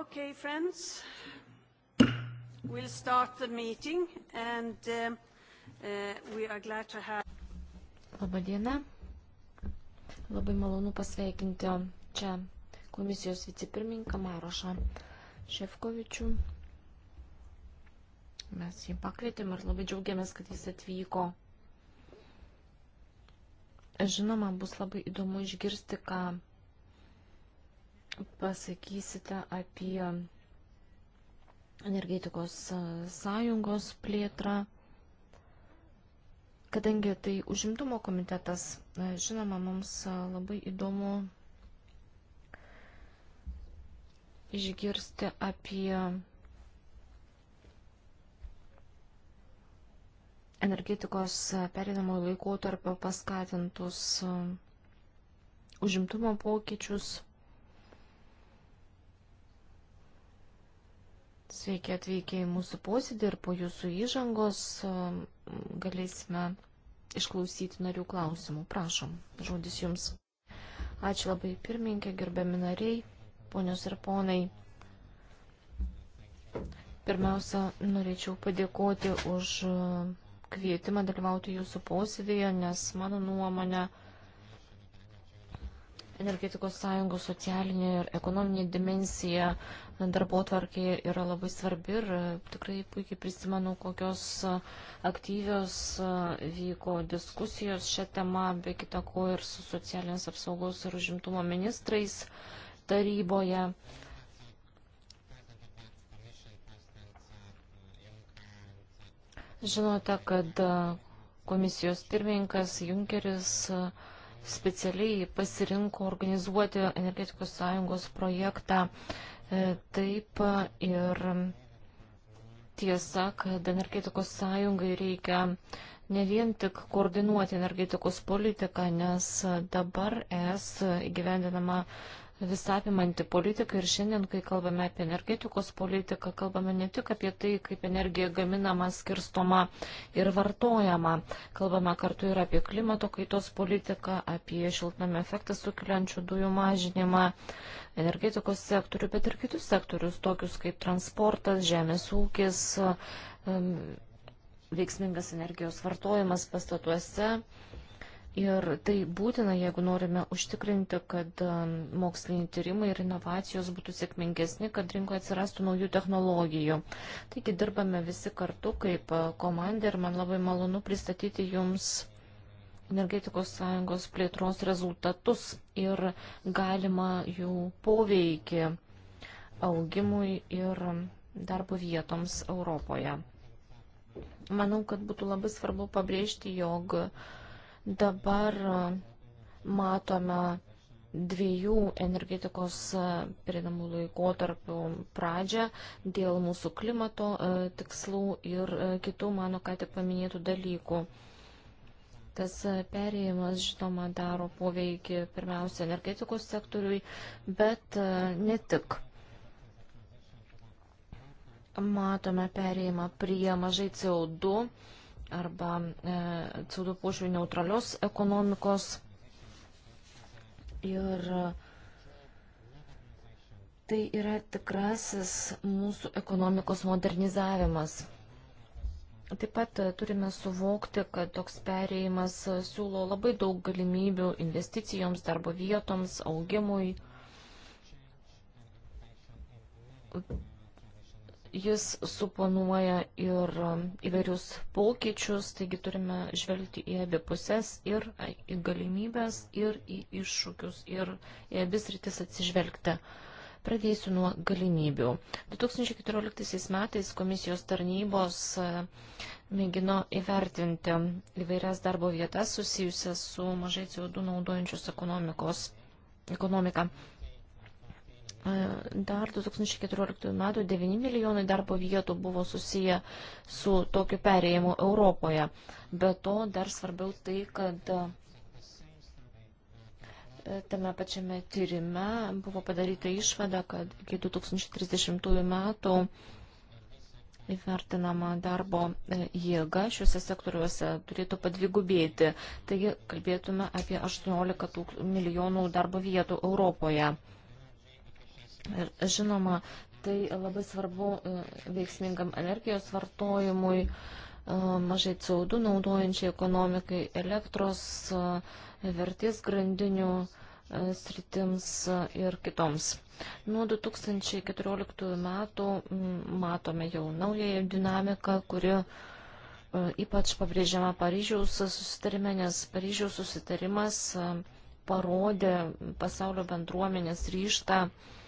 Okay, friends, we'll start the meeting and uh, uh, we are glad to have. Labadiena. Labai malonu pasveikinti čia komisijos vicepirmininką Marošą Šefkovičių. Mes jį pakvietėm ir labai džiaugiamės, kad jis atvyko. Žinoma, bus labai įdomu išgirsti, ką pasakysite apie energetikos sąjungos plėtrą. Kadangi tai užimtumo komitetas, žinoma, mums labai įdomu išgirsti apie energetikos perinamo laikotarpio paskatintus užimtumo pokyčius. Sveiki atvykę į mūsų posėdį ir po jūsų įžangos um, galėsime išklausyti narių klausimų. Prašom, žodis jums. Ačiū labai pirmininkė, gerbiami nariai, ponios ir ponai. Pirmiausia, norėčiau padėkoti už uh, kvietimą dalyvauti jūsų posėdėje, nes mano nuomonė, energetikos sąjungos socialinė ir ekonominė dimensija darbo tvarkė yra labai svarbi ir e, tikrai puikiai prisimenu, kokios e, aktyvios e, vyko diskusijos šią temą, be kita ko ir su socialinės apsaugos ir užimtumo ministrais taryboje. Žinote, kad komisijos pirmininkas Junkeris uh, specialiai pasirinko organizuoti energetikos sąjungos projektą e, taip ir tiesa, kad energetikos sąjungai reikia ne vien tik koordinuoti energetikos politiką, nes dabar es įgyvendinama visapimanti politika ir šiandien, kai kalbame apie energetikos politiką, kalbame ne tik apie tai, kaip energija gaminama, skirstoma ir vartojama, kalbame kartu ir apie klimato kaitos politiką, apie šiltnamio efektą sukeliančių dujų mažinimą, energetikos sektorių, bet ir kitus sektorius, tokius kaip transportas, žemės ūkis, um, veiksmingas energijos vartojimas pastatuose Ir tai būtina, jeigu norime užtikrinti, kad um, moksliniai tyrimai ir inovacijos būtų sėkmingesni, kad rinkoje atsirastų naujų technologijų. Taigi dirbame visi kartu kaip uh, komanda ir man labai malonu pristatyti Jums energetikos sąjungos plėtros rezultatus ir galima jų poveikį augimui ir darbo vietoms Europoje. Manau, kad būtų labai svarbu pabrėžti, jog uh, Dabar e, matome dviejų energetikos e, perinamų laikotarpių pradžią dėl mūsų klimato e, tikslų ir kitų mano ką tik paminėtų dalykų. Tas perėjimas, žinoma, daro poveikį pirmiausia energetikos sektoriui, bet ne tik. Matome perėjimą prie mažai CO2 arba e, CO2 požiūrį neutralios ekonomikos. Ir e, tai yra tikrasis mūsų ekonomikos modernizavimas. Taip pat e, turime suvokti, kad toks perėjimas siūlo labai daug galimybių investicijoms, darbo vietoms, augimui. Jis suponuoja ir um, įvairius pokyčius, taigi turime žvelgti į abi pusės ir į galimybės, ir į iššūkius, ir į abis rytis atsižvelgti. Pradėsiu nuo galimybių. 2014 metais komisijos tarnybos mėgino įvertinti įvairias darbo vietas susijusias su mažai CO2 naudojančios ekonomikos ekonomika. Dar 2014 m. 9 milijonai darbo vietų buvo susiję su tokiu perėjimu Europoje. Be to, dar svarbiau tai, kad tame pačiame tyrime buvo padaryta išvada, kad iki 2030 metų įvertinama darbo e, jėga šiuose sektoriuose turėtų padvigubėti. Taigi kalbėtume apie 18 milijonų darbo vietų Europoje. Ir žinoma, tai labai svarbu e, veiksmingam energijos vartojimui, e, mažai CO2 naudojančiai ekonomikai, elektros e, vertės grandinių sritims ir kitoms. Nuo 2014 metų matome jau naują dinamiką, kuri ypač pabrėžiama Paryžiaus susitarime, nes Paryžiaus susitarimas parodė pasaulio bendruomenės ryštą uh,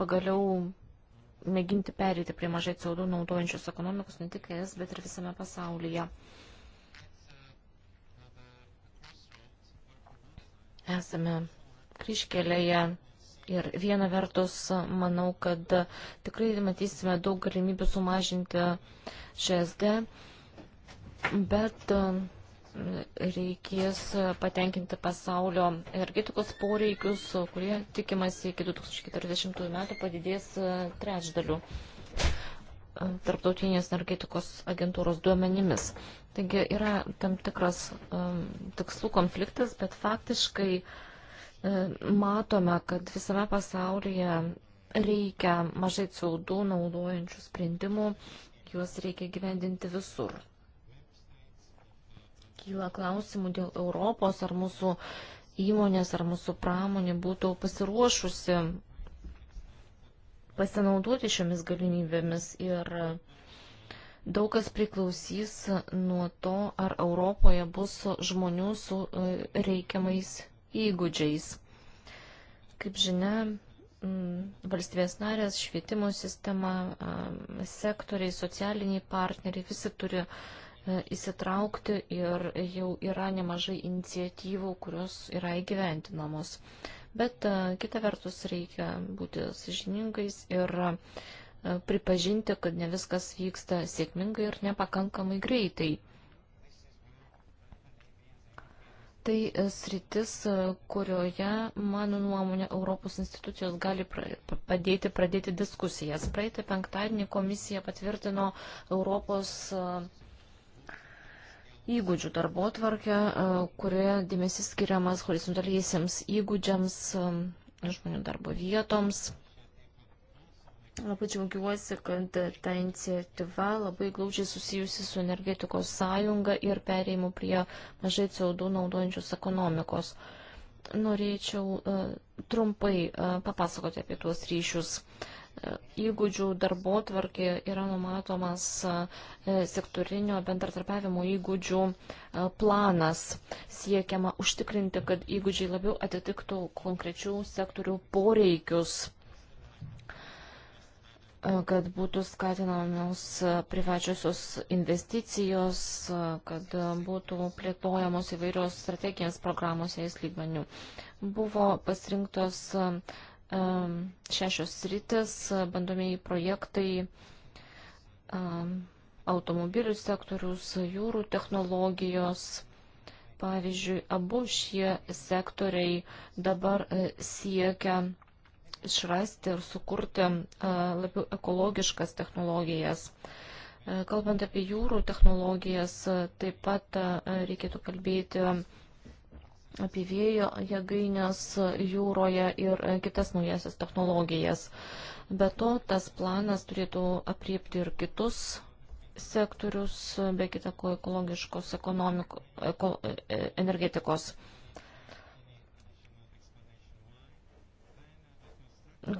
pagaliau mėginti perėti prie mažai CO2 naudojančios ekonomikos ne tik ES, bet ir visame pasaulyje. Esame kryškelėje ir viena vertus manau, kad tikrai matysime daug galimybių sumažinti ŠSD, bet uh, reikės patenkinti pasaulio energetikos poreikius, kurie tikimasi iki 2040 metų padidės e, trečdaliu e, tarptautinės energetikos agentūros duomenimis. Taigi yra tam tikras um, tikslų konfliktas, bet faktiškai um, matome, kad visame pasaulyje reikia mažai CO2 naudojančių sprendimų, juos reikia gyvendinti visur kyla klausimų dėl Europos, ar mūsų įmonės, ar mūsų pramonė būtų pasiruošusi pasinaudoti šiomis galimybėmis ir daug kas priklausys nuo to, ar Europoje bus žmonių su e, reikiamais įgūdžiais. Kaip žinia, mm, valstybės narės, švietimo sistema, sektoriai, socialiniai partneriai, visi turi E, įsitraukti ir jau yra nemažai iniciatyvų, kurios yra įgyventinamos. Bet e, kita vertus reikia būti sažiningais ir e, pripažinti, kad ne viskas vyksta sėkmingai ir nepakankamai greitai. Tai sritis, kurioje, mano nuomonė, Europos institucijos gali padėti pradėti diskusijas. Praeitą penktadienį komisija patvirtino Europos įgūdžių darbo tvarkę, e, kurioje dėmesys skiriamas horizontaliesiems įgūdžiams, e, žmonių darbo vietoms. Labai džiaugiuosi, kad ta iniciatyva labai glaučiai susijusi su energetikos sąjunga ir pereimu prie mažai CO2 naudojančios ekonomikos. Norėčiau e, trumpai papasakoti apie tuos ryšius. Uh, įgūdžių darbo tvarkė yra numatomas e, sektorinio bendratarpiavimo įgūdžių e, planas. Siekiama užtikrinti, kad įgūdžiai labiau atitiktų konkrečių sektorių poreikius e, kad būtų skatinamos privačiosios investicijos, kad būtų plėtojamos įvairios strateginės programos jais lygmenių. Buvo pasirinktos uh, šešios rytis, bandomieji projektai, automobilių sektorius, jūrų technologijos. Pavyzdžiui, abu šie sektoriai dabar e, siekia išrasti ir sukurti e, labiau ekologiškas technologijas. E, kalbant apie jūrų technologijas, taip pat reikėtų kalbėti apie vėjo jėgainės jūroje ir kitas naujasias technologijas. Be to, tas planas turėtų apriepti ir kitus sektorius, be kitako ekologiškos eko, e, energetikos.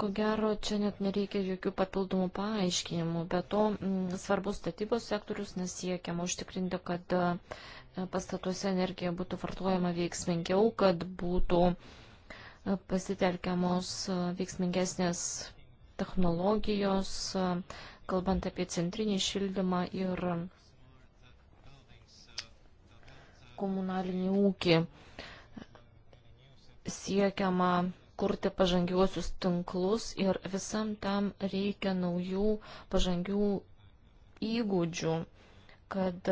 Ko gero, čia net nereikia jokių papildomų paaiškinimų, bet to m, svarbus statybos sektorius nesiekiama užtikrinti, kad pastatuose energija būtų vartojama veiksmingiau, kad būtų e, pasitelkiamos e, veiksmingesnės technologijos, e, kalbant apie centrinį šildymą ir komunalinį ūkį. Siekiama kurti pažangiuosius tinklus ir visam tam reikia naujų pažangių įgūdžių kad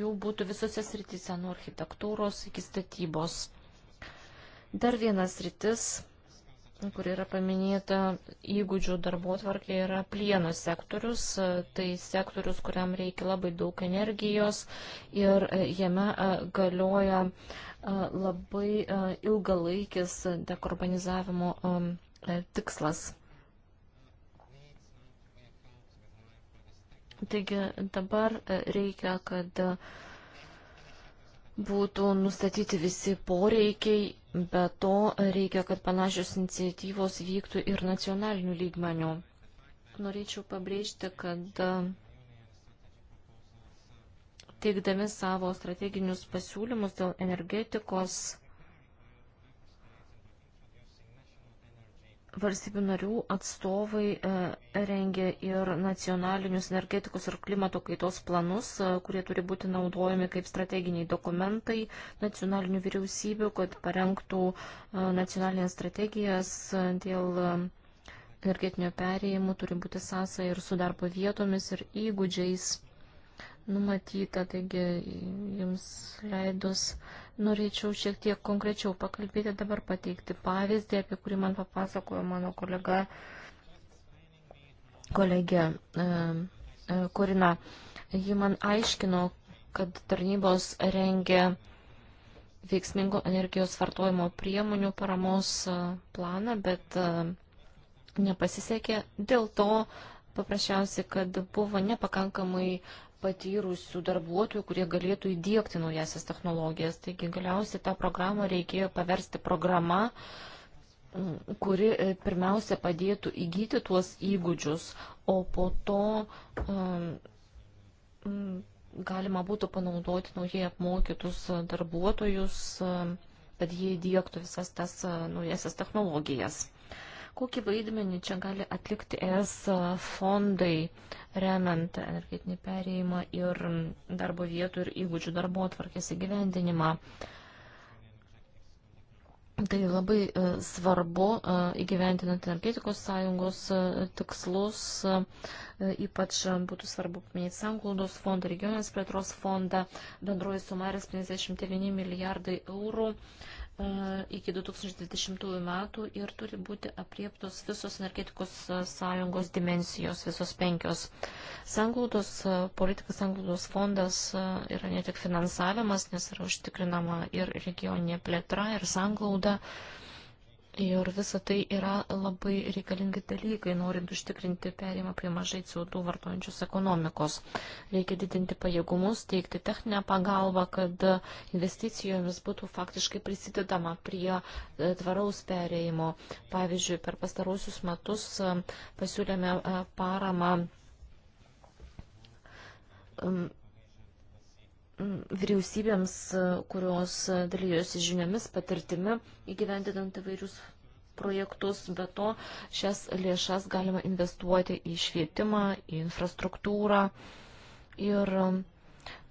jų būtų visose srityse, nuo architektūros iki statybos. Dar vienas rytis, kur yra paminėta įgūdžių darbo tvarkė, yra plieno sektorius. Tai sektorius, kuriam reikia labai daug energijos ir e, jame e, galioja e, labai ilgalaikis dekarbonizavimo tikslas. Taigi dabar e, reikia, kad e, būtų nustatyti visi poreikiai, be to e, reikia, kad panašios iniciatyvos vyktų ir nacionalinių lygmenių. Norėčiau pabrėžti, kad teikdami savo strateginius pasiūlymus dėl energetikos, valstybių narių atstovai e, rengia ir nacionalinius energetikos ir klimato kaitos planus, e, kurie turi būti naudojami kaip strateginiai dokumentai nacionalinių vyriausybių, kad parengtų e, nacionalinės strategijas dėl energetinio perėjimų, turi būti sąsaja ir su darbo vietomis ir įgūdžiais numatyta, taigi jums leidus. Uh, Norėčiau šiek tiek konkrečiau pakalbėti, dabar pateikti pavyzdį, apie kurį man papasakojo mano kolega, kolegė e, e, Kurina. Ji man aiškino, kad tarnybos rengia veiksmingo energijos vartojimo priemonių paramos e, planą, bet nepasisekė dėl to paprasčiausiai, kad buvo nepakankamai patyrusių darbuotojų, kurie galėtų įdėkti naujasias technologijas. Taigi galiausiai tą programą reikėjo paversti programą, kuri e, pirmiausia padėtų įgyti tuos įgūdžius, o po to um, galima būtų panaudoti naujai apmokytus darbuotojus, um, kad jie įdėktų visas tas uh, naujasias technologijas. Kokį vaidmenį čia gali atlikti ES fondai, remiant energetinį perėjimą ir darbo vietų ir įgūdžių darbo atvarkės įgyvendinimą? Tai labai e, svarbu e, įgyventinant energetikos sąjungos e, tikslus, ypač būtų svarbu paminėti Sanklaudos fondą, regionės plėtros fondą, bendroji suma yra 59 milijardai eurų. E, iki 2020 metų ir turi būti apriektos visos energetikos e, sąjungos dimensijos, visos penkios. Sanglaudos e, politikas, sanglaudos fondas yra ne tik finansavimas, nes yra užtikrinama ir regioninė plėtra, ir sanglauda. Uh, Ir visa tai yra labai reikalingi dalykai, norint užtikrinti perėjimą prie mažai CO2 vartojančios ekonomikos. Reikia didinti pajėgumus, teikti techninę pagalbą, kad investicijomis būtų faktiškai prisidedama prie e, tvaraus perėjimo. Pavyzdžiui, per pastarausius metus e, pasiūlėme e, paramą vyriausybėms, kurios dalyjosi žiniomis, patirtimi įgyvendinant įvairius projektus, be to šias lėšas galima investuoti į švietimą, į infrastruktūrą ir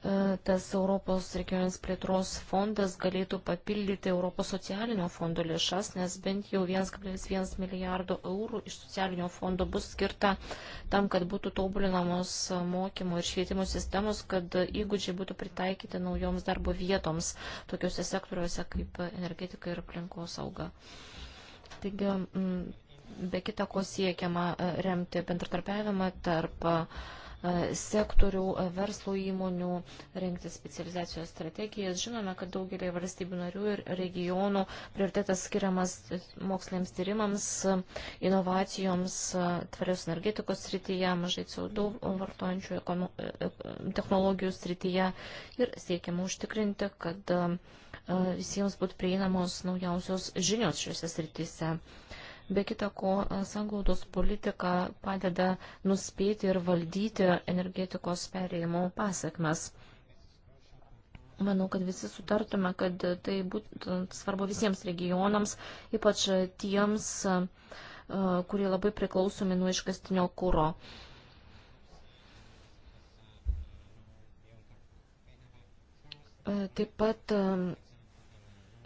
E, tas Europos regioninės plėtros fondas galėtų papildyti Europos socialinio fondo lėšas, nes bent jau 1,1 milijardo eurų iš socialinio fondo bus skirta tam, kad būtų tobulinamos mokymo ir švietimo sistemos, kad įgūdžiai būtų pritaikyti naujoms darbo vietoms tokiuose sektoriuose kaip energetika ir aplinkos auga. Taigi, be kita ko siekiama e, remti bendratarpiavimą tarp E, sektorių, e, verslo įmonių, rengti specializacijos strategijas. Žinome, kad daugelį valstybių narių ir regionų prioritetas skiriamas moksliniams tyrimams, inovacijoms, e, tvarios energetikos srityje, mažai CO2 vartojančių technologijų srityje ir siekiama užtikrinti, kad visiems būtų prieinamos naujausios žinios šiuose srityse. Be kita ko, sanglaudos politika padeda nuspėti ir valdyti energetikos perėjimo pasiekmes. Manau, kad visi sutartume, kad tai būtų svarbu visiems regionams, ypač tiems, kurie labai priklausomi nuo iškastinio kūro. Taip pat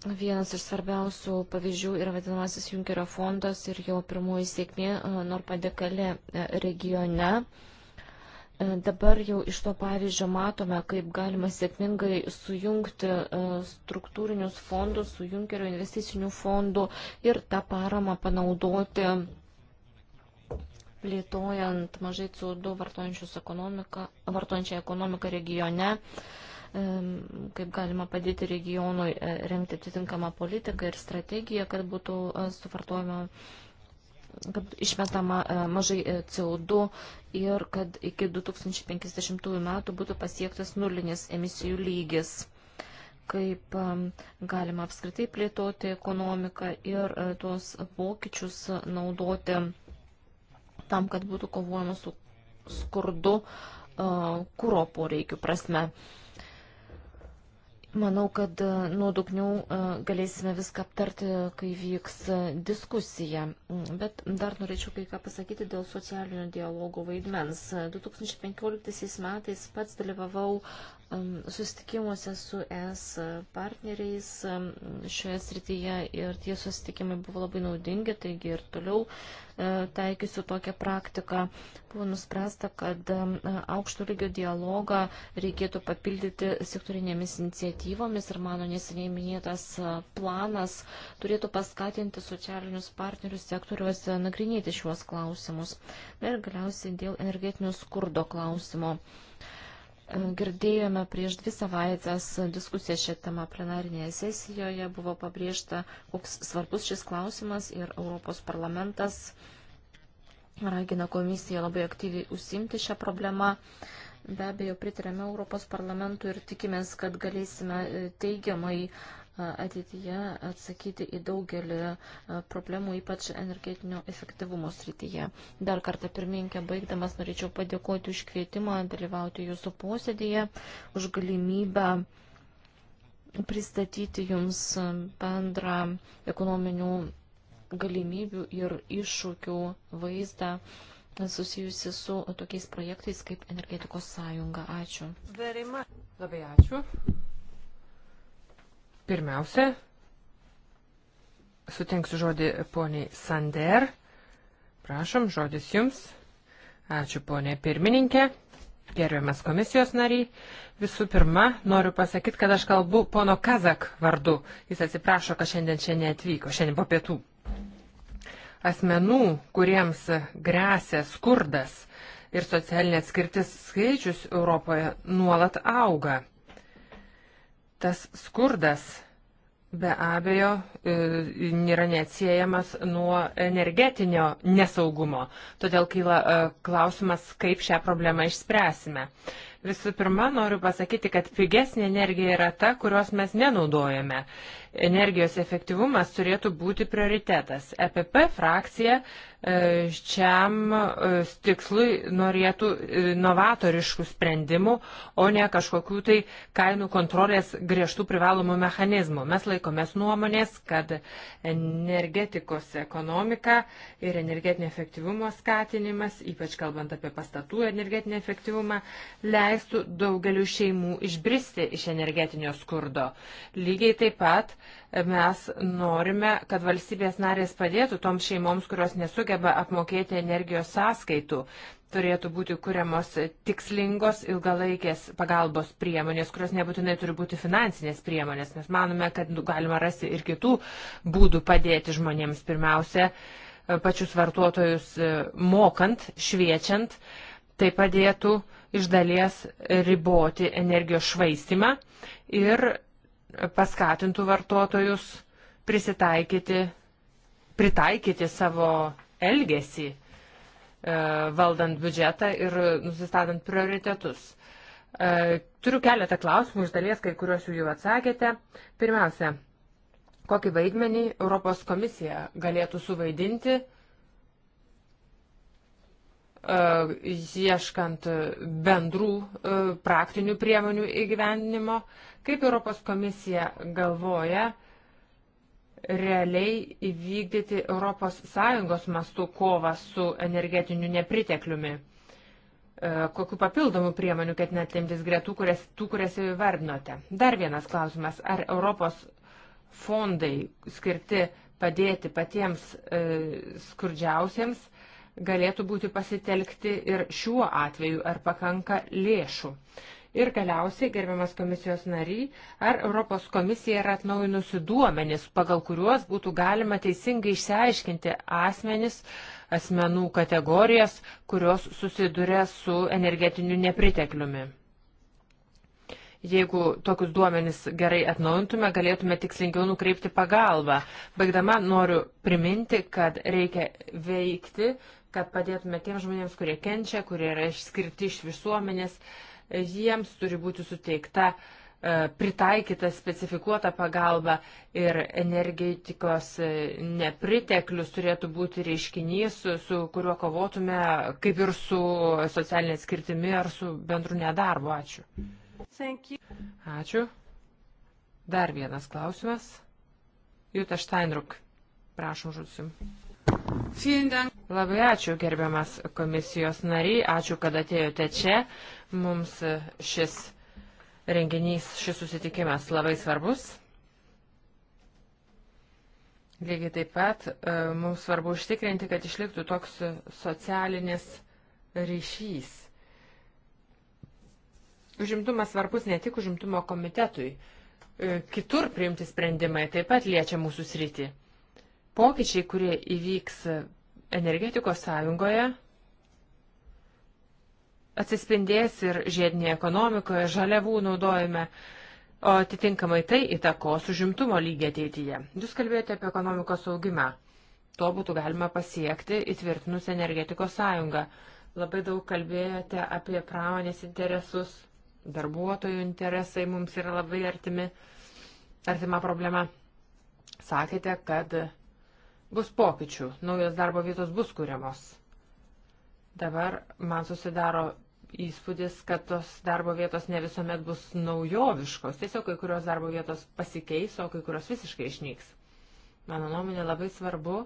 Vienas iš svarbiausių pavyzdžių yra vadinamasis Junkerio fondas ir jo pirmoji sėkmė e, Norpadekale e, regione. E, dabar jau iš to pavyzdžio matome, kaip galima sėkmingai sujungti struktūrinius fondus su Junkerio investicinių fondų ir tą paramą panaudoti plėtojant mažai CO2 vartojančią ekonomiką regione kaip galima padėti regionui e, renkti atitinkamą politiką ir strategiją, kad būtų e, suvartojama kad išmetama e, mažai CO2 ir kad iki 2050 metų būtų pasiektas nulinis emisijų lygis kaip galima apskritai plėtoti ekonomiką ir tuos pokyčius naudoti tam, kad būtų kovojama su skurdu kūro poreikiu prasme. Manau, kad e, nuodugniau e, galėsime viską aptarti, kai vyks e, diskusija. Bet dar norėčiau kai ką pasakyti dėl socialinio dialogo vaidmens. 2015 metais pats dalyvavau susitikimuose su ES partneriais šioje srityje ir tie susitikimai buvo labai naudingi, taigi ir toliau e, taikysiu tokią praktiką. Buvo nuspręsta, kad aukšto lygio dialogą reikėtų papildyti sektorinėmis iniciatyvomis ir mano neseniai minėtas e, planas turėtų paskatinti socialinius partnerius sektoriuose nagrinėti šiuos klausimus. Na ir galiausiai dėl energetinio skurdo klausimo. Uh, Girdėjome prieš dvi savaitės diskusiją šią temą plenarinėje sesijoje. Buvo pabrėžta, koks svarbus šis klausimas ir Europos parlamentas ragina komisiją labai aktyviai užsimti šią problemą. Be abejo, pritarėme Europos parlamentui ir tikimės, kad galėsime teigiamai uh, ateityje atsakyti į daugelį problemų, ypač energetinio efektyvumo srityje. Dar kartą pirmininkę baigdamas norėčiau padėkoti už kvietimą dalyvauti jūsų posėdėje, už galimybę pristatyti jums bendrą ekonominių galimybių ir iššūkių vaizdą susijusi su tokiais projektais kaip energetikos sąjunga. Ačiū. Labai ačiū. Pirmiausia, sutinksiu žodį poniai Sander. Prašom, žodis jums. Ačiū ponė pirmininkė, gerbiamas komisijos nariai. Visų pirma, noriu pasakyti, kad aš kalbu pono Kazak vardu. Jis atsiprašo, kad šiandien čia neatvyko, šiandien po pietų. Asmenų, kuriems grėsia skurdas ir socialinė atskirtis skaičius Europoje nuolat auga. Tas skurdas be abejo yra e, neatsiejamas nuo energetinio nesaugumo. Todėl kyla e, klausimas, kaip šią problemą išspręsime. Visų pirma, noriu pasakyti, kad pigesnė energija yra ta, kurios mes nenaudojame. Energijos efektyvumas turėtų būti prioritetas. EPP frakcija E, šiam e, tikslui norėtų e, novatoriškų sprendimų, o ne kažkokių tai kainų kontrolės griežtų privalomų mechanizmų. Mes laikomės nuomonės, kad energetikos ekonomika ir energetinio efektyvumo skatinimas, ypač kalbant apie pastatų energetinį efektyvumą, leistų daugeliu šeimų išbristi iš energetinio skurdo. Lygiai taip pat mes norime, kad valstybės narės padėtų toms šeimoms, kurios nesugeba nesugeba apmokėti energijos sąskaitų. Turėtų būti kuriamos tikslingos ilgalaikės pagalbos priemonės, kurios nebūtinai turi būti finansinės priemonės, nes manome, kad nu, galima rasti ir kitų būdų padėti žmonėms. Pirmiausia, pačius vartotojus e, mokant, šviečiant, tai padėtų iš dalies riboti energijos švaistimą ir paskatintų vartotojus prisitaikyti, pritaikyti savo elgesį e, valdant biudžetą ir nusistatant prioritetus. E, turiu keletą klausimų, iš dalies kai kuriuos jų jau atsakėte. Pirmiausia, kokį vaidmenį Europos komisija galėtų suvaidinti, e, ieškant bendrų praktinių priemonių įgyvendinimo, kaip Europos komisija galvoja, realiai įvykdyti ES mastų kovą su energetiniu nepritekliumi? E, kokiu papildomu priemoniu ketinat imtis gretų, kurias, tų, kurias jau įvardinote? Dar vienas klausimas. Ar Europos fondai skirti padėti patiems e, skurdžiausiems galėtų būti pasitelkti ir šiuo atveju, ar pakanka lėšų? E, Ir galiausiai, gerbiamas komisijos nariai, ar Europos komisija yra atnaujinusi duomenis, pagal kuriuos būtų galima teisingai išsiaiškinti asmenis, asmenų kategorijas, kurios susiduria su energetiniu nepritekliumi. Jeigu tokius duomenis gerai atnaujintume, galėtume tikslingiau nukreipti pagalbą. Baigdama noriu priminti, kad reikia veikti, kad padėtume tiems žmonėms, kurie kenčia, kurie yra išskirti iš visuomenės. Uh, jiems turi būti suteikta e, pritaikyta specifikuota pagalba ir energetikos e, nepriteklius turėtų būti reiškinys, su kuriuo kovotume, kaip ir su socialinė atskirtimi ar su bendru nedarbu. Ačiū. Ačiū. Dar vienas klausimas. Jūta Steinruk, prašom žodžiu. Labai ačiū, gerbiamas komisijos nariai, ačiū, kad atėjote čia. Mums šis renginys, šis susitikimas labai svarbus. Lygiai taip pat e, mums svarbu užtikrinti, kad išliktų toks socialinis ryšys. Užimtumas svarbus ne tik užimtumo komitetui. E, kitur priimti sprendimai taip pat liečia mūsų sritį. Pokyčiai, kurie įvyks energetikos sąjungoje, atsispindės ir žiedinėje ekonomikoje, žaliavų naudojime, o atitinkamai tai įtakos užimtumo lygį ateityje. Jūs kalbėjote apie ekonomikos augimą. To būtų galima pasiekti įtvirtinus energetikos sąjungą. Labai daug kalbėjote apie pramonės interesus, darbuotojų interesai mums yra labai artimi, artima problema. Sakėte, kad Bus pokyčių, naujos darbo vietos bus kuriamos. Dabar man susidaro įspūdis, kad tos darbo vietos ne visuomet bus naujoviškos. Tiesiog kai kurios darbo vietos pasikeis, o kai kurios visiškai išnyks. Mano nuomonė labai svarbu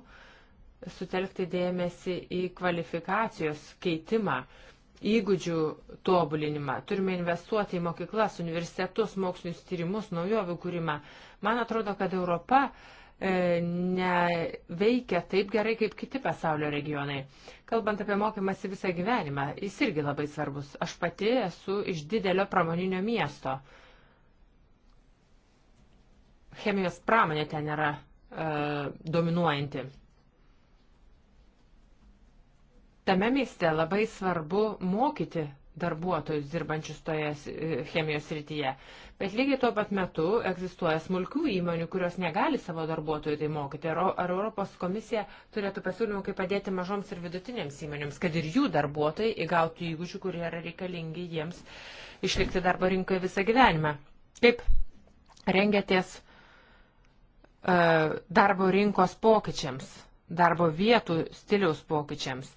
sutelkti dėmesį į kvalifikacijos keitimą, įgūdžių tobulinimą. Turime investuoti į mokyklas, universitetus, mokslinius tyrimus, naujovių kūrimą. Man atrodo, kad Europa uh, E, neveikia taip gerai kaip kiti pasaulio regionai. Kalbant apie mokymasi visą gyvenimą, jis irgi labai svarbus. Aš pati esu iš didelio pramoninio miesto. Chemijos pramonė ten yra e, dominuojanti. Tame mieste labai svarbu mokyti darbuotojus dirbančius toje e, chemijos srityje. Bet lygiai tuo pat metu egzistuoja smulkių įmonių, kurios negali savo darbuotojų tai mokyti. Ar, ar Europos komisija turėtų pasiūlymų, kaip padėti mažoms ir vidutinėms įmonėms, kad ir jų darbuotojai įgautų įgūdžių, kurie yra reikalingi jiems išlikti darbo rinkoje visą gyvenimą. Kaip rengiatės uh, darbo rinkos pokyčiams? darbo vietų stiliaus pokyčiams.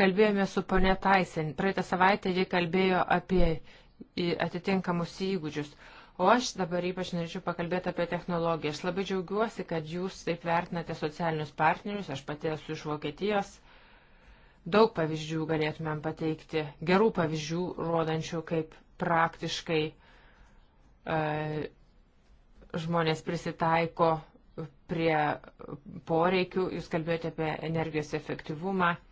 Kalbėjome su ponė Taisen. Praeitą savaitę ji kalbėjo apie atitinkamus įgūdžius. O aš dabar ypač norėčiau pakalbėti apie technologiją. Aš labai džiaugiuosi, kad jūs taip vertinate socialinius partnerius, aš pati esu iš Vokietijos. Daug pavyzdžių galėtumėm pateikti, gerų pavyzdžių, rodančių, kaip praktiškai e, žmonės prisitaiko prie poreikių. Jūs kalbėjote apie energijos efektyvumą. E,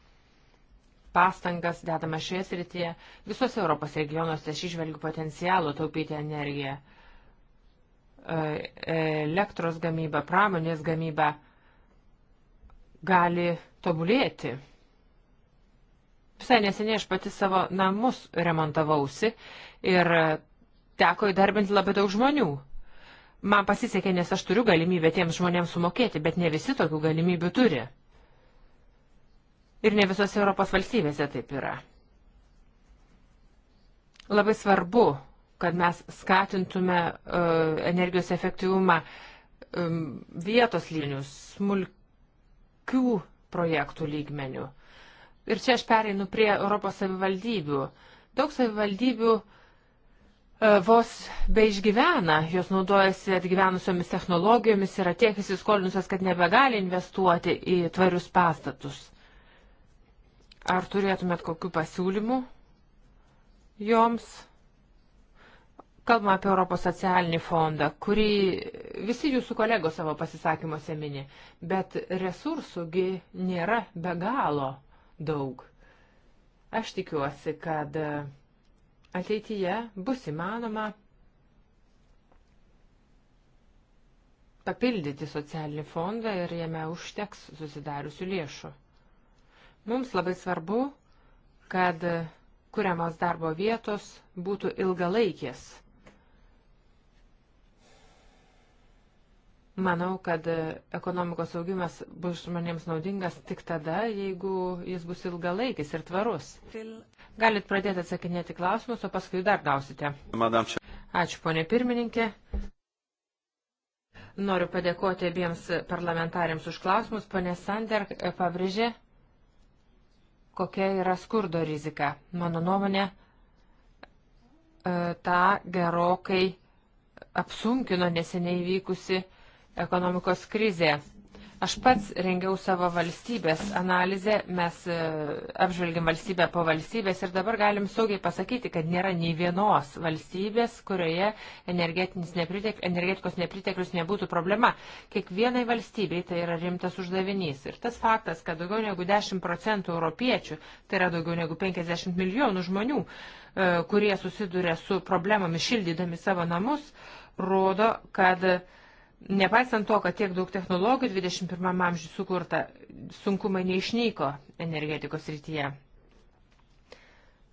pastangas dedame šioje srityje. Visose Europos regionuose aš išvelgiu potencialų taupyti energiją. E, e, elektros gamyba, pramonės gamyba gali tobulėti. Visai neseniai aš pati savo namus remontavausi ir teko įdarbinti labai daug žmonių. Man pasisekė, nes aš turiu galimybę tiems žmonėms sumokėti, bet ne visi tokių galimybių turi. Ir ne visose Europos valstybėse taip yra. Labai svarbu, kad mes skatintume uh, energijos efektyvumą um, vietos lygmenius, smulkių projektų lygmenių. Ir čia aš pereinu prie Europos savivaldybių. Daug savivaldybių uh, vos beišgyvena, jos naudojasi atgyvenusiomis technologijomis, yra tiek įsiskolinusios, kad nebegali investuoti į tvarius pastatus. Ar turėtumėt kokių pasiūlymų joms? Kalbame apie Europos socialinį fondą, kurį visi jūsų kolegos savo pasisakymuose mini, bet resursųgi nėra be galo daug. Aš tikiuosi, kad ateityje bus įmanoma papildyti socialinį fondą ir jame užteks susidariusių lėšų. Mums labai svarbu, kad kuriamos darbo vietos būtų ilgalaikės. Manau, kad ekonomikos augimas bus žmonėms naudingas tik tada, jeigu jis bus ilgalaikis ir tvarus. Galit pradėti atsakinėti klausimus, o paskui dar gausite. Ačiū, ponė pirmininkė. Noriu padėkoti abiems parlamentarėms už klausimus. Pane Sander pabrėžė, kokia yra skurdo rizika. Mano nuomonė, e, tą gerokai apsunkino neseniai vykusi ekonomikos krizė. Aš pats rengiau savo valstybės analizę, mes e, apžvelgiam valstybę po valstybės ir dabar galim saugiai pasakyti, kad nėra nei vienos valstybės, kurioje nepritek, energetikos nepriteklius nebūtų problema. Kiekvienai valstybei tai yra rimtas uždavinys. Ir tas faktas, kad daugiau negu 10 procentų europiečių, tai yra daugiau negu 50 milijonų žmonių, e, kurie susiduria su problemomis šildydami savo namus, rodo, kad Nepaisant to, kad tiek daug technologijų 21 amžiui sukurta, sunkumai neišnyko energetikos rytyje.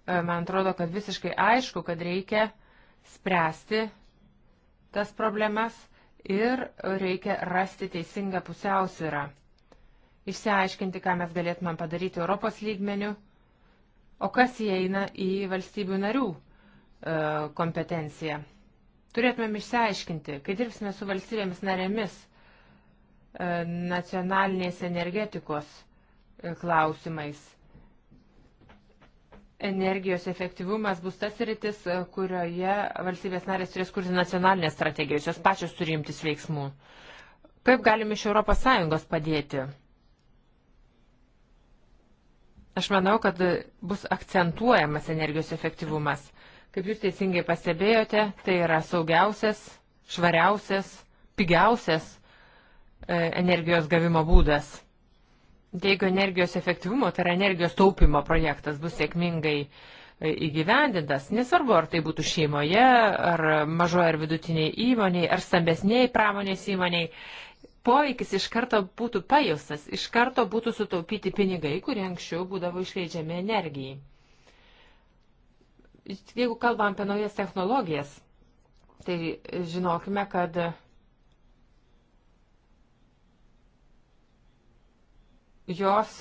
E, man atrodo, kad visiškai aišku, kad reikia spręsti tas problemas ir reikia rasti teisingą pusiausvyrą. Išsiaiškinti, ką mes galėtumėm padaryti Europos lygmenių, o kas įeina į valstybių narių e, kompetenciją. Turėtumėm išsiaiškinti, kai dirbsime su valstybėmis narėmis e, nacionalinės energetikos e, klausimais. Energijos efektyvumas bus tas rytis, e, kurioje valstybės narės turės kurti nacionalinės strategijos, jos pačios turi imtis veiksmų. Kaip galim iš ES padėti? Aš manau, kad bus akcentuojamas energijos efektyvumas. Kaip jūs teisingai pastebėjote, tai yra saugiausias, švariausias, pigiausias e, energijos gavimo būdas. Jeigu energijos efektyvumo, tai yra energijos taupimo projektas bus sėkmingai e, įgyvendintas, nesvarbu, ar tai būtų šeimoje, ar mažoje ar vidutiniai įmoniai, ar stambesniai pramonės įmoniai, poveikis iš karto būtų pajaustas, iš karto būtų sutaupyti pinigai, kurie anksčiau būdavo išleidžiami energijai. Jeigu kalbam apie naujas technologijas, tai žinokime, kad jos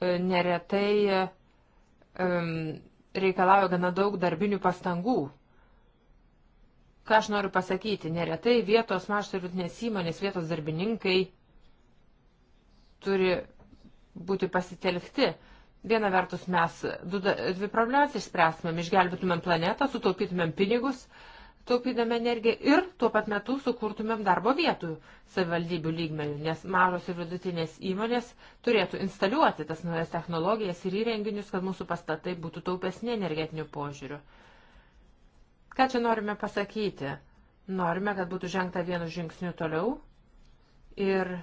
e, neretai um, reikalauja gana daug darbinių pastangų. Ką aš noriu pasakyti, neretai vietos mažos ir vidutinės įmonės, vietos darbininkai turi būti pasitelkti. Uh, Viena vertus mes du, dvi problemas išspręstumėm, išgelbėtumėm planetą, sutaupytumėm pinigus, taupydami energiją ir tuo pat metu sukurtumėm darbo vietų savivaldybių lygmenių, nes mažos ir vidutinės įmonės turėtų instaliuoti tas naujas technologijas ir įrenginius, kad mūsų pastatai būtų taupesni energetiniu požiūriu. Ką čia norime pasakyti? Norime, kad būtų žengta vienu žingsniu toliau ir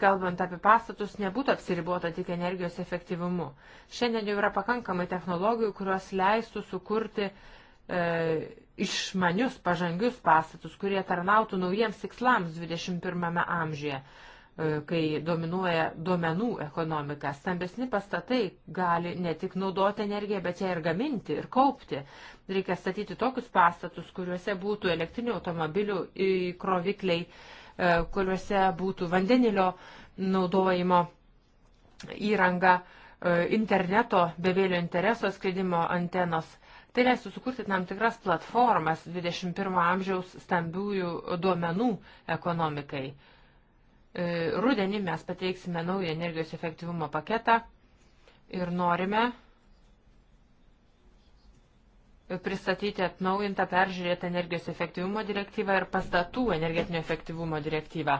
kalbant apie pastatus, nebūtų apsiribuota tik energijos efektyvumu. Šiandien jau yra pakankamai technologijų, kurios leistų sukurti e, išmanius, pažangius pastatus, kurie tarnautų naujiems tikslams 21 amžiuje, e, kai dominuoja duomenų ekonomika. Stambesni pastatai gali ne tik naudoti energiją, bet ją ir gaminti, ir kaupti. Reikia statyti tokius pastatus, kuriuose būtų elektrinių automobilių įkrovikliai. E, E, kuriuose būtų vandenilio naudojimo įranga, e, interneto, bevėlio intereso skleidimo antenos. Tai leistų sukurti tam tikras platformas 21 amžiaus stambiųjų duomenų ekonomikai. E, rudenį mes pateiksime naują energijos efektyvumo paketą ir norime pristatyti atnaujintą peržiūrėtą energijos efektyvumo direktyvą ir pastatų energetinio efektyvumo direktyvą.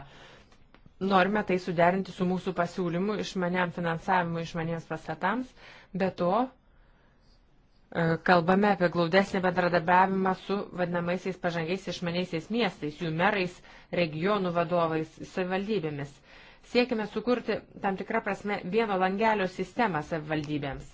Norime tai suderinti su mūsų pasiūlymu išmaniam finansavimui išmaniems pastatams, be to e, kalbame apie glaudesnį bendradarbiavimą su vadinamaisiais pažangiais išmaniaisiais miestais, jų merais, regionų vadovais, savivaldybėmis. Siekime sukurti tam tikrą prasme vieno langelio sistemą savivaldybėms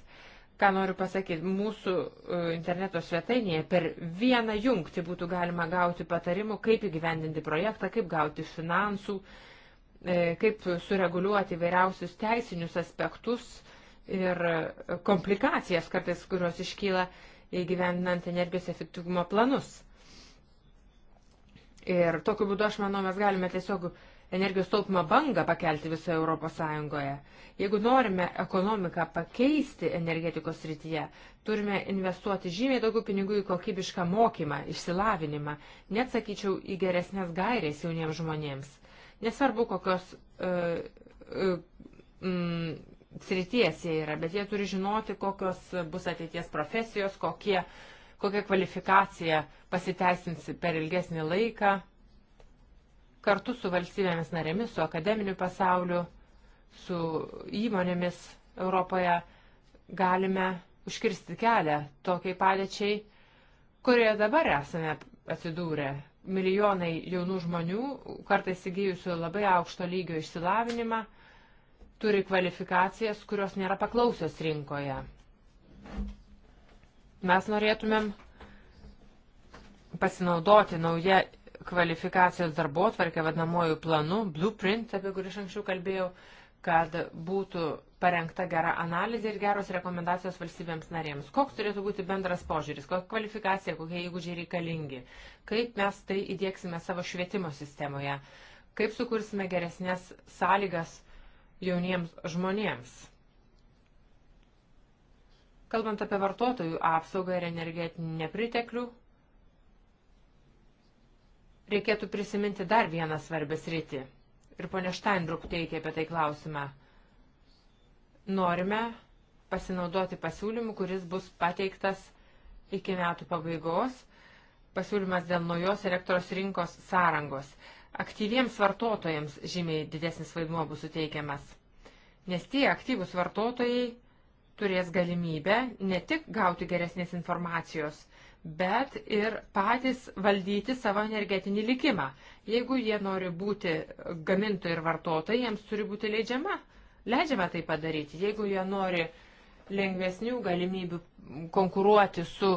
ką noriu pasakyti, mūsų e, interneto svetainėje per vieną jungtį būtų galima gauti patarimų, kaip įgyvendinti projektą, kaip gauti finansų, e, kaip sureguliuoti vairiausius teisinius aspektus ir e, komplikacijas kartais, kurios iškyla įgyvendinant energijos efektyvumo planus. Ir tokiu būdu, aš manau, mes galime tiesiog uh, energijos taupimo bangą pakelti visoje Europos Sąjungoje. Jeigu norime ekonomiką pakeisti energetikos srityje, turime investuoti žymiai daugiau pinigų į kokybišką mokymą, išsilavinimą, net sakyčiau, į geresnės gairės jauniems žmonėms. Nesvarbu, kokios uh, uh, mm, srities jie yra, bet jie turi žinoti, kokios bus ateities profesijos, kokie, kokia kvalifikacija pasiteisins per ilgesnį laiką kartu su valstybėmis narėmis, su akademiniu pasauliu, su įmonėmis Europoje galime užkirsti kelią tokiai padėčiai, kurioje dabar esame atsidūrę. Milijonai jaunų žmonių, kartais įgyjusių labai aukšto lygio išsilavinimą, turi kvalifikacijas, kurios nėra paklausios rinkoje. Mes norėtumėm pasinaudoti naują kvalifikacijos darbo atvarkę vadinamojų planų, blueprint, apie kurį aš anksčiau kalbėjau, kad būtų parengta gera analizė ir geros rekomendacijos valstybėms narėms. Koks turėtų būti bendras požiūris, kokia kvalifikacija, kokie įgūdžiai reikalingi, kaip mes tai įdėksime savo švietimo sistemoje, kaip sukursime geresnės sąlygas jauniems žmonėms. Kalbant apie vartotojų apsaugą ir energetinį nepriteklių, reikėtų prisiminti dar vieną svarbę sritį. Ir ponė Steinbruk teikia apie tai klausimą. Norime pasinaudoti pasiūlymu, kuris bus pateiktas iki metų pabaigos. Pasiūlymas dėl naujos elektros rinkos sąrangos. Aktyviems vartotojams žymiai didesnis vaidmuo bus suteikiamas, nes tie aktyvūs vartotojai turės galimybę ne tik gauti geresnės informacijos, bet ir patys valdyti savo energetinį likimą. Jeigu jie nori būti gamintojai ir vartotojai, jiems turi būti leidžiama. Leidžiama tai padaryti. Jeigu jie nori lengvesnių galimybių konkuruoti su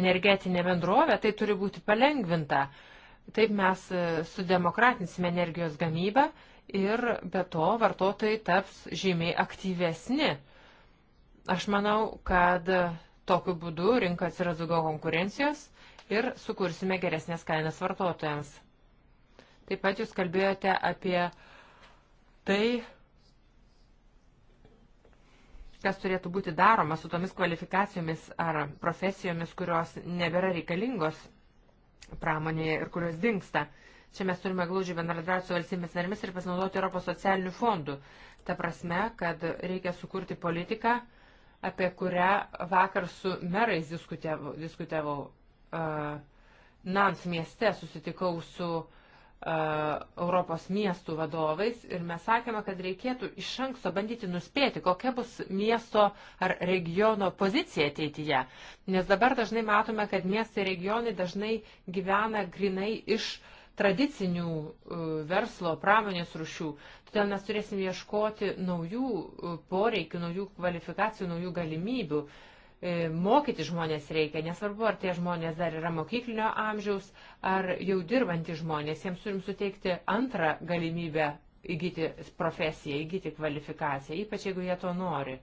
energetinė bendrovė, tai turi būti palengvinta. Taip mes e, sudemokratinsime energijos gamybą ir be to vartotojai taps žymiai aktyvesni. Aš manau, kad Tokiu būdu rinka atsiras daugiau konkurencijos ir sukursime geresnės kainas vartotojams. Taip pat jūs kalbėjote apie tai, kas turėtų būti daroma su tomis kvalifikacijomis ar profesijomis, kurios nebėra reikalingos pramonėje ir kurios dinksta. Čia mes turime glaudžiai bendradarbiauti su valstybės narimis ir pasinaudoti Europos socialinių fondų. Ta prasme, kad reikia sukurti politiką, apie kurią vakar su merais diskutavau. diskutavau. Uh, Nans mieste susitikau su uh, Europos miestų vadovais ir mes sakėme, kad reikėtų iš anksto bandyti nuspėti, kokia bus miesto ar regiono pozicija ateityje. Nes dabar dažnai matome, kad miestai ir regionai dažnai gyvena grinai iš uh, tradicinių e, verslo pramonės rušių. Todėl mes turėsim ieškoti naujų e, poreikių, naujų kvalifikacijų, naujų galimybių. E, mokyti žmonės reikia, nesvarbu, ar tie žmonės dar yra mokyklinio amžiaus, ar jau dirbantys žmonės. Jiems turim suteikti antrą galimybę įgyti profesiją, įgyti kvalifikaciją, ypač jeigu jie to nori.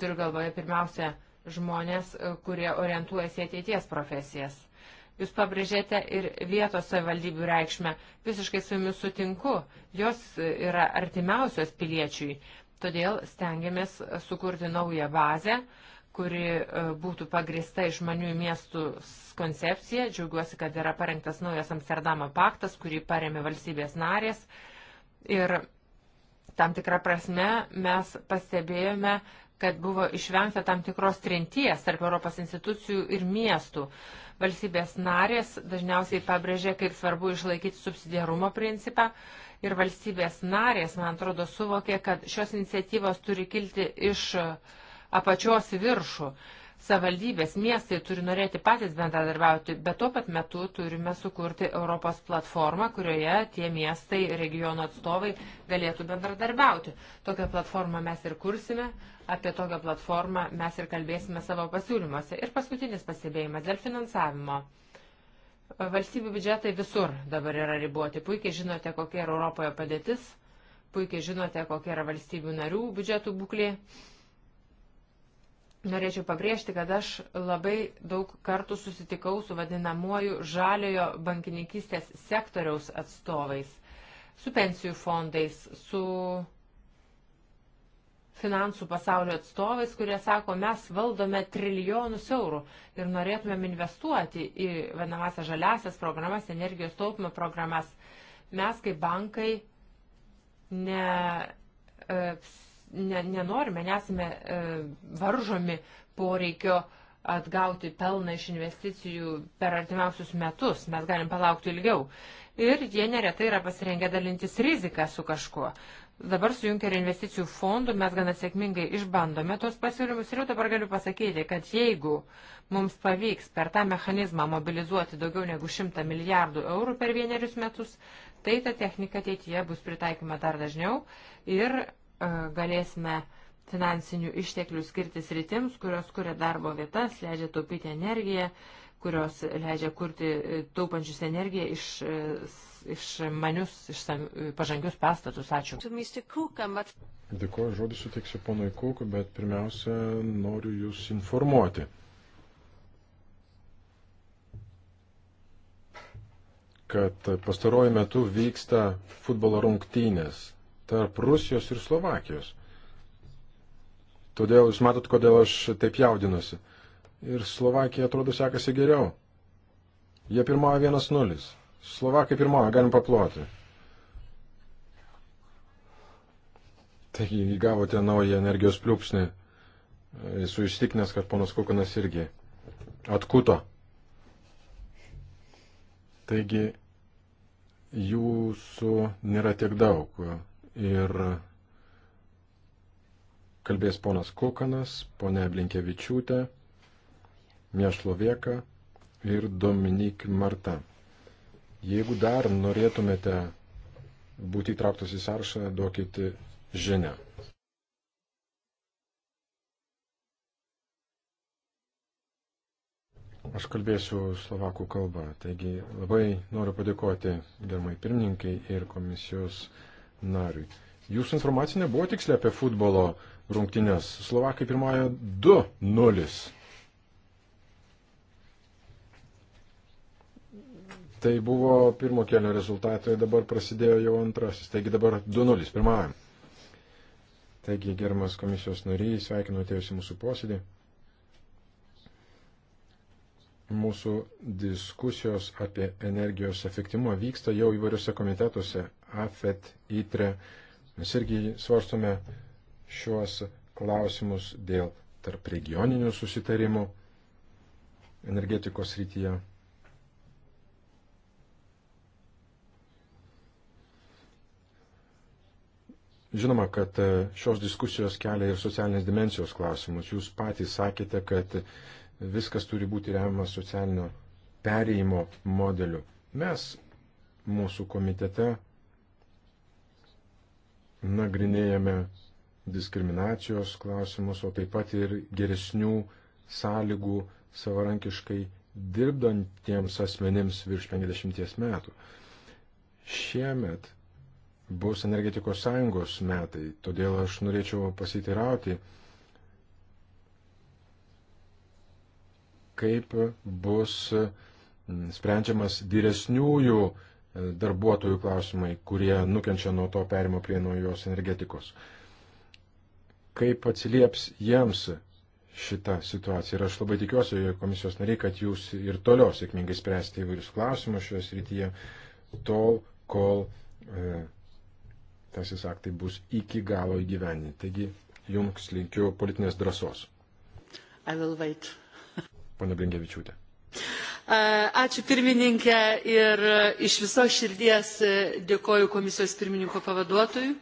Turiu galvoje pirmiausia žmonės, kurie orientuojasi ateities profesijas Jūs pabrėžėte ir vietos savivaldybių reikšmę. Visiškai su jumis sutinku. Jos yra artimiausios piliečiui. Todėl stengiamės sukurti naują bazę, kuri e, būtų pagrista išmanių miestų koncepcija. Džiaugiuosi, kad yra parengtas naujas Amsterdamo paktas, kurį paremė valstybės narės. Ir tam tikrą prasme mes pastebėjome, kad buvo išvengta tam tikros trinties tarp Europos institucijų ir miestų. Valstybės narės dažniausiai pabrėžė, kaip svarbu išlaikyti subsidiarumo principą ir valstybės narės, man atrodo, suvokė, kad šios iniciatyvos turi kilti iš apačios viršų. Savaldybės, miestai turi norėti patys bendradarbiauti, bet tuo pat metu turime sukurti Europos platformą, kurioje tie miestai, regiono atstovai galėtų bendradarbiauti. Tokią platformą mes ir kursime, apie tokią platformą mes ir kalbėsime savo pasiūlymuose. Ir paskutinis pasibėjimas dėl finansavimo. Valstybių biudžetai visur dabar yra riboti. Puikiai žinote, kokia yra Europoje padėtis, puikiai žinote, kokia yra valstybių narių biudžetų būklė. Norėčiau pabrėžti, kad aš labai daug kartų susitikau su vadinamuoju žaliojo bankininkystės sektoriaus atstovais, su pensijų fondais, su finansų pasaulio atstovais, kurie sako, mes valdome trilijonus eurų ir norėtumėm investuoti į vienamasią žaliasias programas, energijos taupimo programas. Mes kaip bankai ne. E, ne, nenorime, nesame e, varžomi poreikio atgauti pelną iš investicijų per artimiausius metus, mes galim palaukti ilgiau. Ir jie neretai yra pasirengę dalintis riziką su kažkuo. Dabar su Junkerio investicijų fondu mes gana sėkmingai išbandome tos pasiūlymus ir jau dabar galiu pasakyti, kad jeigu mums pavyks per tą mechanizmą mobilizuoti daugiau negu 100 milijardų eurų per vienerius metus, tai ta technika ateityje bus pritaikoma dar dažniau ir E, galėsime finansinių išteklių skirti sritims, kurios kuria darbo vietas, leidžia taupyti energiją, kurios leidžia kurti e, taupančius energiją iš, e, iš manius, iš pažangius pastatus. Ačiū. Dėkuoju, žodį suteiksiu ponui Kūku, bet pirmiausia, noriu Jūs informuoti. kad pastaruoju metu vyksta futbolo rungtynės tarp Rusijos ir Slovakijos. Todėl jūs matot, kodėl aš taip jaudinuosi. Ir Slovakija atrodo sekasi geriau. Jie pirmojo 1-0. Slovakai pirmojo, galim paploti. Taigi gavote naują energijos pliūpsnį. Esu įstikinęs, kad ponas Kukinas irgi atkuto. Taigi jūsų nėra tiek daug ir kalbės ponas Kukanas, ponė Blinkevičiūtė, Miešlovieka ir Dominik Marta. Jeigu dar norėtumėte būti įtrauktos į sąrašą, duokite žinę. Aš kalbėsiu slovakų kalbą, taigi labai noriu padėkoti germai pirmininkai ir komisijos nariui. Jūsų informacija nebuvo tiksliai apie futbolo rungtynės. Slovakai pirmąją 2-0. Tai buvo pirmo kelio rezultatai, dabar prasidėjo jau antrasis. Taigi dabar 2-0 pirmajam. Taigi, gerbiamas komisijos nariai, sveikinu atėjusi mūsų posėdį. Mūsų diskusijos apie energijos efektyvumą vyksta jau įvairiose komitetuose AFET, ITRE. Mes irgi svarstome šiuos klausimus dėl tarp regioninių susitarimų energetikos rytyje. Žinoma, kad šios diskusijos kelia ir socialinės dimensijos klausimus. Jūs patys sakėte, kad viskas turi būti remiamas socialinio pereimo modeliu. Mes mūsų komitete nagrinėjame diskriminacijos klausimus, o taip pat ir geresnių sąlygų savarankiškai dirbdantiems asmenims virš 50 metų. Šiemet bus energetikos sąjungos metai, todėl aš norėčiau pasitirauti, kaip bus sprendžiamas vyresniųjų darbuotojų klausimai, kurie nukenčia nuo to perimo prie naujos energetikos. Kaip atsilieps jiems šita situacija? Ir aš labai tikiuosi, komisijos nariai, kad jūs ir toliau sėkmingai spręsite įvairius klausimus šioje srityje, tol, kol e, tasis aktai bus iki galo įgyveninti. Taigi, jums linkiu politinės drąsos. Pane Blinkevičiūtė. Ačiū pirmininkė ir e, iš viso širdies e, dėkoju komisijos pirmininko pavaduotojui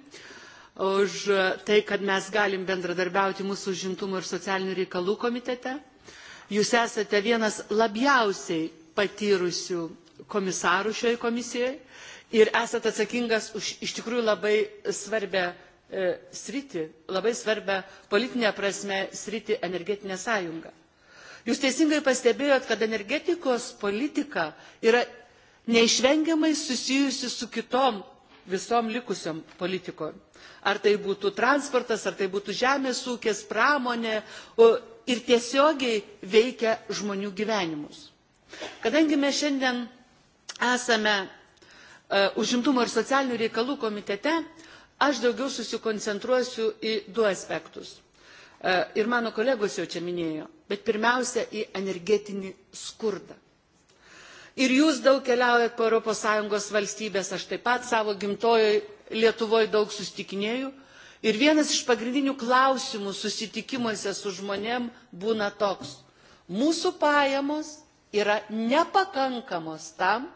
už e, tai, kad mes galim bendradarbiauti mūsų užimtumo ir socialinių reikalų komitete. Jūs esate vienas labiausiai patyrusių komisarų šioje komisijoje ir esate atsakingas už iš tikrųjų labai svarbę sritį, labai svarbę politinę prasme sritį energetinę sąjungą. Jūs teisingai pastebėjot, kad energetikos politika yra neišvengiamai susijusi su kitom visom likusiom politikom. Ar tai būtų transportas, ar tai būtų žemės ūkis, pramonė ir tiesiogiai veikia žmonių gyvenimus. Kadangi mes šiandien esame e, užimtumo ir socialinių reikalų komitete, aš daugiau susikoncentruosiu į du aspektus. E, ir mano kolegos jau čia minėjo, bet pirmiausia į energetinį skurdą. Ir jūs daug keliaujat po ES valstybės, aš taip pat savo gimtojoj Lietuvoje daug sustikinėjau. Ir vienas iš pagrindinių klausimų susitikimuose su žmonėm būna toks. Mūsų pajamos yra nepakankamos tam,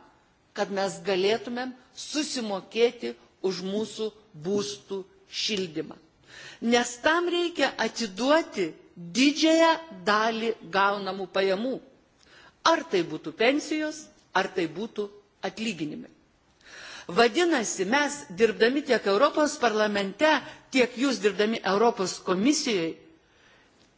kad mes galėtumėm susimokėti už mūsų būstų šildymą nes tam reikia atiduoti didžiąją dalį gaunamų pajamų. Ar tai būtų pensijos, ar tai būtų atlyginimai. Vadinasi, mes dirbdami tiek Europos parlamente, tiek jūs dirbdami Europos komisijoje,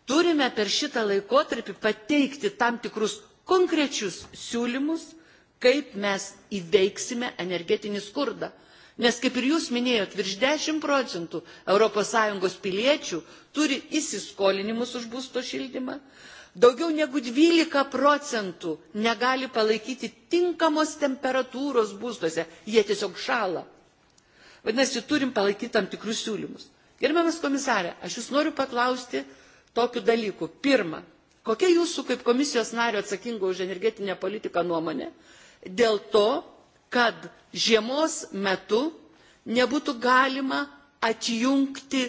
turime per šitą laikotarpį pateikti tam tikrus konkrečius siūlymus, kaip mes įveiksime energetinį skurdą Nes, kaip ir jūs minėjot, virš 10 procentų ES piliečių turi įsiskolinimus už būsto šildymą. Daugiau negu 12 procentų negali palaikyti tinkamos temperatūros būstuose. Jie tiesiog šala. Vadinasi, turim palaikyti tam tikrus siūlymus. Gerbiamas komisarė, aš jūs noriu paklausti tokių dalykų. Pirma, kokia jūsų kaip komisijos nario atsakingo už energetinę politiką nuomonė dėl to, kad žiemos metu nebūtų galima atjungti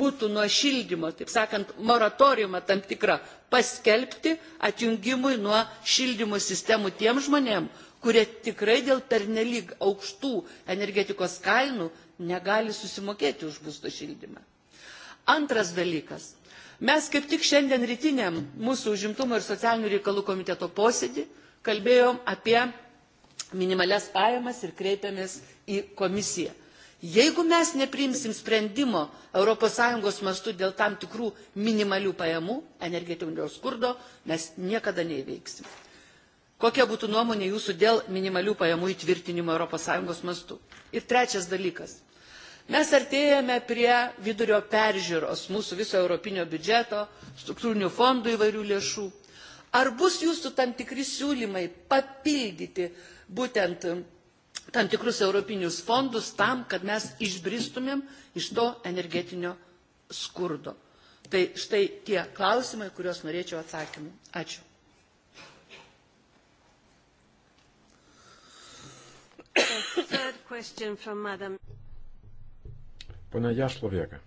būtų nuo šildymo, taip sakant, moratoriumą tam tikrą paskelbti atjungimui nuo šildymo sistemų tiem žmonėm, kurie tikrai dėl pernelyg aukštų energetikos kainų negali susimokėti už būsto šildymą. Antras dalykas. Mes kaip tik šiandien rytiniam mūsų užimtumo ir socialinių reikalų komiteto posėdį kalbėjom apie minimalias pajamas ir kreipiamės į komisiją. Jeigu mes neprimsim sprendimo ES mastu dėl tam tikrų minimalių pajamų, energetinio skurdo, mes niekada neįveiksim. Kokia būtų nuomonė jūsų dėl minimalių pajamų įtvirtinimo ES mastu? Ir trečias dalykas. Mes artėjame prie vidurio peržiūros mūsų viso europinio biudžeto, struktūrinių fondų įvairių lėšų. Ar bus jūsų tam tikri siūlymai papildyti būtent tam tikrus europinius fondus tam, kad mes išbristumėm iš to energetinio skurdo. Tai štai tie klausimai, kuriuos norėčiau atsakymų. Ačiū. Pana Jašlovieka.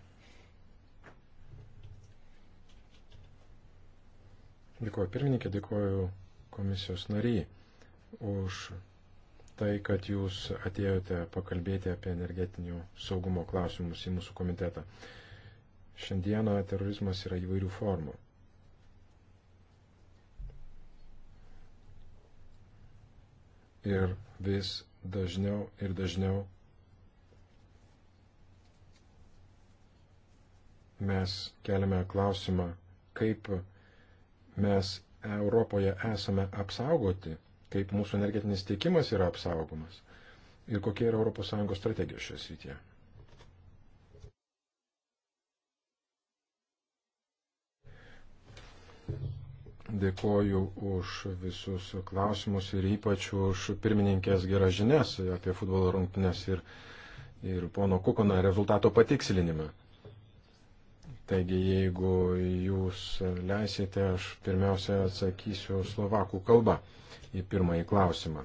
Dėkuoju pirmininkė, dėkuoju komisijos nariai už tai, kad jūs atėjote pakalbėti apie energetinių saugumo klausimus į mūsų komitetą. Šiandieną terorizmas yra įvairių formų. Ir vis dažniau ir dažniau mes keliame klausimą, kaip mes Europoje esame apsaugoti kaip mūsų energetinis tiekimas yra apsaugomas ir kokia yra ES strategija šioje srityje. Dėkoju už visus klausimus ir ypač už pirmininkės geras žinias apie futbolo rungtynes ir, ir pono Kukona rezultato patikslinimą. Taigi, jeigu jūs leisite, aš pirmiausia atsakysiu slovakų kalbą į pirmąjį klausimą.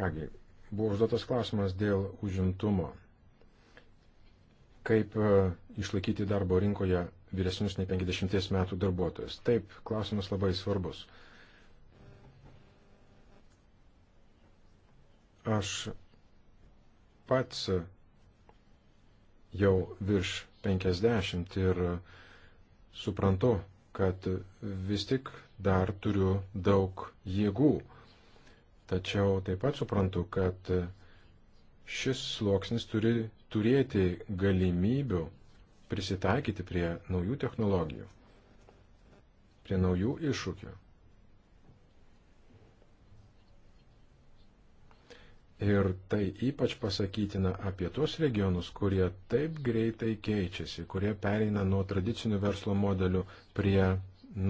Kągi, buvo užduotas klausimas dėl užimtumo. Kaip e, išlaikyti darbo rinkoje vyresnius nei 50 metų darbuotojus? Taip, klausimas labai svarbus. Aš pats jau virš 50 ir suprantu, kad vis tik dar turiu daug jėgų. Tačiau taip pat suprantu, kad šis sluoksnis turi turėti galimybių prisitaikyti prie naujų technologijų, prie naujų iššūkių. Ir tai ypač pasakytina apie tuos regionus, kurie taip greitai keičiasi, kurie pereina nuo tradicinių verslo modelių prie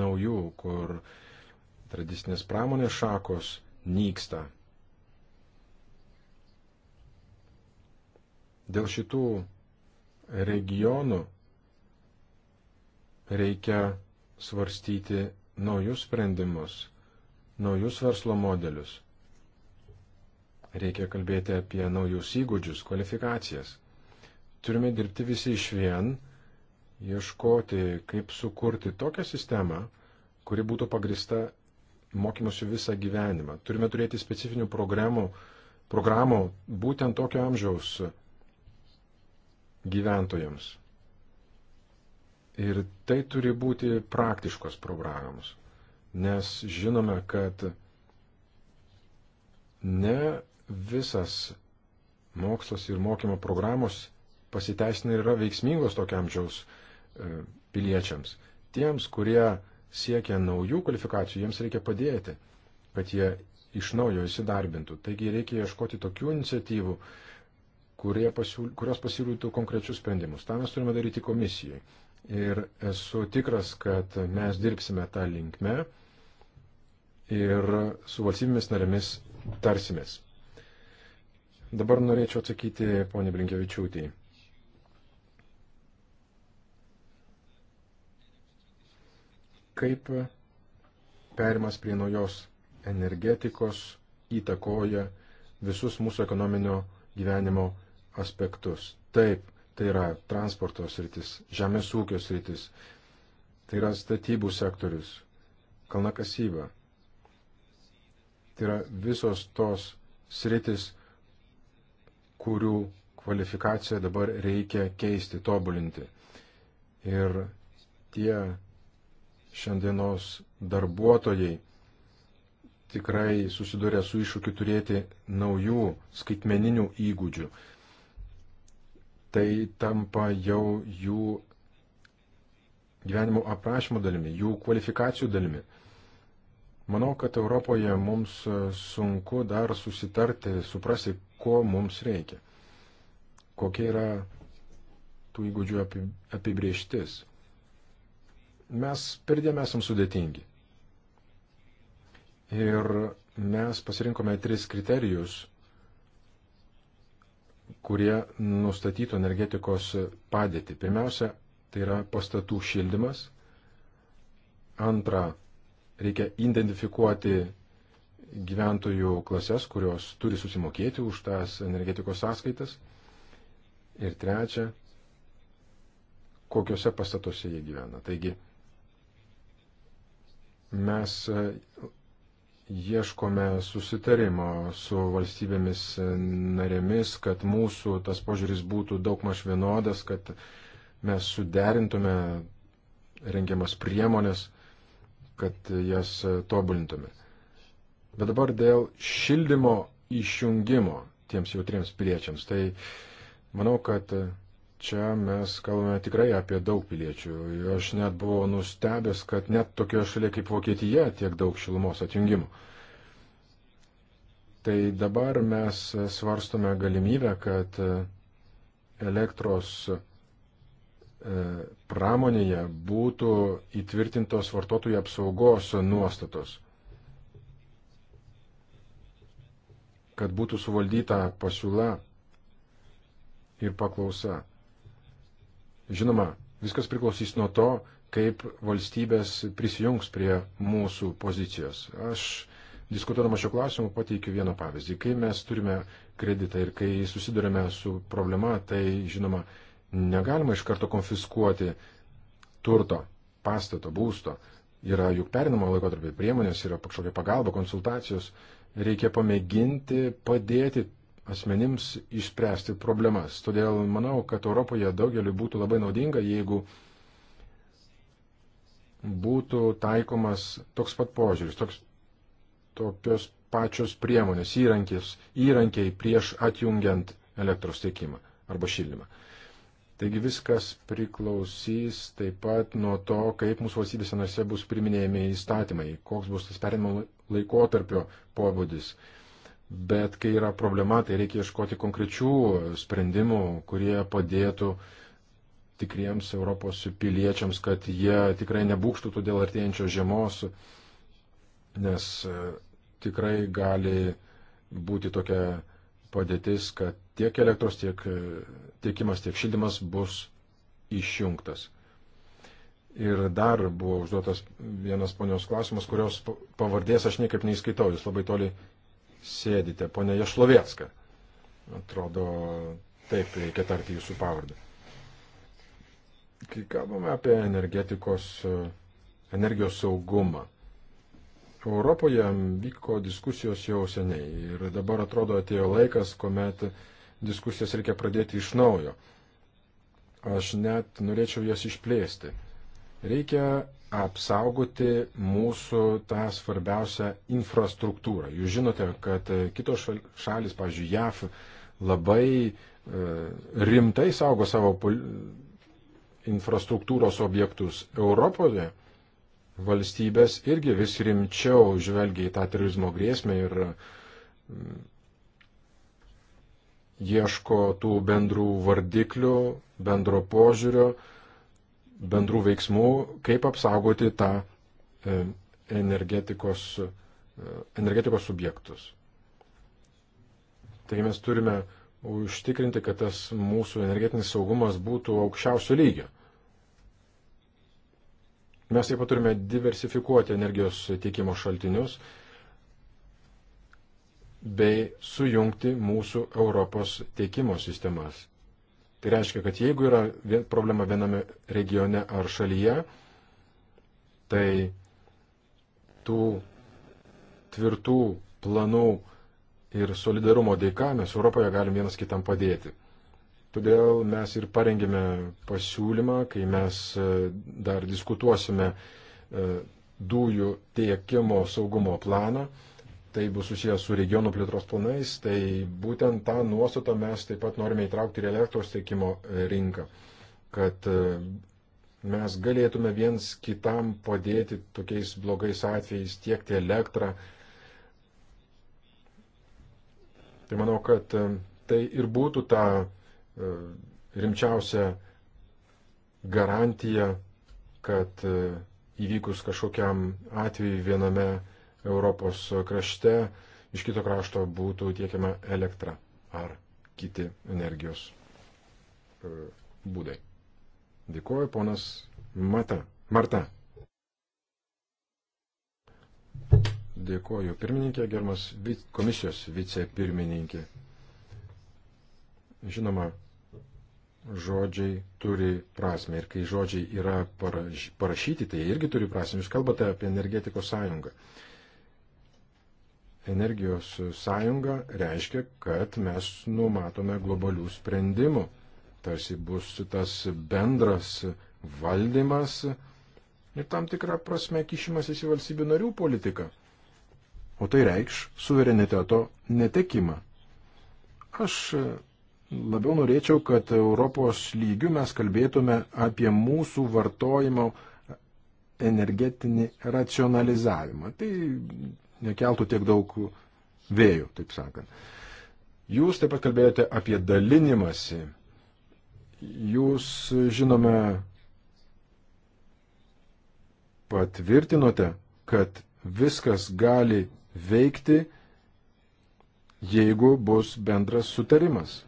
naujų, kur tradicinės pramonės šakos nyksta. Dėl šitų regionų reikia svarstyti naujus sprendimus, naujus verslo modelius. Reikia kalbėti apie naujus įgūdžius, kvalifikacijas. Turime dirbti visi iš vien, ieškoti, kaip sukurti tokią sistemą, kuri būtų pagrista mokymusi visą gyvenimą. Turime turėti specifinių programų, programų būtent tokio amžiaus gyventojams. Ir tai turi būti praktiškos programos, nes žinome, kad ne visas mokslas ir mokymo programos pasiteisina ir yra veiksmingos tokiamžiaus e, piliečiams. Tiems, kurie siekia naujų kvalifikacijų, jiems reikia padėti, kad jie iš naujo įsidarbintų. Taigi reikia ieškoti tokių iniciatyvų, pasiūl... kurios pasiūlytų konkrečius sprendimus. Tą mes turime daryti komisijai. Ir esu tikras, kad mes dirbsime tą linkmę ir su valstybėmis narėmis tarsimės. Dabar norėčiau atsakyti ponė Blinkevičiūtį. Kaip perimas prie naujos energetikos įtakoja visus mūsų ekonominio gyvenimo aspektus. Taip, tai yra transporto sritis, žemės ūkio sritis, tai yra statybų sektorius, kalnakasyba. Tai yra visos tos sritis, kurių kvalifikaciją dabar reikia keisti, tobulinti. Ir tie šiandienos darbuotojai tikrai susiduria su iššūkiu turėti naujų skaitmeninių įgūdžių. Tai tampa jau jų gyvenimo aprašymo dalimi, jų kvalifikacijų dalimi. Manau, kad Europoje mums sunku dar susitarti, suprasti, ko mums reikia. Kokia yra tų įgūdžių apibrieštis. Mes per dėm esam sudėtingi. Ir mes pasirinkome tris kriterijus, kurie nustatytų energetikos padėtį. Pirmiausia, tai yra pastatų šildymas. Antra, reikia identifikuoti gyventojų klases, kurios turi susimokėti už tas energetikos sąskaitas. Ir trečia, kokiuose pastatuose jie gyvena. Taigi mes e, ieškome susitarimo su valstybėmis narėmis, kad mūsų tas požiūris būtų daug maž vienodas, kad mes suderintume rengiamas priemonės, kad jas tobulintume. Bet dabar dėl šildymo išjungimo tiems jautriems piliečiams. Tai manau, kad čia mes kalbame tikrai apie daug piliečių. Aš net buvau nustebęs, kad net tokioje šalyje kaip Vokietija tiek daug šilumos atjungimų. Tai dabar mes svarstome galimybę, kad elektros e, pramonėje būtų įtvirtintos vartotojų apsaugos nuostatos. kad būtų suvaldyta pasiūla ir paklausa. Žinoma, viskas priklausys nuo to, kaip valstybės prisijungs prie mūsų pozicijos. Aš diskutuodama šio klausimu pateikiu vieną pavyzdį. Kai mes turime kreditą ir kai susidurime su problema, tai žinoma, negalima iš karto konfiskuoti turto, pastato, būsto. Yra juk perinamo laikotarpio priemonės, yra kažkokia pagalba, konsultacijos. Uh, reikia pamėginti padėti asmenims išspręsti problemas. Todėl manau, kad Europoje daugeliu būtų labai naudinga, jeigu būtų taikomas toks pat požiūris, toks, tokios pačios priemonės, įrankis, įrankiai prieš atjungiant elektros tiekimą arba šildymą. Taigi viskas priklausys taip pat nuo to, kaip mūsų valstybės narse bus priminėjami įstatymai, koks bus tas perinimo laikotarpio pobūdis. Bet kai yra problema, tai reikia ieškoti konkrečių sprendimų, kurie padėtų tikriems Europos piliečiams, kad jie tikrai nebūkštų todėl artėjančios žiemos, nes e, tikrai gali būti tokia padėtis, kad tiek elektros, tiek e, tiekimas, tiek šildymas bus išjungtas. Ir dar buvo užduotas vienas ponios klausimas, kurios pavardės aš niekaip neįskaitau, jūs labai toli sėdite, ponė Jašlovėcka. Atrodo, taip reikia tarti jūsų pavardę. Kai kalbame apie energetikos, e, energijos saugumą, Europoje vyko diskusijos jau seniai ir dabar atrodo atėjo laikas, kuomet diskusijas reikia pradėti iš naujo. Aš net norėčiau jas išplėsti. Reikia apsaugoti mūsų tą svarbiausią infrastruktūrą. Jūs žinote, kad kitos šalis, pavyzdžiui, JAF, labai e, rimtai saugo savo infrastruktūros objektus. Europoje valstybės irgi vis rimčiau žvelgia į tą terorizmo grėsmę ir mm, ieško tų bendrų vardiklių, bendro požiūrio, bendrų veiksmų, kaip apsaugoti tą e, energetikos, e, energetikos subjektus. Taigi mes turime užtikrinti, kad tas mūsų energetinis saugumas būtų aukščiausio lygio. Mes taip pat turime diversifikuoti energijos tiekimo šaltinius bei sujungti mūsų Europos tiekimo sistemas. Tai reiškia, kad jeigu yra problema viename regione ar šalyje, tai tų tvirtų planų ir solidarumo dėka mes Europoje galim vienas kitam padėti. Todėl mes ir parengėme pasiūlymą, kai mes e, dar diskutuosime e, dujų tiekimo saugumo planą, tai bus susijęs su regionų plėtros planais, tai būtent tą nuostatą mes taip pat norime įtraukti ir elektros tiekimo e, rinką, kad e, mes galėtume viens kitam padėti tokiais blogais atvejais tiekti elektrą. Tai manau, kad e, tai ir būtų ta rimčiausia garantija, kad įvykus kažkokiam atveju viename Europos krašte iš kito krašto būtų tiekiama elektra ar kiti energijos e, būdai. Dėkuoju, ponas Mata. Marta. Dėkuoju, pirmininkė, germas komisijos vicepirmininkė. Žinoma, žodžiai turi prasme ir kai žodžiai yra parašyti, tai irgi turi prasme. Jūs kalbate apie energetikos sąjungą energijos sąjunga reiškia, kad mes numatome globalių sprendimų. Tarsi bus tas bendras valdymas ir tam tikrą prasme kišimas į valstybių narių politiką. O tai reikš suvereniteto netekimą. Aš labiau norėčiau, kad Europos lygių mes kalbėtume apie mūsų vartojimo energetinį racionalizavimą. Tai nekeltų tiek daug vėjų, taip sakant. Jūs taip pat kalbėjote apie dalinimąsi. Jūs, žinome, patvirtinote, kad viskas gali veikti, jeigu bus bendras sutarimas.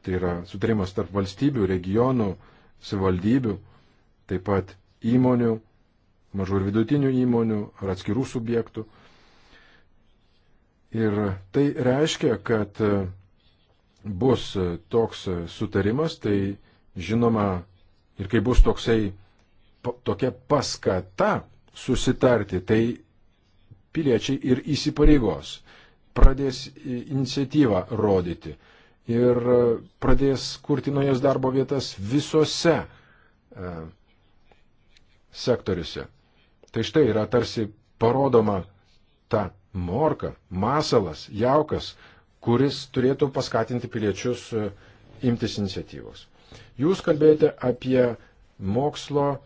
Tai yra sutarimas tarp valstybių, regionų, savivaldybių, taip pat įmonių, mažų ir vidutinių įmonių ar atskirų subjektų. Ir tai reiškia, kad e, bus e, toks e, sutarimas, tai žinoma, ir kai bus toksai, tokia paskata susitarti, tai piliečiai ir įsipareigos, pradės iniciatyvą rodyti ir pradės kurti naujas darbo vietas visose sektoriuose. Tai štai yra tarsi parodoma ta morka, masalas, jaukas, kuris turėtų paskatinti piliečius e, imtis iniciatyvos. Jūs kalbėjote apie mokslo e,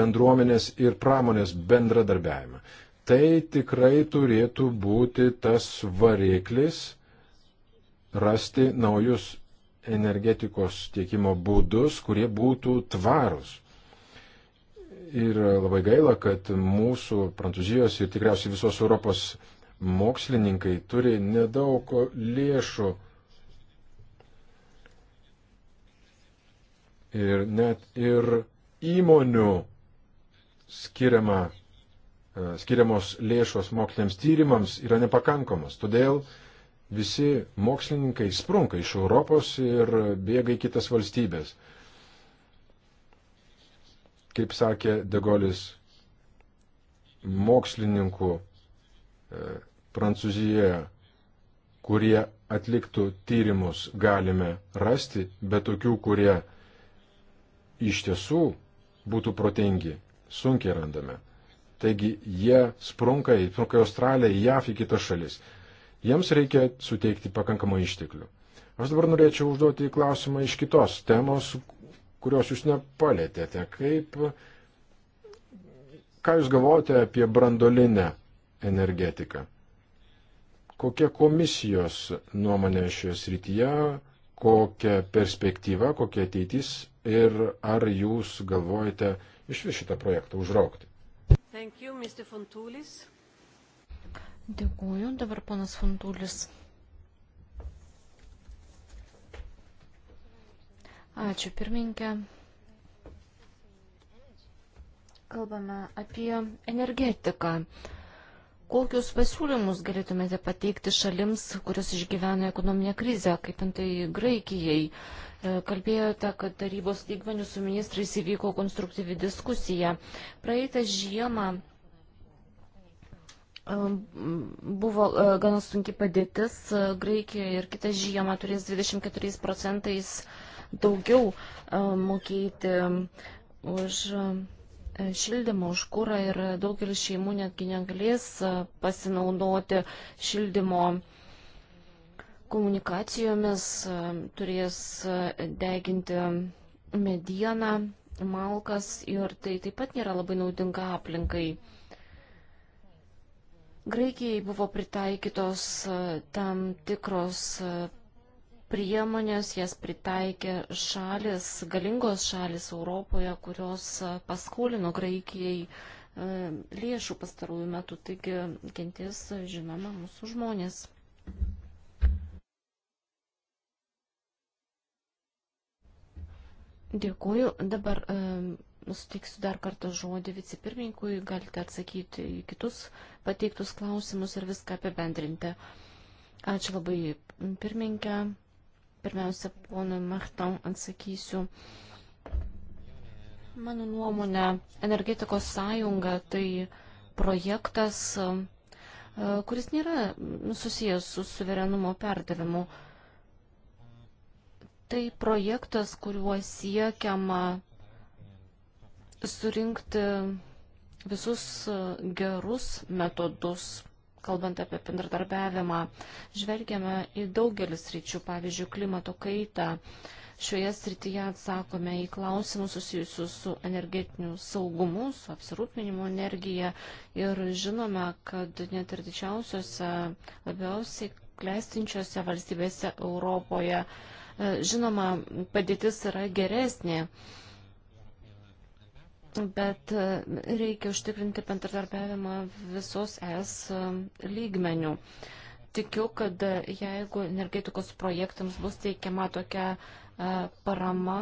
bendruomenės ir pramonės bendradarbiavimą. Tai tikrai turėtų būti tas variklis rasti naujus energetikos tiekimo būdus, kurie būtų tvarus. Ir labai gaila, kad mūsų Prancūzijos ir tikriausiai visos Europos mokslininkai turi nedaug lėšų. Ir net ir įmonių skiriama, e, skiriamos lėšos moksliniams tyrimams yra nepakankamos. Todėl visi mokslininkai sprunka iš Europos ir bėga į kitas valstybės. Kaip sakė Degolis, mokslininkų e, Prancūzijoje, kurie atliktų tyrimus, galime rasti, bet tokių, kurie iš tiesų būtų protingi, sunkiai randame. Taigi jie sprunka į Australiją, į JAF, į kitas šalis. Jiems reikia suteikti pakankamai išteklių. Aš dabar norėčiau užduoti klausimą iš kitos temos, kurios jūs nepalėtėte. Kaip, ką jūs galvojate apie brandolinę energetiką? Kokia komisijos nuomonė šioje srityje, kokia perspektyva, kokia ateitis ir ar jūs galvojate iš vis šitą projektą užraukti? Thank you, Mr. Fontulis. Dėkuoju, dabar ponas Fontulis. Ačiū pirminkė. Kalbame apie energetiką. Kokius pasiūlymus galėtumėte pateikti šalims, kurios išgyvena ekonominę krizę, kaip antai Graikijai? E, kalbėjote, kad tarybos lygmenių su ministrais įvyko konstruktyvi diskusija. Praeitą žiemą e, buvo e, gana sunki padėtis Graikijoje ir kitą žiemą turės 24 procentais daugiau e, mokėti e, už e, šildymą, už kūrą ir daugelis šeimų netgi negalės pasinaudoti šildymo komunikacijomis, turės deginti medieną, malkas ir tai taip pat nėra labai naudinga aplinkai. Graikijai buvo pritaikytos tam tikros priemonės, jas pritaikė šalis, galingos šalis Europoje, kurios e, paskolino Graikijai e, lėšų pastarųjų metų, taigi kentės, žinoma, mūsų žmonės. Dėkuoju. Dabar e, suteiksiu dar kartą žodį vicepirmininkui, galite atsakyti į kitus pateiktus klausimus ir viską apibendrinti. Ačiū labai pirmininkę. Pirmiausia, ponui Martam atsakysiu. Mano nuomonė, energetikos sąjunga tai projektas, e, kuris nėra nu, susijęs su suverenumo perdavimu. Tai projektas, kuriuo siekiama surinkti visus gerus metodus kalbant apie bendradarbiavimą, žvelgiame į daugelis ryčių, pavyzdžiui, klimato kaitą. Šioje srityje atsakome į klausimus susijusius su energetiniu saugumu, su apsirūpinimu energija ir žinome, kad net ir didžiausiose, labiausiai klestinčiose valstybėse Europoje, e, žinoma, padėtis yra geresnė bet e, reikia užtikrinti bendradarbiavimą visos es e, lygmenių. Tikiu, kad e, jeigu energetikos projektams bus teikiama tokia parama,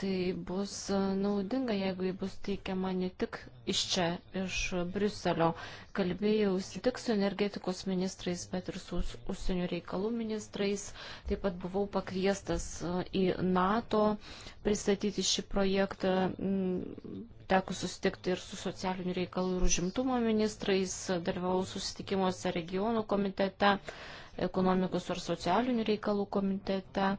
tai bus e, naudinga, jeigu ji bus teikiama ne tik iš čia, iš Briuselio. Kalbėjausi tik su energetikos ministrais, bet ir su užsienio reikalų ministrais. Taip pat buvau pakviestas e, į NATO pristatyti šį projektą. Mm, teko susitikti ir su socialinių reikalų ir užimtumo ministrais, dalyvau susitikimuose regionų komitete, ekonomikos ir socialinių reikalų komitete.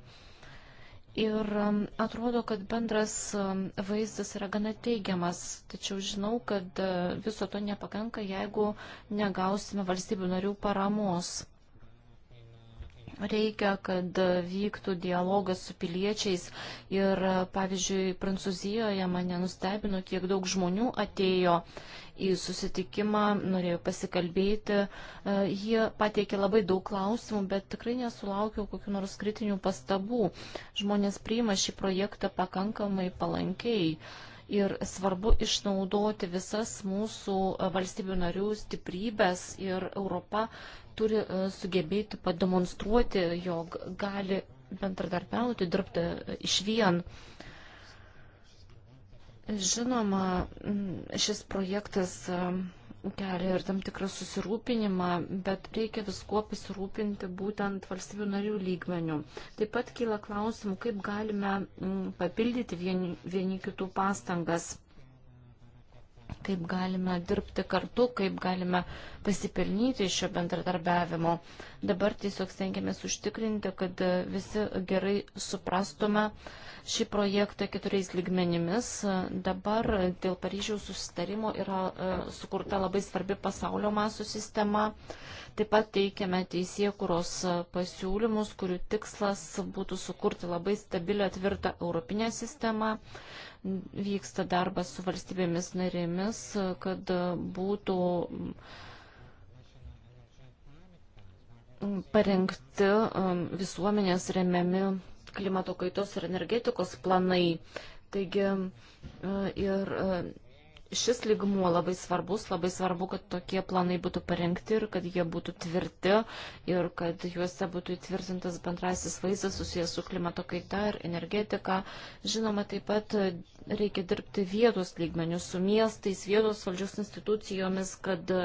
Ir um, atrodo, kad bendras um, vaizdas yra gana teigiamas, tačiau žinau, kad uh, viso to nepakanka, jeigu negausime valstybių narių paramos. Reikia, kad vyktų dialogas su piliečiais ir, pavyzdžiui, Prancūzijoje mane nustebino, kiek daug žmonių atėjo į susitikimą, norėjo pasikalbėti. E, jie pateikė labai daug klausimų, bet tikrai nesulaukiau kokiu nors kritinių pastabų. Žmonės priima šį projektą pakankamai palankiai ir svarbu išnaudoti visas mūsų e, valstybių narių stiprybės ir Europa turi e, sugebėti pademonstruoti, jog gali bendradarbiauti, dirbti e, iš vien. Žinoma, šis projektas kelia ir tam tikrą susirūpinimą, bet reikia viskuo pasirūpinti būtent valstybių narių lygmenių. Taip pat kyla klausimų, kaip galime mm, papildyti vieni, vieni kitų pastangas kaip galime dirbti kartu, kaip galime pasipelnyti iš šio bendradarbiavimo. Dabar tiesiog stengiamės užtikrinti, kad visi gerai suprastume šį projektą keturiais lygmenimis. Dabar dėl Paryžiaus susitarimo yra e, sukurta labai svarbi pasaulio masų sistema. Taip pat teikiame teisėkuros pasiūlymus, kurių tikslas būtų sukurti labai stabilią, tvirtą europinę sistemą vyksta darbas su valstybėmis narėmis, kad būtų parengti um, visuomenės remiami klimato kaitos ir energetikos planai. Taigi uh, ir uh, šis ligmuo labai svarbus, labai svarbu, kad tokie planai būtų parengti ir kad jie būtų tvirti ir kad juose būtų įtvirtintas bendrasis vaizdas susijęs su klimato kaita ir energetika. Žinoma, taip pat reikia dirbti vietos lygmenių su miestais, vietos valdžios institucijomis, kad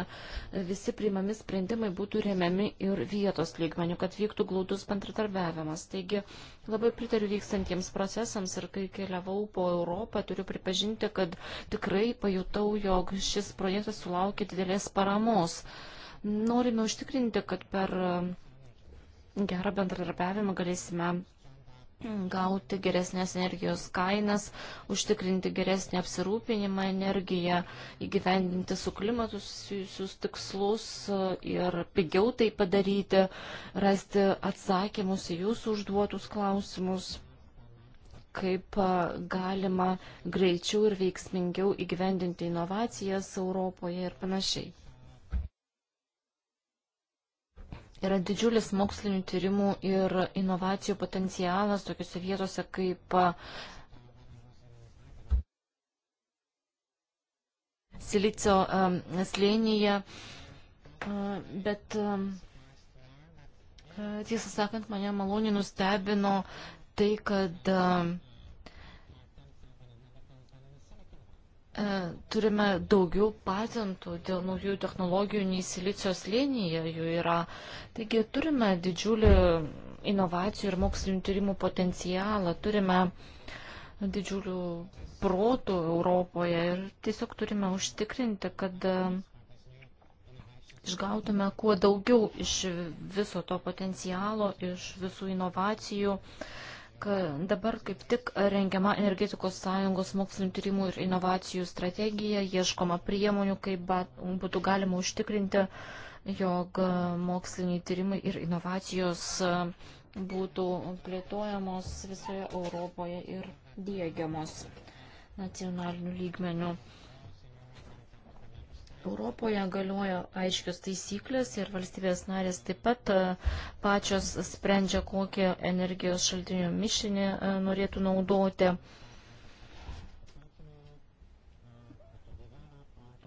visi priimami sprendimai būtų remiami ir vietos lygmenių, kad vyktų glaudus bendradarbiavimas. Taigi, Labai pritariu vykstantiems procesams ir kai keliavau po Europą, turiu pripažinti, kad tikrai pajutau, jog šis projektas sulaukė didelės paramos. Norime užtikrinti, kad per gerą bendradarbiavimą galėsime gauti geresnės energijos kainas, užtikrinti geresnį apsirūpinimą energiją, įgyvendinti su klimatu susijusius tikslus e, ir pigiau tai padaryti, rasti atsakymus į jūsų užduotus klausimus kaip e, galima greičiau ir veiksmingiau įgyvendinti inovacijas Europoje ir panašiai. Yra didžiulis mokslinių tyrimų ir inovacijų potencialas tokiuose vietose kaip silicio slėnyje, bet tiesą sakant, mane maloniai nustebino tai, kad E, turime daugiau patentų dėl naujų technologijų nei silicijos linija jų yra. Taigi turime didžiulį inovacijų ir mokslinių tyrimų potencialą, turime didžiulių protų Europoje ir tiesiog turime užtikrinti, kad e, išgautume kuo daugiau iš viso to potencialo, iš visų inovacijų. Uh, dabar kaip tik rengiama energetikos sąjungos mokslinio tyrimų ir inovacijų strategija, ieškoma priemonių, kaip būtų galima užtikrinti, jog moksliniai tyrimai ir inovacijos būtų plėtojamos visoje Europoje ir diegiamos nacionaliniu lygmeniu. Europoje galioja aiškios taisyklės ir valstybės narės taip pat e, pačios sprendžia, kokį energijos šaltinių mišinį e, norėtų naudoti.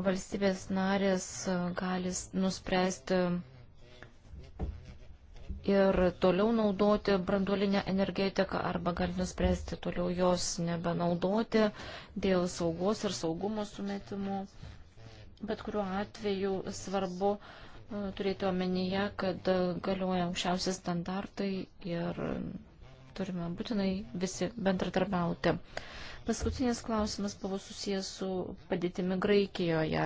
Valstybės narės e, gali nuspręsti ir toliau naudoti branduolinę energetiką arba gali nuspręsti toliau jos nebenaudoti dėl saugos ir saugumo sumetimų. Bet kuriuo atveju svarbu e, turėti omenyje, kad galioja aukščiausi standartai ir turime būtinai visi bendradarbiauti. Paskutinis klausimas buvo susijęs su padėtimi Graikijoje.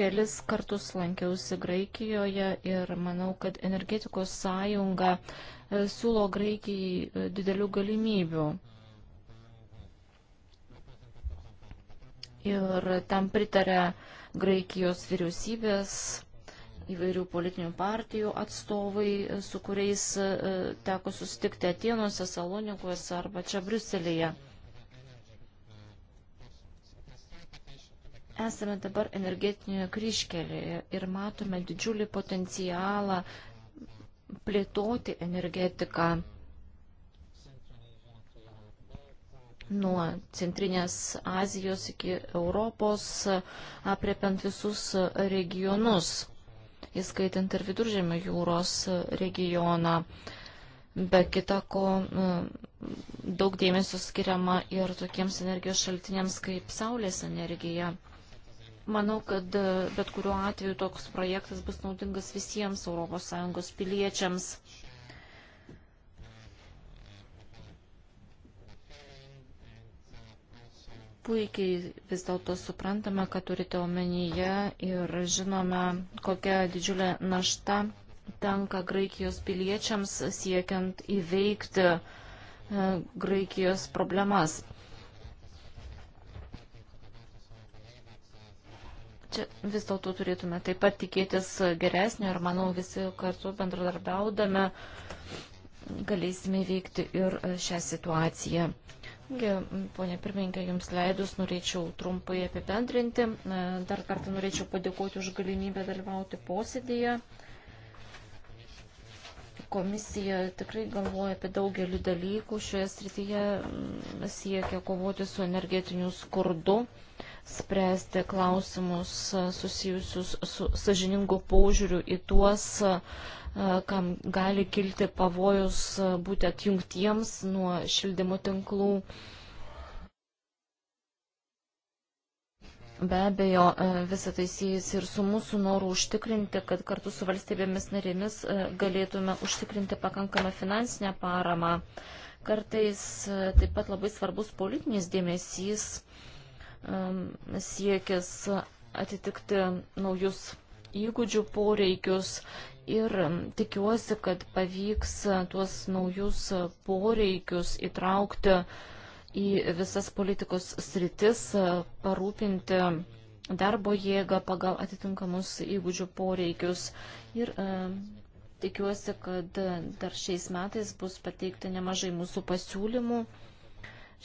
Kelis kartus lankiausi Graikijoje ir manau, kad energetikos sąjunga e, siūlo Graikijai e, didelių galimybių. ir tam pritarė Graikijos vyriausybės įvairių politinių partijų atstovai, su kuriais e, teko susitikti Atenuose, Salonikuose arba čia Briuselėje. Esame dabar energetinėje kryškelėje ir matome didžiulį potencialą plėtoti energetiką nuo Centrinės Azijos iki Europos, apriepiant visus regionus, įskaitant ir Viduržėmio jūros regioną. Be kita ko, daug dėmesio skiriama ir tokiems energijos šaltiniams kaip Saulės energija. Manau, kad bet kuriuo atveju toks projektas bus naudingas visiems ES piliečiams puikiai vis dėlto suprantame, kad turite omenyje ir žinome, kokia didžiulė našta tenka Graikijos piliečiams siekiant įveikti e, Graikijos problemas. Čia vis dėlto turėtume taip pat tikėtis geresnio ir manau visi kartu bendradarbiaudame galėsime įveikti ir e, šią situaciją. Taigi, ponė pirmininkė, jums leidus norėčiau trumpai apibendrinti. Dar kartą norėčiau padėkoti už galimybę dalyvauti posėdėje. Komisija tikrai galvoja apie daugelį dalykų. Šioje srityje siekia kovoti su energetiniu skurdu, spręsti klausimus susijusius su sažiningu požiūriu į tuos uh, kam gali kilti pavojus būti atjungtiems nuo šildymo tinklų. Be abejo, visą tai siejasi ir su mūsų noru užtikrinti, kad kartu su valstybėmis narėmis galėtume užtikrinti pakankamą finansinę paramą. Kartais taip pat labai svarbus politinis dėmesys siekis atitikti naujus įgūdžių poreikius Ir tikiuosi, kad pavyks tuos naujus poreikius įtraukti į visas politikos sritis, parūpinti darbo jėgą pagal atitinkamus įgūdžių poreikius. Ir e, tikiuosi, kad dar šiais metais bus pateikta nemažai mūsų pasiūlymų.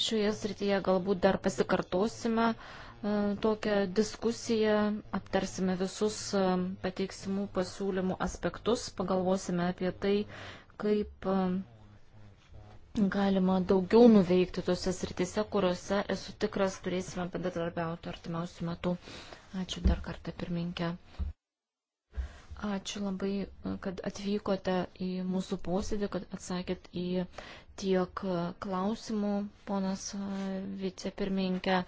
Šioje srityje galbūt dar pasikartosime. E, E, tokią diskusiją, aptarsime visus e, pateiksimų pasiūlymų aspektus, pagalvosime apie tai, kaip e, galima daugiau nuveikti tose sritise, kuriuose esu tikras turėsime bendradarbiauti artimiausių metų. Ačiū dar kartą pirminkę. Ačiū labai, kad atvykote į mūsų posėdį, kad atsakėt į tiek klausimų, ponas vicepirminkė.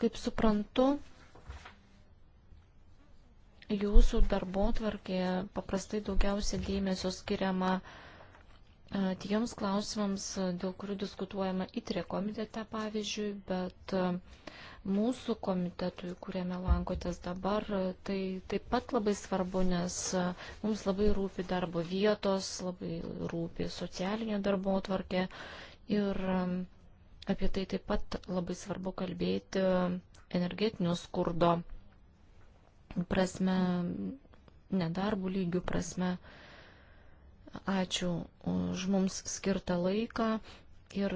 Kaip suprantu, jūsų darbo tvarkėje paprastai daugiausia dėmesio skiriama e, tiems klausimams, e, dėl kurių diskutuojama įtrė komitete, pavyzdžiui, bet e, mūsų komitetui, kuriame lankotės dabar, tai taip pat labai svarbu, nes mums labai rūpi darbo vietos, labai rūpi socialinė darbo tvarkė ir Apie tai taip pat labai svarbu kalbėti energetinio skurdo prasme, nedarbų lygių prasme. Ačiū už mums skirtą laiką ir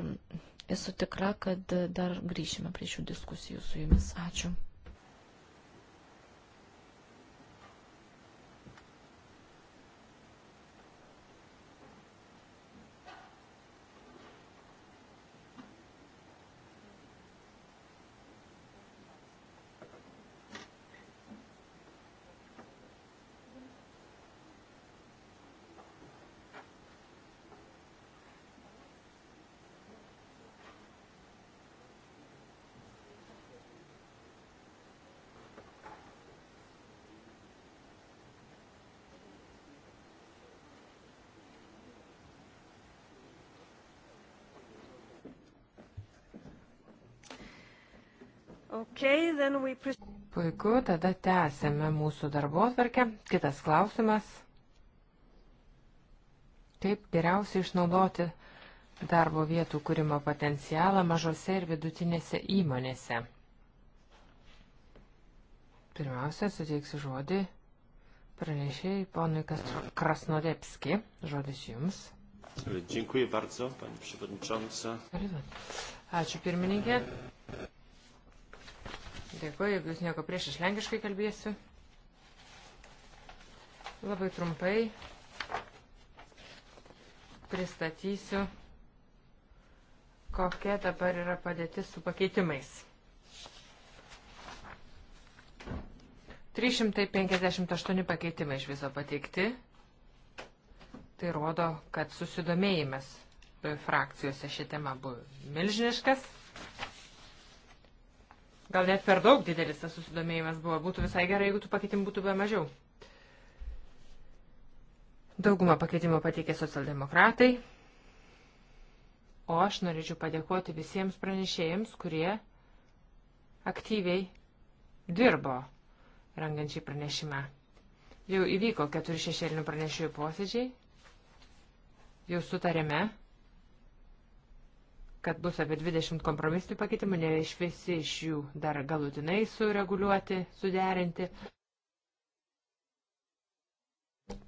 esu tikra, kad dar grįšime prie šių diskusijų su jumis. Ačiū. Okay, we... Puiku, tada tęsėme mūsų darbotvarkę. Kitas klausimas. Kaip geriausiai išnaudoti darbo vietų kūrimo potencialą mažose ir vidutinėse įmonėse? Pirmiausia, suteiksiu žodį pranešėjai ponui Krasnodepski. Žodis jums. Dziękuję bardzo, pani przewodnicząca. Ačiū pirmininkė. Dėkuoju, jeigu jūs nieko prieš iš lenkiškai kalbėsiu. Labai trumpai pristatysiu, kokia dabar yra padėtis su pakeitimais. 358 pakeitimai iš viso pateikti. Tai rodo, kad susidomėjimas e, frakcijose ši tema buvo milžiniškas. Gal net per daug didelis tas susidomėjimas buvo. Būtų visai gerai, jeigu tų pakeitimų būtų buvę mažiau. Daugumą pakeitimų pateikė socialdemokratai. O aš norėčiau padėkoti visiems pranešėjams, kurie aktyviai dirbo rengiant šį pranešimą. Jau įvyko keturi šešėlinių pranešėjų posėdžiai. Jau sutarėme kad bus apie 20 kompromisinių pakeitimų, ne iš visi iš jų dar galutinai sureguliuoti, suderinti.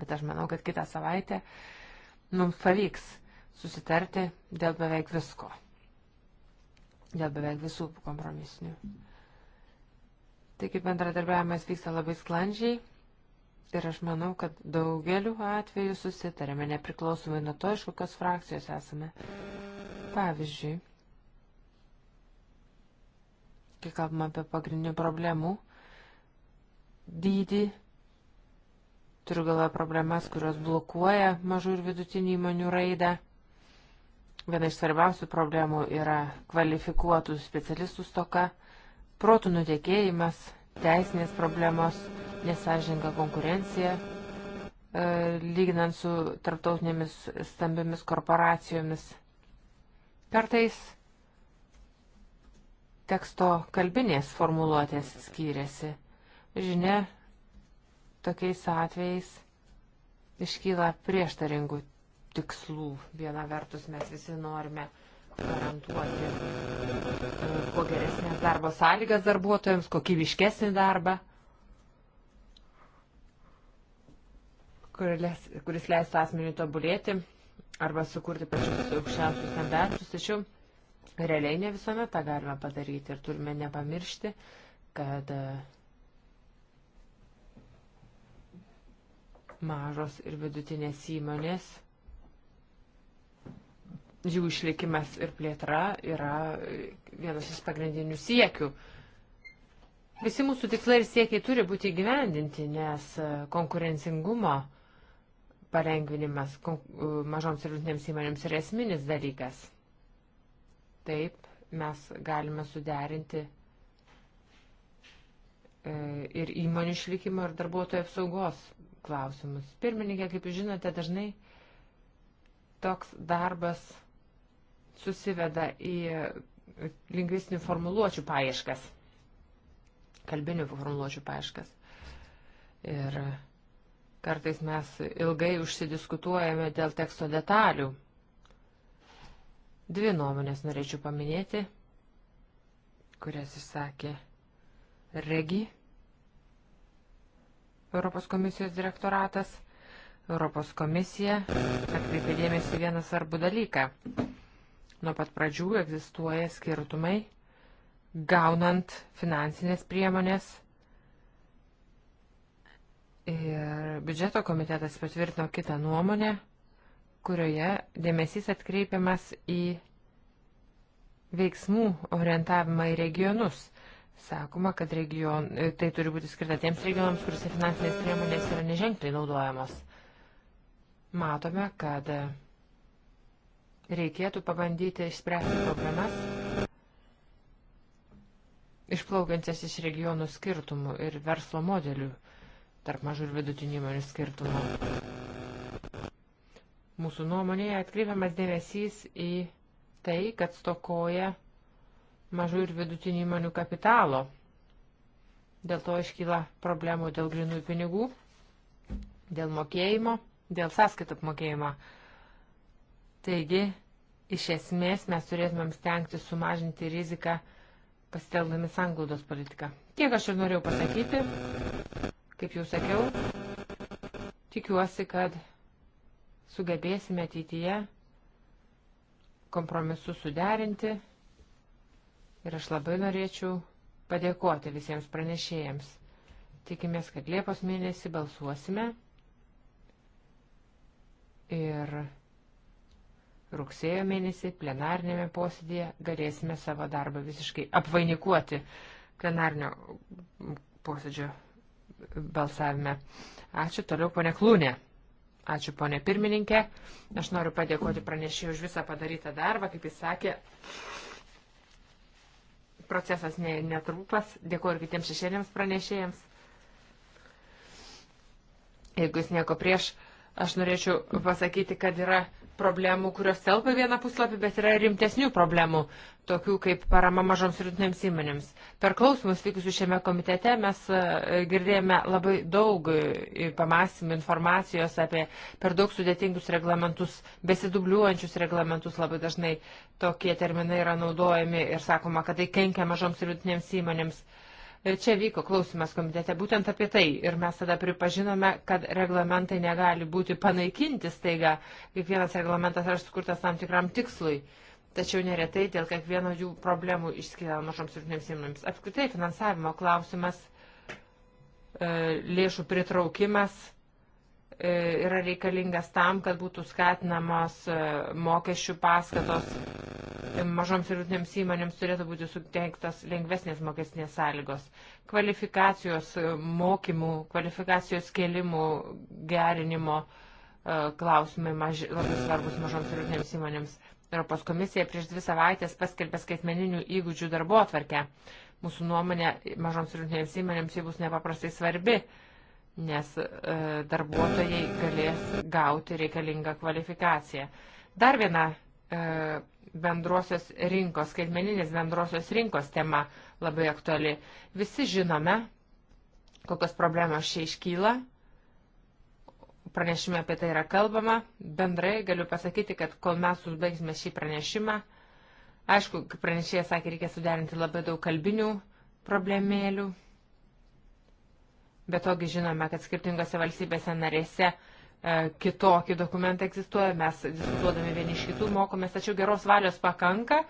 Bet aš manau, kad kitą savaitę mums pavyks susitarti dėl beveik visko. Dėl beveik visų kompromisinių. Taigi bendradarbiavimas vyksta labai sklandžiai ir aš manau, kad daugeliu atveju susitarėme, nepriklausomai nuo to, iš kokios frakcijos esame. Mm. Pavyzdžiui, kai kalbam apie pagrindinių problemų, dydį, turiu galvoje problemas, kurios blokuoja mažų ir vidutinių įmonių raidą. Viena iš svarbiausių problemų yra kvalifikuotų specialistų stoka, protų nutekėjimas, teisinės problemos, nesažininga konkurencija, e, lyginant su tarptautinėmis stambiamis korporacijomis – Kartais teksto kalbinės formuluotės skyrėsi. Žinia, tokiais atvejais iškyla prieštaringų tikslų. Viena vertus mes visi norime garantuoti e, kuo geresnės darbo sąlygas darbuotojams, kokybiškesnį darbą, kuris leistų asmeniui tobulėti arba sukurti pačius aukščiausius standartus, tačiau realiai ne visuomet tą galime padaryti ir turime nepamiršti, kad e, mažos ir vidutinės įmonės, jų išlikimas ir plėtra yra vienas iš pagrindinių siekių. Visi mūsų tikslai ir siekiai turi būti įgyvendinti, nes e, konkurencingumo uh, palengvinimas mažoms ir vidutinėms įmonėms yra esminis dalykas. Taip mes galime suderinti e, ir įmonių išlikimo ir darbuotojų apsaugos klausimus. Pirmininkė, kaip jūs žinote, dažnai toks darbas susiveda į lingvistinių formuluočių paieškas, kalbinių formuluočių paieškas. Ir uh, Kartais mes ilgai užsidiskutuojame dėl teksto detalių. Dvi nuomonės norėčiau paminėti, kurias išsakė Regi, Europos komisijos direktoratas. Europos komisija atkreipė dėmesį vieną svarbų dalyką. Nuo pat pradžių egzistuoja skirtumai, gaunant finansinės priemonės Ir biudžeto komitetas patvirtino kitą nuomonę, kurioje dėmesys atkreipiamas į veiksmų orientavimą į regionus. Sakoma, kad region, tai turi būti skirta tiems regionams, kuriuose finansinės priemonės yra neženkliai naudojamos. Matome, kad reikėtų pabandyti išspręsti problemas išplaukiančias iš regionų skirtumų ir verslo modelių tarp mažų ir vidutinių įmonių skirtumą. Mūsų nuomonėje atkreipiamas dėmesys į tai, kad stokoja mažų ir vidutinių įmonių kapitalo. Dėl to iškyla problemų dėl grinųjų pinigų, dėl mokėjimo, dėl sąskaitų apmokėjimo. Taigi, iš esmės mes turėtumėm stengti sumažinti riziką pasitelkdami sanglaudos politiką. Tiek aš ir norėjau pasakyti. Kaip jau sakiau, tikiuosi, kad sugebėsime ateityje kompromisus suderinti ir aš labai norėčiau padėkoti visiems pranešėjams. Tikimės, kad Liepos mėnesį balsuosime ir rugsėjo mėnesį plenarnėme posėdėje galėsime savo darbą visiškai apvainikuoti plenarnio posėdžio balsavime. Ačiū toliau, ponė Klūnė. Ačiū, ponė pirmininkė. Aš noriu padėkoti pranešėjui už visą padarytą darbą, kaip jis sakė. Procesas netrupas. Dėkuoju ir kitiems šešėliams pranešėjams. Jeigu jis nieko prieš, aš norėčiau pasakyti, kad yra problemų, kurios telpa vieną puslapį, bet yra rimtesnių problemų, tokių kaip parama mažoms ir rytinėms įmonėms. Per klausimus vykusius šiame komitete mes e, girdėjome labai daug e, pamąstymų informacijos apie per daug sudėtingus reglamentus, besidubliuojančius reglamentus labai dažnai tokie terminai yra naudojami ir sakoma, kad tai kenkia mažoms ir rytinėms įmonėms. Ir e, čia vyko klausimas komitete būtent apie tai. Ir mes tada pripažinome, kad reglamentai negali būti panaikinti staiga. Kiekvienas reglamentas yra sukurtas tam tikram tikslui. Tačiau neretai dėl kiekvieno jų problemų išskiria mažoms ir dėms įmonėms. Apskritai finansavimo klausimas, e, lėšų pritraukimas e, yra reikalingas tam, kad būtų skatinamos mokesčių paskatos mažoms ir vidutinėms įmonėms turėtų būti suteiktas lengvesnės mokesnės sąlygos. Kvalifikacijos e, mokymų, kvalifikacijos kelimų gerinimo e, klausimai maži, labai svarbus mažoms ir vidutinėms įmonėms. Europos komisija prieš dvi savaitės paskelbė skaitmeninių įgūdžių darbo atvarkę. Mūsų nuomonė mažoms ir vidutinėms įmonėms ji bus nepaprastai svarbi nes e, darbuotojai galės gauti reikalingą kvalifikaciją. Dar viena E, bendrosios rinkos, skaitmeninės bendrosios rinkos tema labai aktuali. Visi žinome, kokios problemos čia iškyla. Pranešime apie tai yra kalbama. Bendrai galiu pasakyti, kad kol mes užbaigsime šį pranešimą, aišku, pranešėjas sakė, reikia suderinti labai daug kalbinių problemėlių. Bet togi žinome, kad skirtingose valstybėse narėse uh, E, kitokį dokumentą egzistuoja, mes diskutuodami vieni iš kitų mokomės, tačiau geros valios pakanka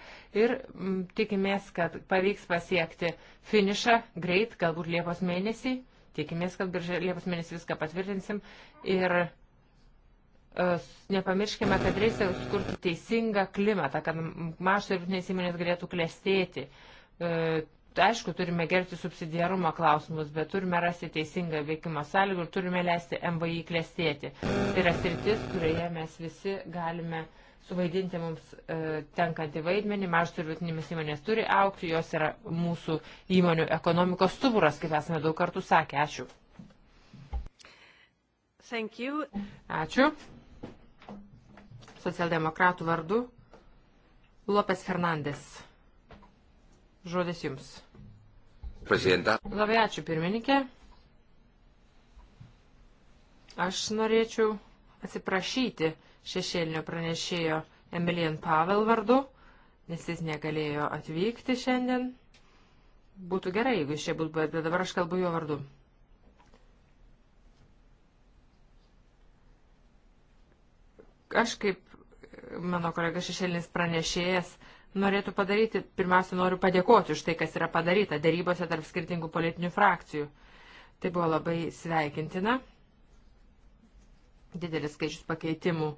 ir m, tikimės, kad pavyks pasiekti finišą greit, galbūt Liepos mėnesį, tikimės, kad Liepos mėnesį viską patvirtinsim ir e, nepamirškime, kad reikia sukurti teisingą klimatą, kad mažos ir vidutinės įmonės galėtų klestėti. E, aišku, turime gerbti subsidiarumo klausimus, bet turime rasti teisingą veikimo sąlygų ir turime leisti MVI klestėti. Tai yra sritis, kurioje mes visi galime suvaidinti mums e, tenkantį vaidmenį. Mažos ir vidutinėmis įmonės turi aukti, jos yra mūsų įmonių ekonomikos stuburas, kaip esame daug kartų sakę. Ačiū. Ačiū. Socialdemokratų vardu Lopes Fernandes. Žodis jums. Prezidentą. Labai ačiū, pirmininkė. Aš norėčiau atsiprašyti šešėlinio pranešėjo Emilijan Pavel vardu, nes jis negalėjo atvykti šiandien. Būtų gerai, jeigu jis čia būtų, bet dabar aš kalbu jo vardu. Aš kaip mano kolega šešėlinis pranešėjas norėtų padaryti, pirmiausia, noriu padėkoti už tai, kas yra padaryta darybose tarp skirtingų politinių frakcijų. Tai buvo labai sveikintina. Didelis skaičius pakeitimų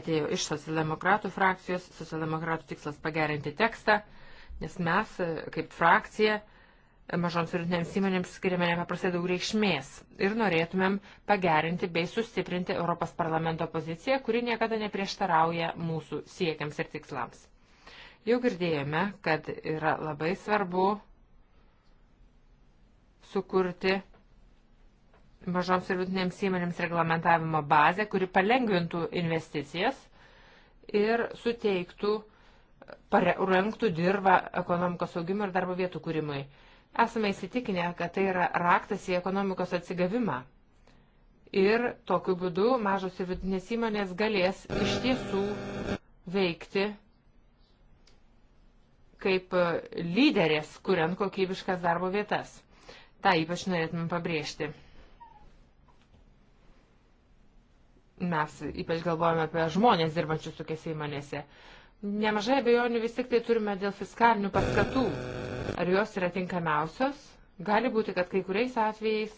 atėjo iš socialdemokratų frakcijos. Socialdemokratų tikslas pagerinti tekstą, nes mes, e, kaip frakcija, e, mažoms ir vidutinėms įmonėms skiriame nepaprastai daug reikšmės ir norėtumėm pagerinti bei sustiprinti Europos parlamento poziciją, kuri niekada neprieštarauja mūsų siekiams ir tikslams. Jau girdėjome, kad yra labai svarbu sukurti mažoms ir vidutinėms įmonėms reglamentavimo bazę, kuri palengvintų investicijas ir suteiktų, parengtų dirbą ekonomikos augimui ir darbo vietų kūrimui. Esame įsitikinę, kad tai yra raktas į ekonomikos atsigavimą. Ir tokiu būdu mažos ir vidutinės įmonės galės iš tiesų veikti kaip e, lyderės, kuriant kokybiškas darbo vietas. Ta ypač norėtume pabrėžti. Mes ypač galvojame apie žmonės dirbančius tokiuose įmonėse. Nemažai abejonių vis tik tai turime dėl fiskalinių paskatų. Ar jos yra tinkamiausios? Gali būti, kad kai kuriais atvejais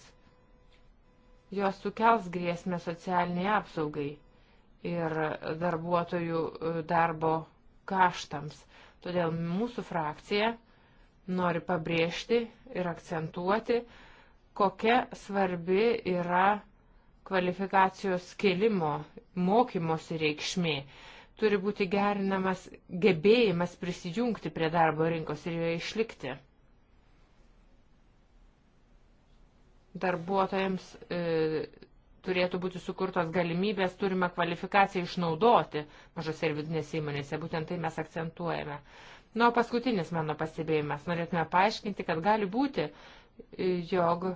jos sukels grėsmę socialiniai apsaugai ir darbuotojų e, darbo kaštams. Todėl mūsų frakcija nori pabrėžti ir akcentuoti, kokia svarbi yra kvalifikacijos kelimo, mokymosi reikšmė. Turi būti gerinamas gebėjimas prisijungti prie darbo rinkos ir joje išlikti. Darbuotojams e, turėtų būti sukurtos galimybės turime kvalifikaciją išnaudoti mažose ir vidinėse įmonėse. Būtent tai mes akcentuojame. Na, nu, paskutinis mano pastebėjimas. Norėtume paaiškinti, kad gali būti, jog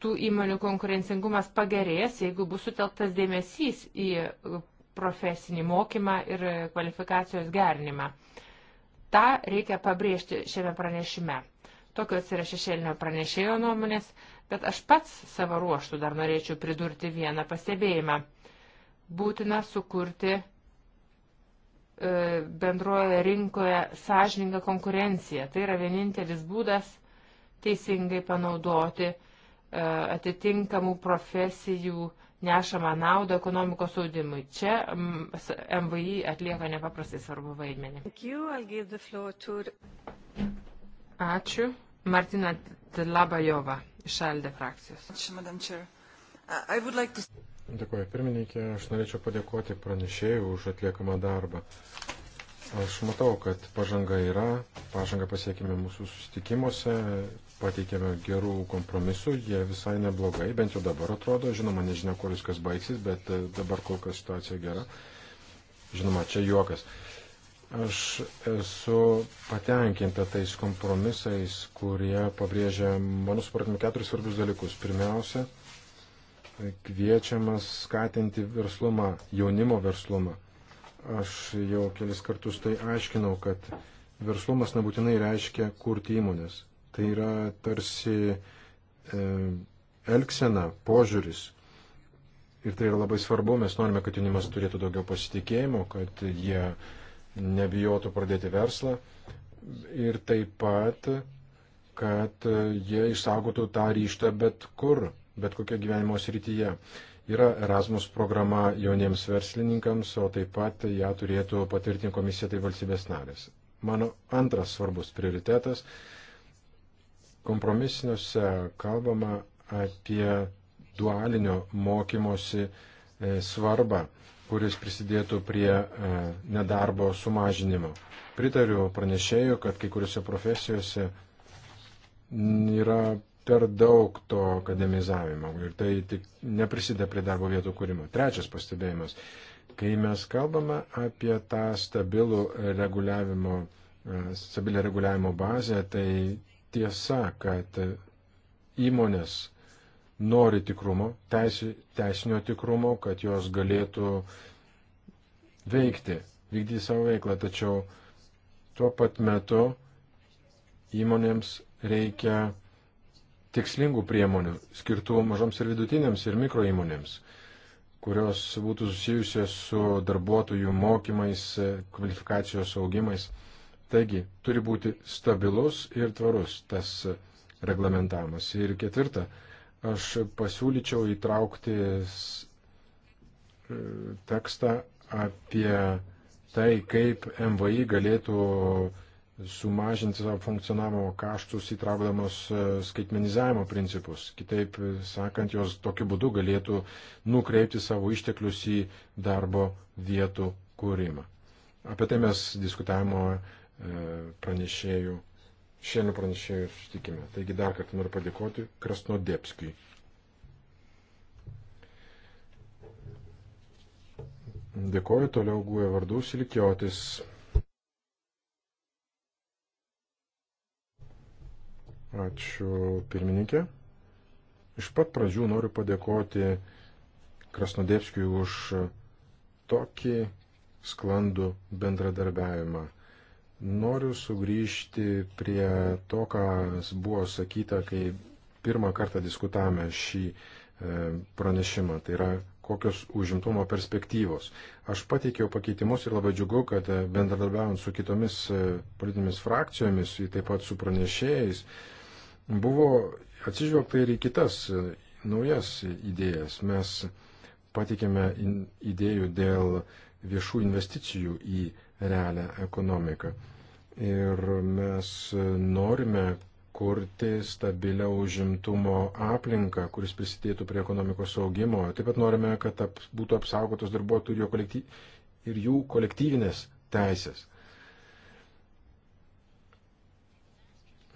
tų įmonių konkurencingumas pagerės, jeigu bus sutelktas dėmesys į profesinį mokymą ir kvalifikacijos gerinimą. Ta reikia pabrėžti šiame pranešime. Tokios yra šešėlinio pranešėjo nuomonės bet aš pats savo ruoštų dar norėčiau pridurti vieną pastebėjimą. Būtina sukurti e, bendroje rinkoje sąžininga konkurencija. Tai yra vienintelis būdas teisingai panaudoti e, atitinkamų profesijų nešamą naudą ekonomikos audimui. Čia MVI atlieka nepaprastai svarbu vaidmenį. Ačiū. Martina Tlabajova išaldė frakcijos. Dėkuoju, pirmininkė, aš norėčiau padėkoti pranešėjų už atliekamą darbą. Aš matau, kad pažanga yra, pažanga pasiekime mūsų susitikimuose, pateikėme gerų kompromisų, jie visai neblogai, bent jau dabar atrodo, žinoma, nežinia, kur viskas baigsis, bet e, dabar kol kas situacija gera. Žinoma, čia juokas. Uh, Aš esu patenkinta tais kompromisais, kurie pabrėžia, mano supratimu, keturis svarbius dalykus. Pirmiausia, kviečiamas skatinti verslumą, jaunimo verslumą. Aš jau kelis kartus tai aiškinau, kad verslumas nebūtinai reiškia kurti įmonės. Tai yra tarsi e, elksena, požiūris. Ir tai yra labai svarbu, mes norime, kad jaunimas turėtų daugiau pasitikėjimo, kad jie nebijotų pradėti verslą ir taip pat, kad jie išsaugotų tą ryštą bet kur, bet kokia gyvenimo srityje. Yra Erasmus programa jauniems verslininkams, o taip pat ją turėtų patvirtinti komisija tai valstybės narės. Mano antras svarbus prioritetas - kompromisiniuose kalbama apie dualinio mokymosi e, svarbą kuris prisidėtų prie e, nedarbo sumažinimo. Pritariu pranešėjų, kad kai kuriuose profesijose yra per daug to akademizavimo ir tai tik neprisideda prie darbo vietų kūrimo. Trečias pastebėjimas. Kai mes kalbame apie tą stabilų reguliavimo, e, stabilę reguliavimo bazę, tai tiesa, kad įmonės nori tikrumo, teisi, teisinio tikrumo, kad jos galėtų veikti, vykdyti savo veiklą, tačiau tuo pat metu įmonėms reikia tikslingų priemonių skirtų mažoms ir vidutinėms ir mikro įmonėms, kurios būtų susijusios su darbuotojų mokymais, kvalifikacijos augimais. Taigi, turi būti stabilus ir tvarus tas reglamentavimas. Ir ketvirta, Aš pasiūlyčiau įtraukti e, tekstą apie tai, kaip MVI galėtų sumažinti savo funkcionavimo kaštus įtraukdamos e, skaitmenizavimo principus. Kitaip sakant, jos tokiu būdu galėtų nukreipti savo išteklius į darbo vietų kūrimą. Apie tai mes diskutavimo e, pranešėjų šiandien pranešėjų susitikime. Taigi dar kartą noriu padėkoti Krasnodėpskijui. Dėkoju toliau guoja vardu Silikiotis. Ačiū pirmininkė. Iš pat pradžių noriu padėkoti Krasnodėpskijui už tokį sklandų bendradarbiavimą. Noriu sugrįžti prie to, kas buvo sakyta, kai pirmą kartą diskutavome šį e, pranešimą. Tai yra kokios užimtumo perspektyvos. Aš pateikiau pakeitimus ir labai džiugu, kad e, bendradarbiavant su kitomis e, politinėmis frakcijomis, taip pat su pranešėjais, buvo atsižvelgta ir į kitas naujas idėjas. Mes pateikėme idėjų dėl viešų investicijų į realią ekonomiką ir mes norime kurti stabilę užimtumo aplinką, kuris prisidėtų prie ekonomikos augimo. Taip pat norime, kad ap, būtų apsaugotos darbuotojų ir, ir jų kolektyvinės teisės.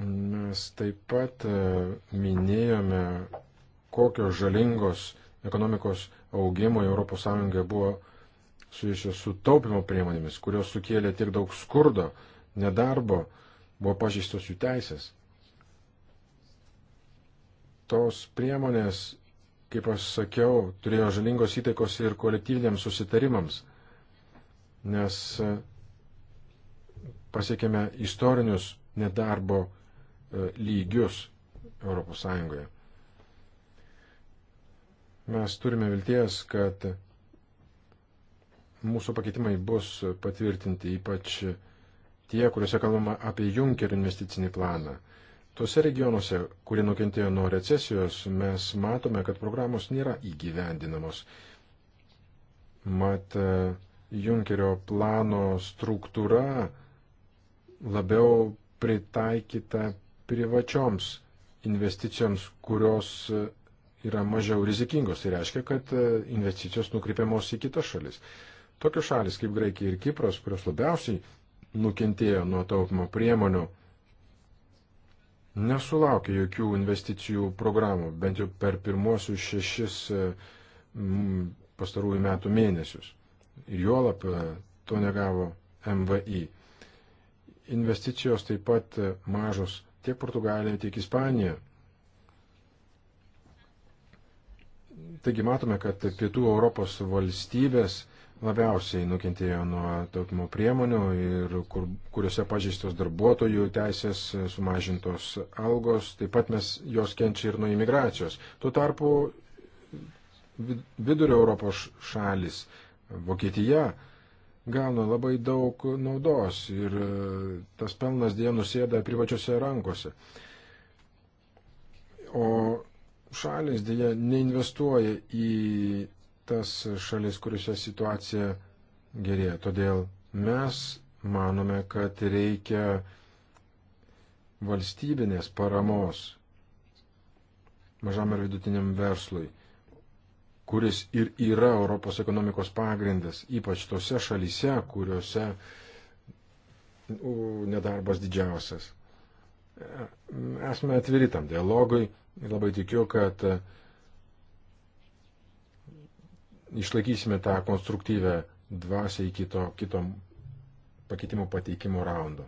Mes taip pat e, minėjome, kokios žalingos ekonomikos augimo ES buvo susijusios su taupimo priemonėmis, kurios sukėlė tiek daug skurdo, nedarbo, buvo pažeistos jų teisės. Tos priemonės, kaip aš sakiau, turėjo žalingos įtakos ir kolektyviniams susitarimams, nes e, pasiekėme istorinius nedarbo e, lygius ES. Mes turime vilties, kad mūsų pakeitimai bus patvirtinti, ypač tie, kuriuose kalbama apie Junker investicinį planą. Tuose regionuose, kurie nukentėjo nuo recesijos, mes matome, kad programos nėra įgyvendinamos. Mat, e, Junkerio plano struktūra labiau pritaikyta privačioms investicijoms, kurios e, yra mažiau rizikingos. Tai reiškia, kad e, investicijos nukreipiamos į kitas šalis. Tokios šalis kaip Graikija ir Kipras, kurios labiausiai nukentėjo nuo taupimo priemonių, nesulaukė jokių investicijų programų, bent jau per pirmosius šešis pastarųjų metų mėnesius. Ir juolap e, to negavo MVI. Investicijos taip pat e, mažos tiek Portugalija, tiek Ispanija. Taigi matome, kad pietų Europos valstybės labiausiai nukentėjo nuo taupimo priemonių ir kur, kuriuose pažeistos darbuotojų teisės, sumažintos algos, taip pat mes jos kenčia ir nuo imigracijos. Tuo tarpu vidurio Europos šalis, Vokietija, gauna labai daug naudos ir e, tas pelnas dėja nusėda privačiose rankose. O šalis dėja neinvestuoja į tas šalis, kuriuose situacija gerėja. Todėl mes manome, kad reikia valstybinės paramos mažam ir vidutiniam verslui, kuris ir yra Europos ekonomikos pagrindas, ypač tose šalyse, kuriuose nedarbas didžiausias. Esame atviri tam dialogui ir labai tikiu, kad išlaikysime tą konstruktyvę dvasę iki to kito pakeitimo pateikimo raundo.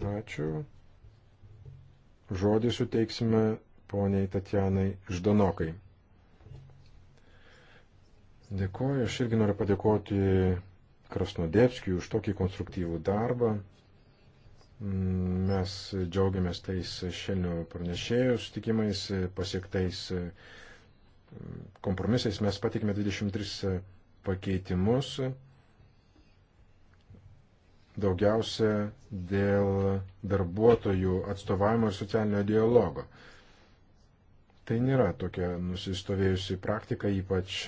Ačiū. Žodį suteiksime poniai Tatjanai Ždanokai. Dėkuoju, aš irgi noriu padėkoti Krasnodėpskijui už tokį konstruktyvų darbą. Mes džiaugiamės tais šelnių pranešėjų sutikimais, pasiektais kompromisais mes patikime 23 pakeitimus, daugiausia dėl darbuotojų atstovavimo ir socialinio dialogo. Tai nėra tokia nusistovėjusi praktika, ypač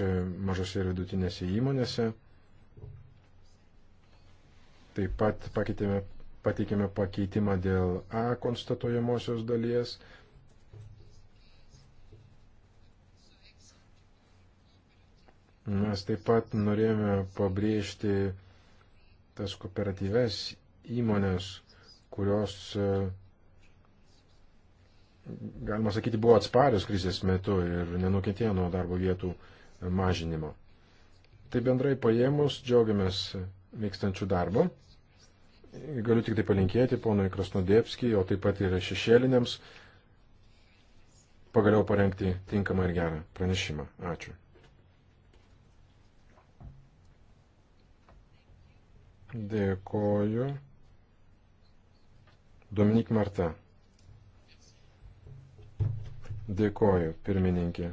mažose ir vidutinėse įmonėse. Taip pat pakeitėme, pateikėme pakeitimą dėl A konstatuojamosios dalies, Mes taip pat norėjome pabrėžti tas kooperatyves įmonės, kurios, e, galima sakyti, buvo atsparios krizės metu ir nenukentėjo nuo darbo vietų mažinimo. Tai bendrai paėmus džiaugiamės vykstančių darbo. Galiu tik tai palinkėti ponui Krasnodėpskijai, o taip pat ir šešėliniams pagaliau parengti tinkamą ir gerą pranešimą. Ačiū. Dėkoju. Dominik Marta. Dėkoju, pirmininkė.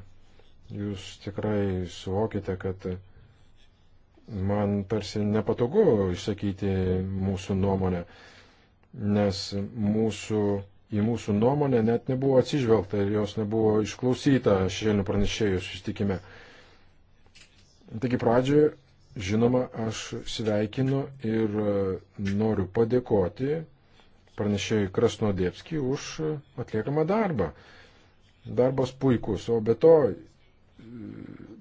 Jūs tikrai suvokite, kad man tarsi nepatogu išsakyti mūsų nuomonę, nes mūsų, į mūsų nuomonę net nebuvo atsižvelgta ir jos nebuvo išklausyta šešėlinių pranešėjų susitikime. Taigi pradžioje Žinoma, aš sveikinu ir e, noriu padėkoti pranešėjui Krasnodėpskį už atliekamą darbą. Darbas puikus, o be to e,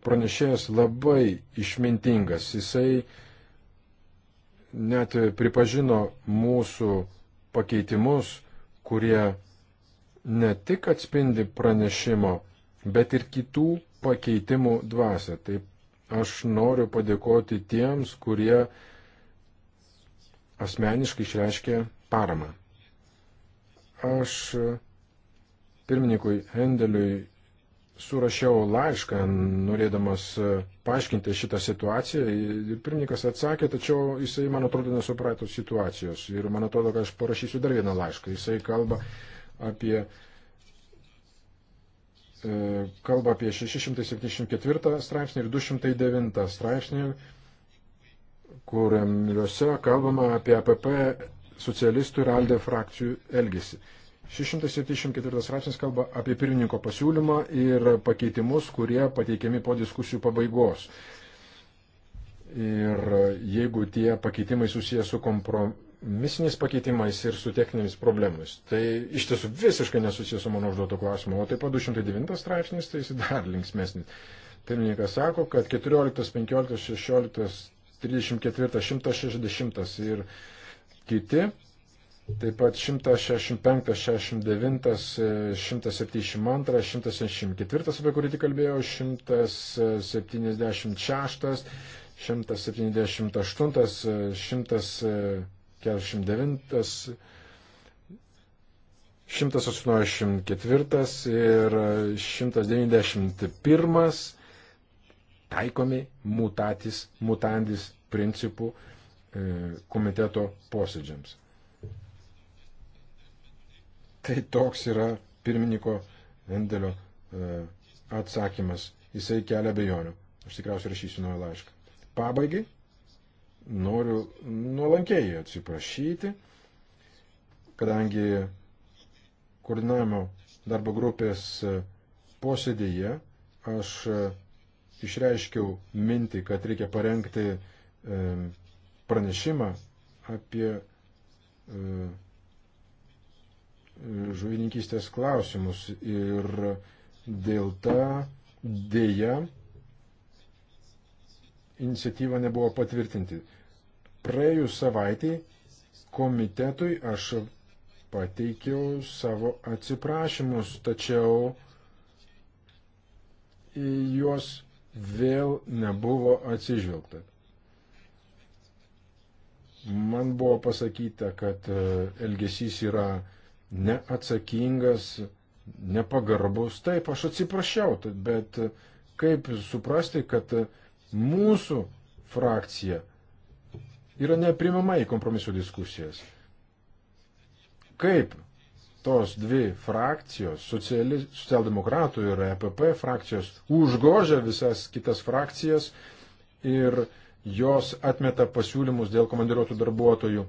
pranešėjas labai išmintingas. Jisai net pripažino mūsų pakeitimus, kurie ne tik atspindi pranešimo, bet ir kitų pakeitimų dvasę. Taip Aš noriu padėkoti tiems, kurie asmeniškai išreiškė paramą. Aš pirmininkui Hendeliui surašiau laišką, norėdamas paaiškinti šitą situaciją. Ir pirmininkas atsakė, tačiau jisai, man atrodo, nesuprato situacijos. Ir man atrodo, kad aš parašysiu dar vieną laišką. Jisai kalba apie E, kalba apie 674 straipsnį ir 209 straipsnį, kuriuose kalbama apie APP socialistų ir ALDE frakcijų elgesį. 674 straipsnis kalba apie pirmininko pasiūlymą ir pakeitimus, kurie pateikiami po diskusijų pabaigos. Ir jeigu tie pakeitimai susijęs su, kompro, kompromisiniais pakeitimais ir su techninėmis problemomis. Tai iš tiesų visiškai nesusijęs su mano užduoto klausimu, o taip pat 209 straipsnis, tai jis dar linksmėsnis. Pirmininkas sako, kad 14, 15, 16, 34, 160 ir kiti, taip pat 165, 69, 172, 174, apie kurį tik kalbėjau, 176, 178, 100. 49, 184 ir 191 taikomi mutatis mutandis principų e, komiteto posėdžiams. Tai toks yra pirmininko Endelio e, atsakymas. Jisai kelia bejonių. Aš tikriausiai rašysiu naują laišką. Pabaigai noriu nuolankiai atsiprašyti, kadangi koordinavimo darbo grupės posėdėje aš e, išreiškiau mintį, kad reikia parengti e, pranešimą apie e, žuvininkystės klausimus ir dėl ta dėja iniciatyva nebuvo patvirtinti. Praėjus savaitėj komitetui aš pateikiau savo atsiprašymus, tačiau į juos vėl nebuvo atsižvelgta. Man buvo pasakyta, kad e, elgesys yra neatsakingas, nepagarbus. Taip, aš atsiprašiau, bet e, kaip suprasti, kad mūsų frakcija yra neprimama į kompromisų diskusijas. Kaip tos dvi frakcijos, socialdemokratų ir EPP frakcijos, užgožia visas kitas frakcijas ir jos atmeta pasiūlymus dėl komandiruotų darbuotojų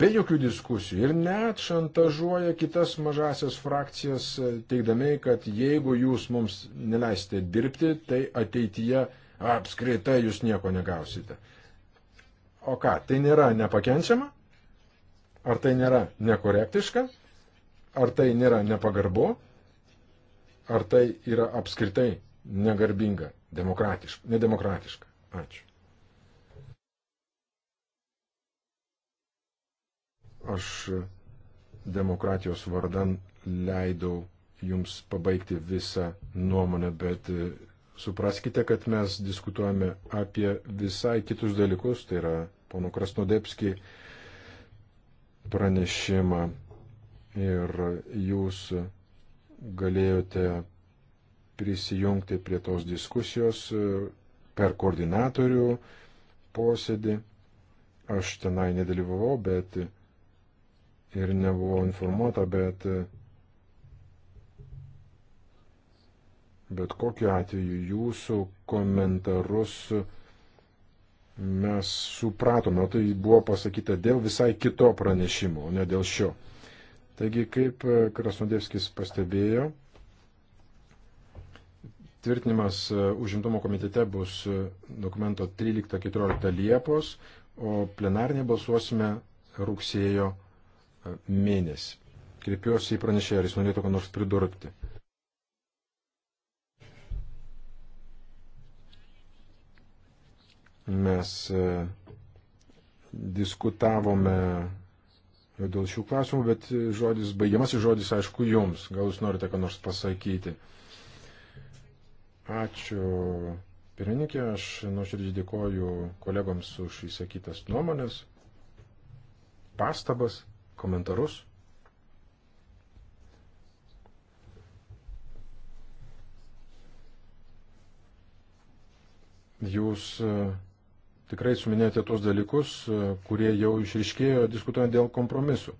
be jokių diskusijų ir net šantažuoja kitas mažasias frakcijas, teikdami, kad jeigu jūs mums neleisite dirbti, tai ateityje apskritai jūs nieko negausite. O ką, tai nėra nepakenčiama? Ar tai nėra nekorektiška? Ar tai nėra nepagarbu? Ar tai yra apskritai negarbinga, demokratiška, nedemokratiška? Ačiū. Aš demokratijos vardan leidau jums pabaigti visą nuomonę, bet Supraskite, kad mes diskutuojame apie visai kitus dalykus, tai yra pono Krasnodepski pranešimą ir jūs galėjote prisijungti prie tos diskusijos per koordinatorių posėdį. Aš tenai nedalyvavau, bet ir nebuvau informuota, bet Bet kokiu atveju jūsų komentarus mes supratome, tai buvo pasakyta dėl visai kito pranešimo, o ne dėl šio. Taigi, kaip e, Krasnodėvskis pastebėjo, tvirtinimas e, užimtumo komitete bus e, dokumento 13-14 Liepos, o plenarnė balsuosime rugsėjo mėnesį. Kreipiuosi į pranešėją, ar jis norėtų ką nors pridurti. Mes e, diskutavome dėl šių klausimų, bet žodis, baigiamasis žodis, aišku, jums. Gal jūs norite ką nors pasakyti? Ačiū. Pirmininkė, aš nuoširdžiai dėkoju kolegoms už įsakytas nuomonės, pastabas, komentarus. Jūs tikrai suminėjote tos dalykus, e, kurie jau išriškėjo diskutuojant dėl kompromisų.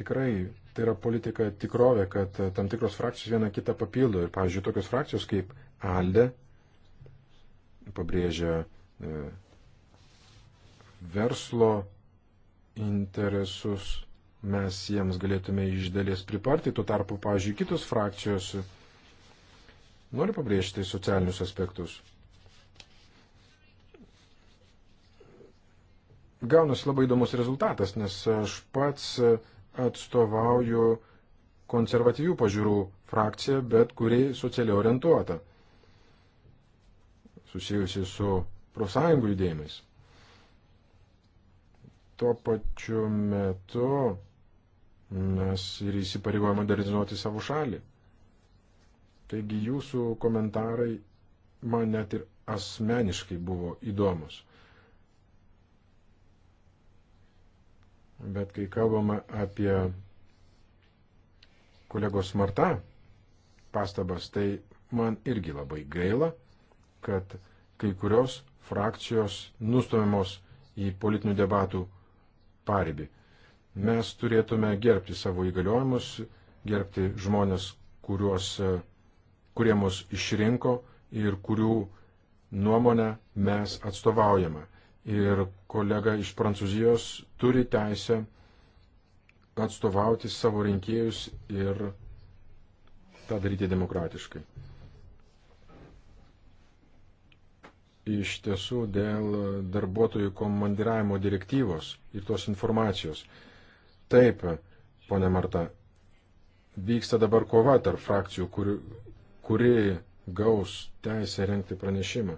Tikrai tai yra politika tikrovė, kad e, tam tikros frakcijos viena kitą papildo. Ir, pavyzdžiui, tokios frakcijos kaip ALDE pabrėžia e, verslo interesus, mes jiems galėtume iš dalies priparti, tuo tarpu, pavyzdžiui, kitos frakcijos Noriu pabrėžti socialinius aspektus. Gaunasi labai įdomus rezultatas, nes aš pats atstovauju konservatyvių pažiūrų frakciją, bet kuri socialiai orientuota, susijusi su profsąjungų judėjimais. Tuo pačiu metu mes ir įsipareigojame modernizuoti savo šalį. Taigi jūsų komentarai man net ir asmeniškai buvo įdomus. Bet kai kalbama apie kolegos Marta pastabas, tai man irgi labai gaila, kad kai kurios frakcijos nustumiamos į politinių debatų paribį. Mes turėtume gerbti savo įgaliojimus, gerbti žmonės, kuriuos kurie mus išrinko ir kurių nuomonę mes atstovaujame. Ir kolega iš Prancūzijos turi teisę atstovauti savo rinkėjus ir tą daryti demokratiškai. Iš tiesų dėl darbuotojų komandiravimo direktyvos ir tos informacijos. Taip, ponė Marta, vyksta dabar kova tarp frakcijų, kurių kuri gaus teisę renkti pranešimą.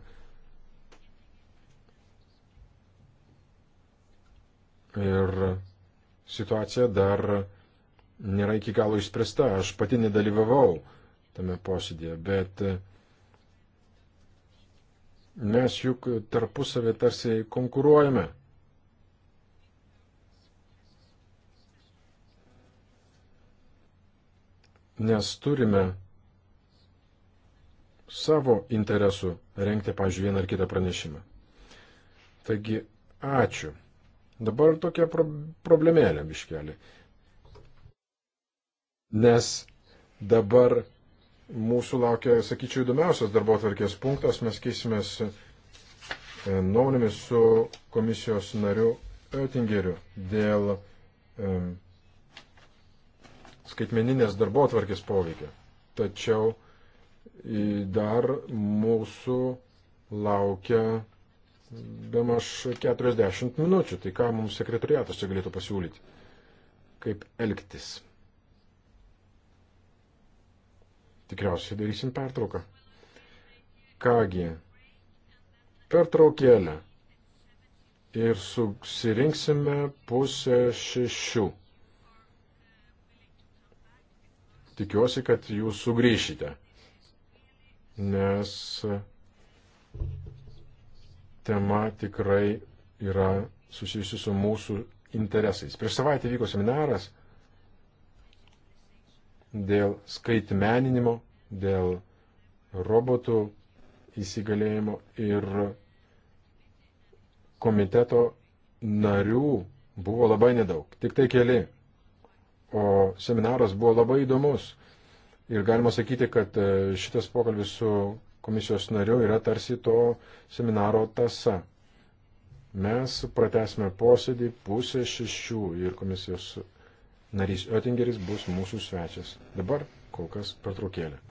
Ir situacija dar nėra iki galo išspręsta. Aš pati nedalyvavau tame posėdėje, bet mes juk tarpusavį tarsi konkuruojame. Nes turime savo interesų renkti, pažiūrėjau, vieną ar kitą pranešimą. Taigi, ačiū. Dabar tokia pro problemėlė biškelė. Nes dabar mūsų laukia, sakyčiau, įdomiausias darbo atvarkės punktas. Mes keisimės e, nuomonėmis su komisijos nariu Oettingeriu dėl um, skaitmeninės darbo atvarkės poveikio. Tačiau E, dar mūsų laukia bemaž 40 minučių. Tai ką mums sekretoriatas čia galėtų pasiūlyti? Kaip elgtis? Tikriausiai darysim pertrauką. Kągi, pertraukėlę ir susirinksime pusę šešių. Tikiuosi, kad jūs sugrįšite nes tema tikrai yra susijusi su mūsų interesais. Prieš savaitę vyko seminaras dėl skaitmeninimo, dėl robotų įsigalėjimo ir komiteto narių buvo labai nedaug, tik tai keli. O seminaras buvo labai įdomus, Ir galima sakyti, kad e, šitas pokalbis su komisijos nariu yra tarsi to seminaro tasa. Mes pratesime posėdį pusę šešių ir komisijos narys Oettingeris bus mūsų svečias. Dabar kol kas pertraukėlė.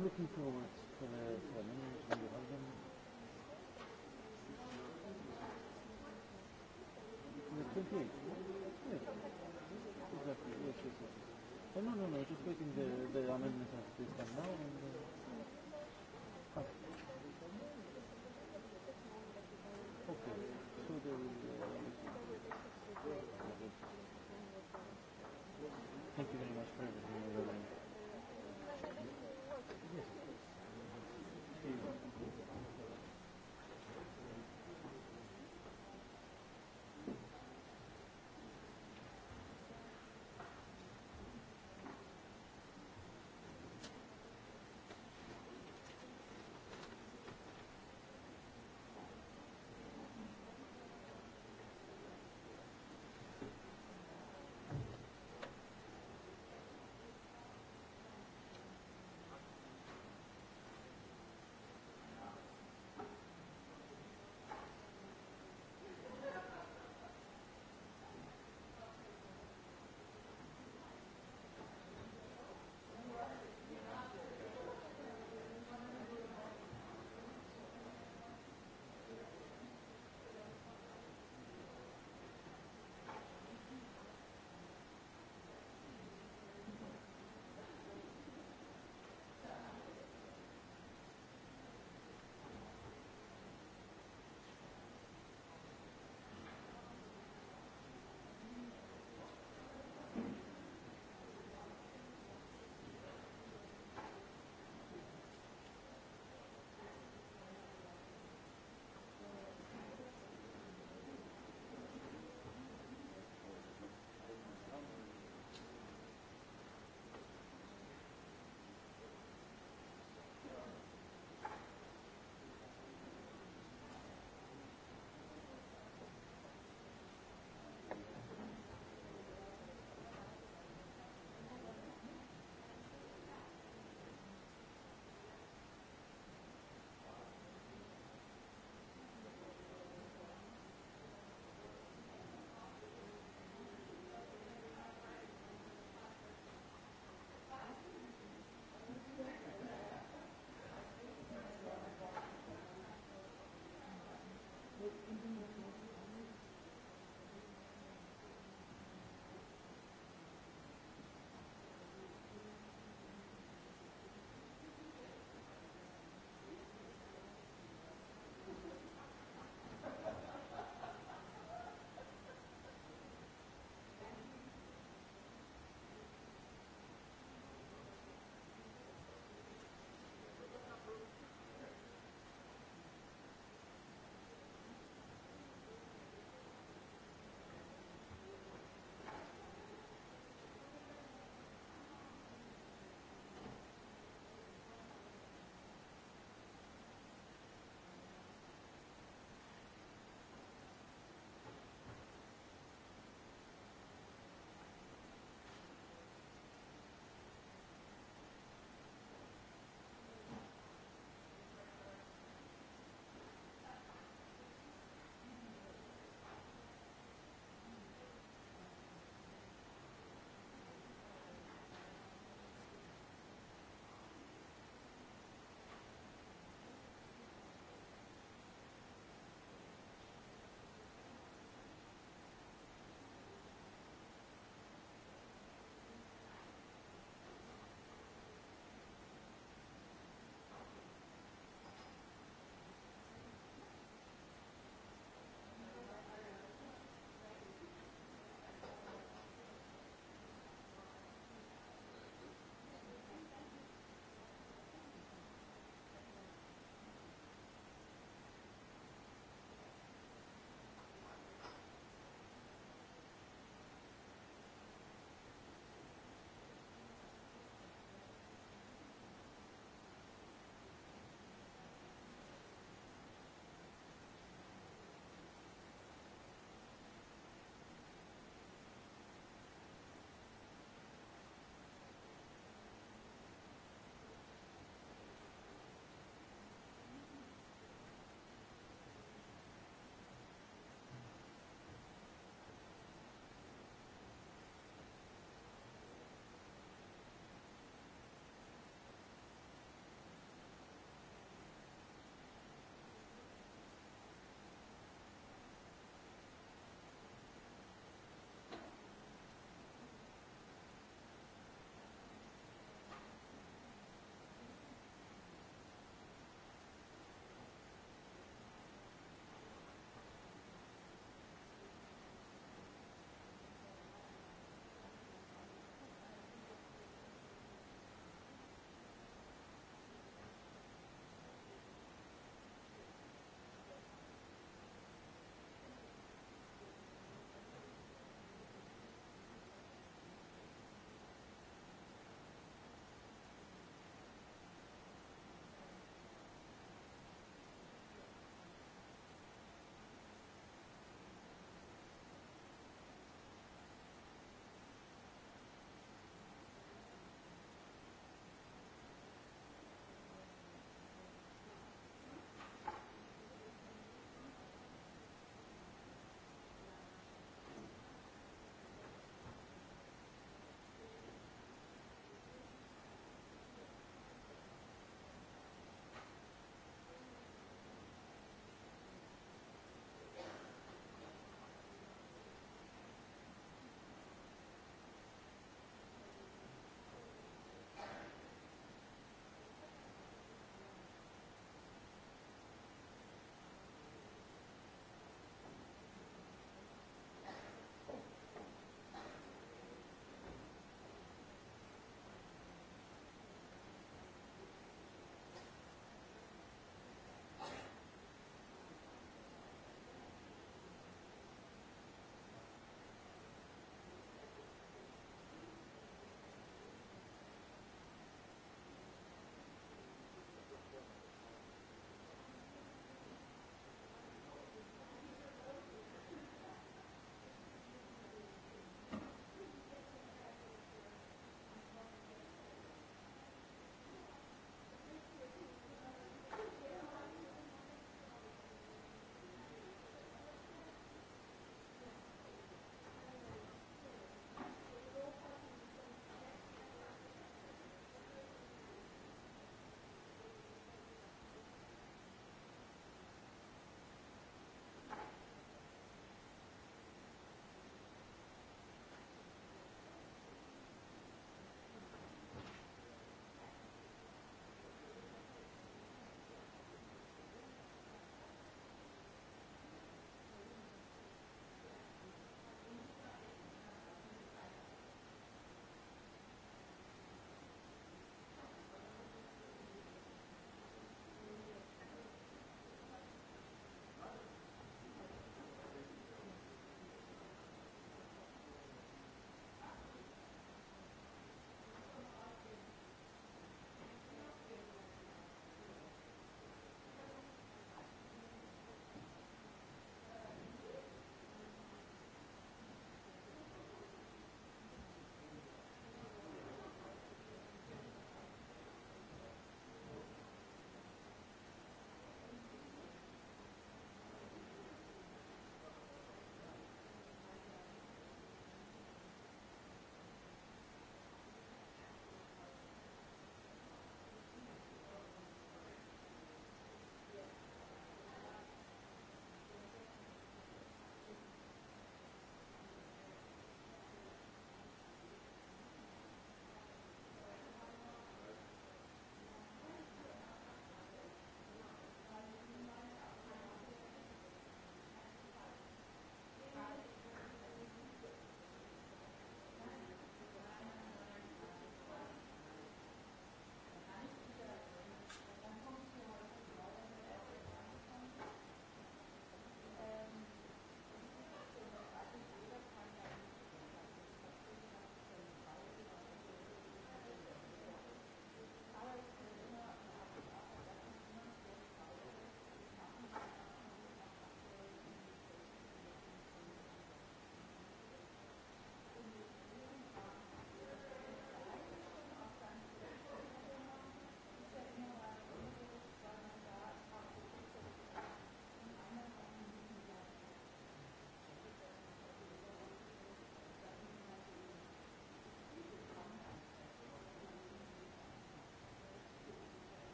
I'm looking forward for the, for the names when you have them. The 28th, yeah. Exactly, yes, yes, yes. Oh, no, no, no, just waiting the, the amendments as they stand now. And, uh,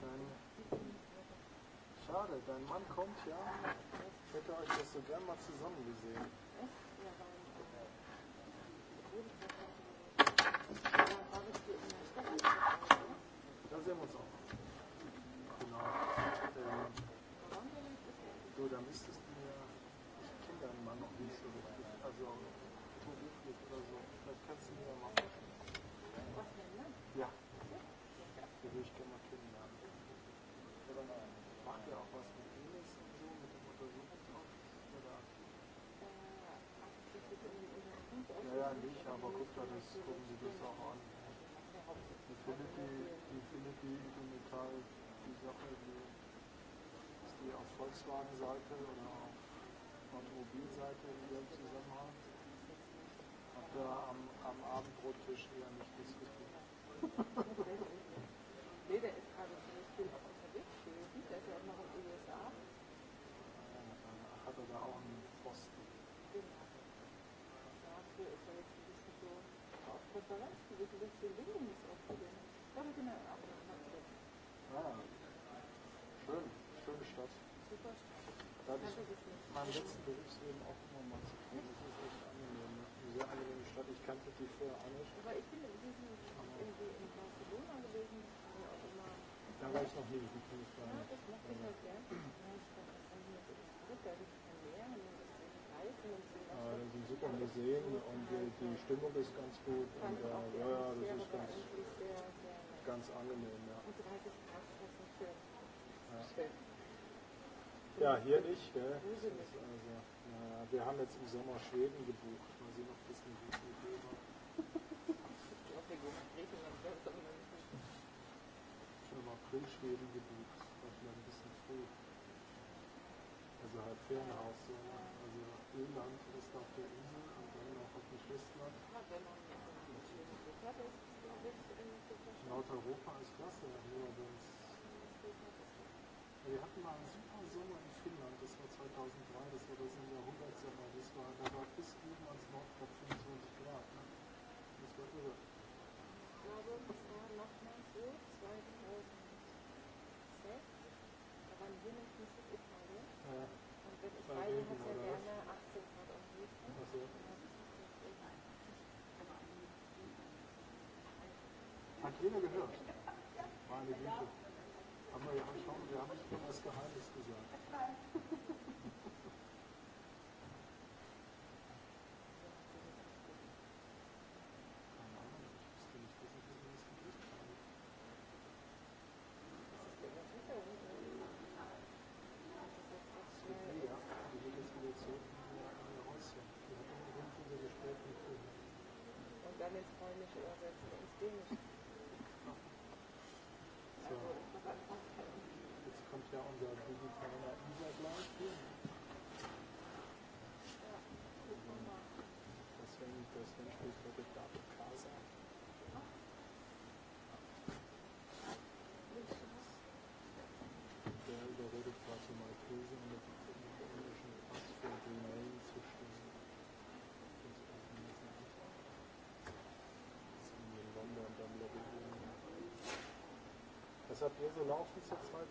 Dein Schade, dein Mann kommt, ja. Ich hätte euch das so gern mal zusammen gesehen. Da sehen wir uns auch. Genau. Ähm, so, da müsstest du mir, ich kenne deinen Mann noch nicht so richtig, also beruflich oder so. Vielleicht kannst du mir ja mal. Was denn, ne? Ja. Naja, nicht, aber guckt euch das, gucken Sie das auch an. Wie findet die, wie findet die Instrumental die Sache, die, ist die auf Volkswagen-Seite oder auf Automobilseite in ihrem Zusammenhang? Habt ihr am, am Abendbrottisch eher nicht diskutiert? nee, der ist gerade zum Beispiel unterwegs gewesen, der ist ja auch noch in den USA. Hat er da auch einen Slovenský vyklid si Bindung ist auch hier. Da wird immer auch Ah, schön, schöne Stadt. Super Stadt. Da hatte ich meinen letzten Berufsleben auch immer mal zu tun. Das ist echt angenehm. Eine sehr angenehme Stadt. Ich kannte die vorher auch nicht. Aber ich bin irgendwie in Barcelona gewesen. Da war ich noch nie, ich kann nicht sagen. Ja, das macht mich halt gern. Ja, ich kann das nicht. Das ist geil. Äh, das sind super Museen und die, die Stimmung ist ganz gut. Und, äh, ja, ja, das ist ganz, ganz angenehm. Ja. Ja. ja, hier nicht. Gell? Das ist also, naja, wir haben jetzt im Sommer Schweden gebucht. Mal sehen, ob das eine gute Idee war. Ich glaube, wir gehen nach Griechenland. Schon im April Schweden gebucht. Das war vielleicht ein bisschen früh. Also halt Ferienhaus. So, ne? Öland ist auf der Insel und dann noch auf dem Festland. Nordeuropa ist klasse, nur das. Wir hatten mal einen super Sommer in Finnland, das war 2003, das war das in der 100 Sommer, das war, da war bis oben ans Nordkap 25 Grad. Ne? Das war irre. Ich glaube, das war nochmal so 2006, da waren wir noch nicht in Italien. Ja. Und wenn ich reise, hat ja gerne jeder gehört. Meine Güte. Haben wir, haben, schauen, wir haben nicht das Geheimnis gesagt. dann ins Polnische übersetzen, ins Dänische. da unser digitaler User-Guide hier. Ja, deswegen, deswegen spielt heute David Kasa. Der überredet quasi Maltese mit dem englischen Pass von Remain zu schließen. Das ist ein bisschen einfach. Das ist in London dann wieder Das habt ihr so laufen zurzeit?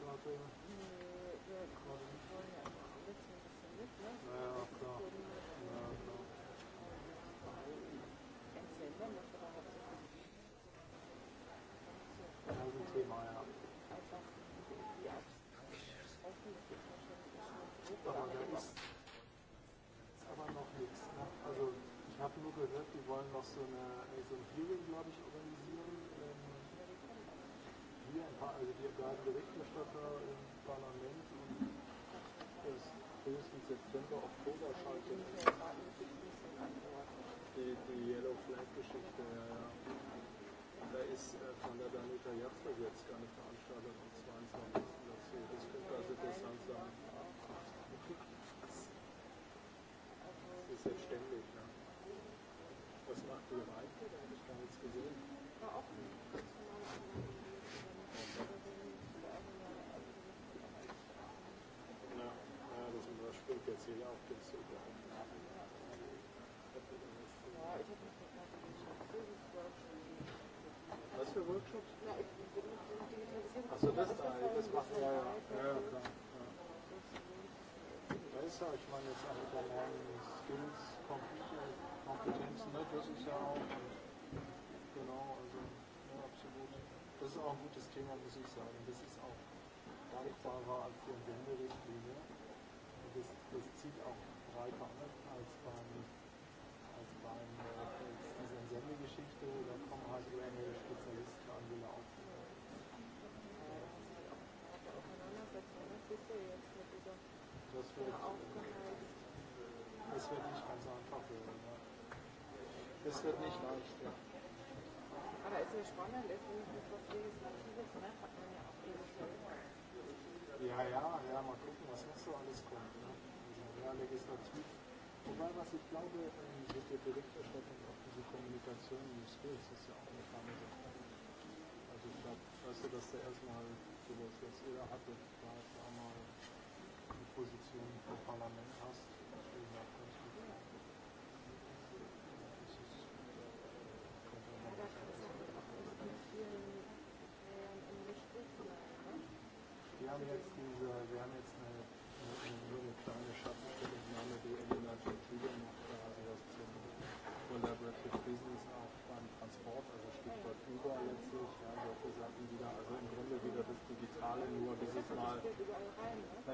Struggling. You're, you're close to it now. This is, this level, no, this no. is no, no. It hasn't seen my app. Aber da ist, ist aber noch nichts. Ne? Also ich habe nur gehört, die wollen noch so, eine, so ein Hearing, glaube ich, organisieren hier ein paar, also wir bleiben Berichterstatter im Parlament und das höchstens September, Oktober schalten. Die, die Yellow Flag Geschichte, ja, ja. Da ist äh, von der Danita Jatzler jetzt eine Veranstaltung am 22. dazu. Das könnte also interessant sein. Das ist jetzt ständig, ne? Was macht ihr im Alter? Da habe ich gar nichts gesehen. War auch nicht. so ja auch günstiger. Was für Workshops? Achso, das da, das macht ja, ja, ja, klar. Da ist ja, ich meine, jetzt auch mit deinen Skills, Kompetenzen, ne, das ist ja auch, genau, also, ja, absolut. Das ist auch ein gutes Thema, muss ich sagen. Das ist auch dankbarer als die Entwenderichtlinie das Ziel auch breiter an als beim, als beim äh, dieser Sendegeschichte. Da kommen halt eher neue Spezialisten an, die laufen. Das wird, das wird nicht ganz einfach werden. Ja. Das wird nicht leicht. Ja. Aber es ist spannend, ist was Legislatives, ne? hat man ja auch viele Ja, ja, ja, mal gucken, was noch so alles kommt. Ne? der Legislatur. Wobei, was ich glaube, mit der Berichterstattung auch diese Kommunikation und die Skills ist ja auch eine feine Sache. Also ich glaube, weißt du, dass da er erstmal sowas, was ihr da hattet, da erst einmal eine Position vom Parlament hast,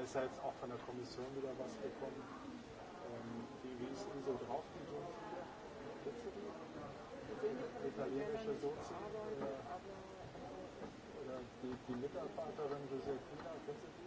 ist ja jetzt auch von der Kommission wieder was gekommen. Ähm, wie, wie ist denn so drauf, die Sozi? Italienische Sozi? Oder, äh, oder die, die Mitarbeiterin Josefina, kennst du die?